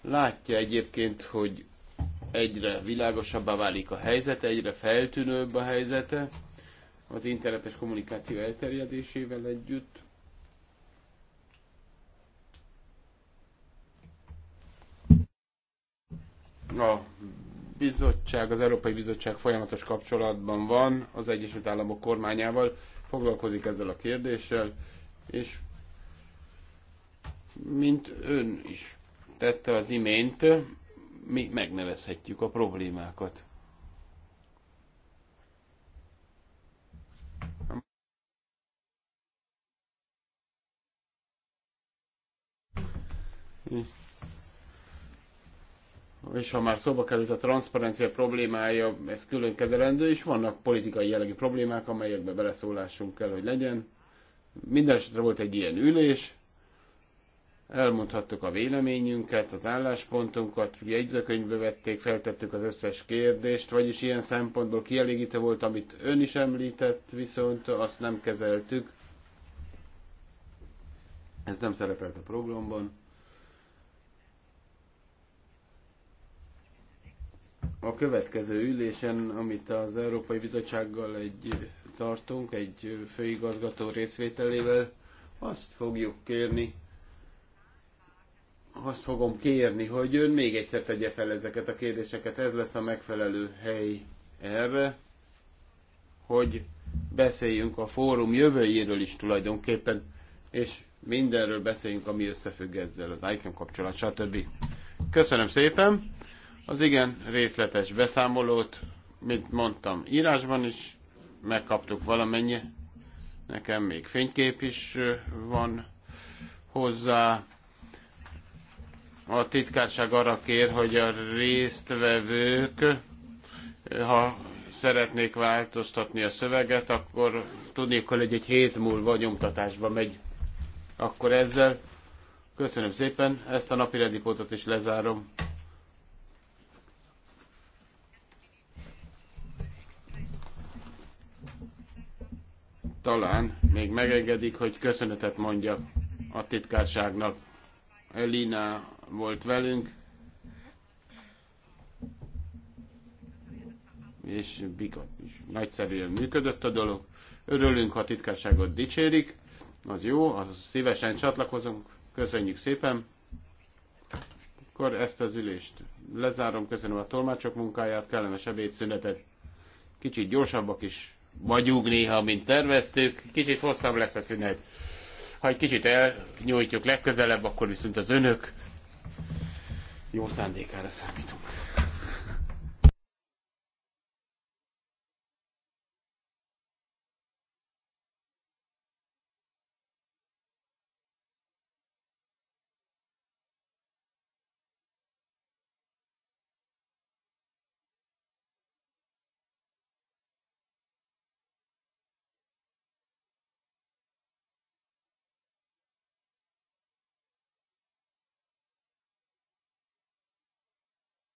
látja egyébként, hogy egyre világosabbá válik a helyzete, egyre feltűnőbb a helyzete az internetes kommunikáció elterjedésével együtt. A bizottság, az Európai Bizottság folyamatos kapcsolatban van az Egyesült Államok kormányával, foglalkozik ezzel a kérdéssel, és mint ön is tette az imént, mi megnevezhetjük a problémákat és ha már szóba került a transzparencia problémája, ez külön kezelendő, és vannak politikai jellegű problémák, amelyekbe beleszólásunk kell, hogy legyen. Minden esetre volt egy ilyen ülés, elmondhattuk a véleményünket, az álláspontunkat, jegyzőkönyvbe vették, feltettük az összes kérdést, vagyis ilyen szempontból kielégítő volt, amit ön is említett, viszont azt nem kezeltük. Ez nem szerepelt a programban. a következő ülésen, amit az Európai Bizottsággal egy tartunk, egy főigazgató részvételével, azt fogjuk kérni, azt fogom kérni, hogy ön még egyszer tegye fel ezeket a kérdéseket. Ez lesz a megfelelő hely erre, hogy beszéljünk a fórum jövőjéről is tulajdonképpen, és mindenről beszéljünk, ami összefügg ezzel, az ICAM kapcsolat, stb. Köszönöm szépen! Az igen részletes beszámolót, mint mondtam, írásban is megkaptuk valamennyi. Nekem még fénykép is van hozzá. A titkárság arra kér, hogy a résztvevők, ha szeretnék változtatni a szöveget, akkor tudnék, hogy egy hét múlva nyomtatásba megy. Akkor ezzel köszönöm szépen, ezt a napi pontot is lezárom. talán még megengedik, hogy köszönetet mondjak a titkárságnak. Elina volt velünk, és bigot is. Nagyszerűen működött a dolog. Örülünk, ha a titkárságot dicsérik. Az jó, az szívesen csatlakozunk. Köszönjük szépen. Akkor ezt az ülést lezárom. Köszönöm a tolmácsok munkáját, kellemes ebédszünetet. Kicsit gyorsabbak is vagyunk néha, mint terveztük. Kicsit hosszabb lesz a szünet. Ha egy kicsit elnyújtjuk legközelebb, akkor viszont az önök jó szándékára számítunk.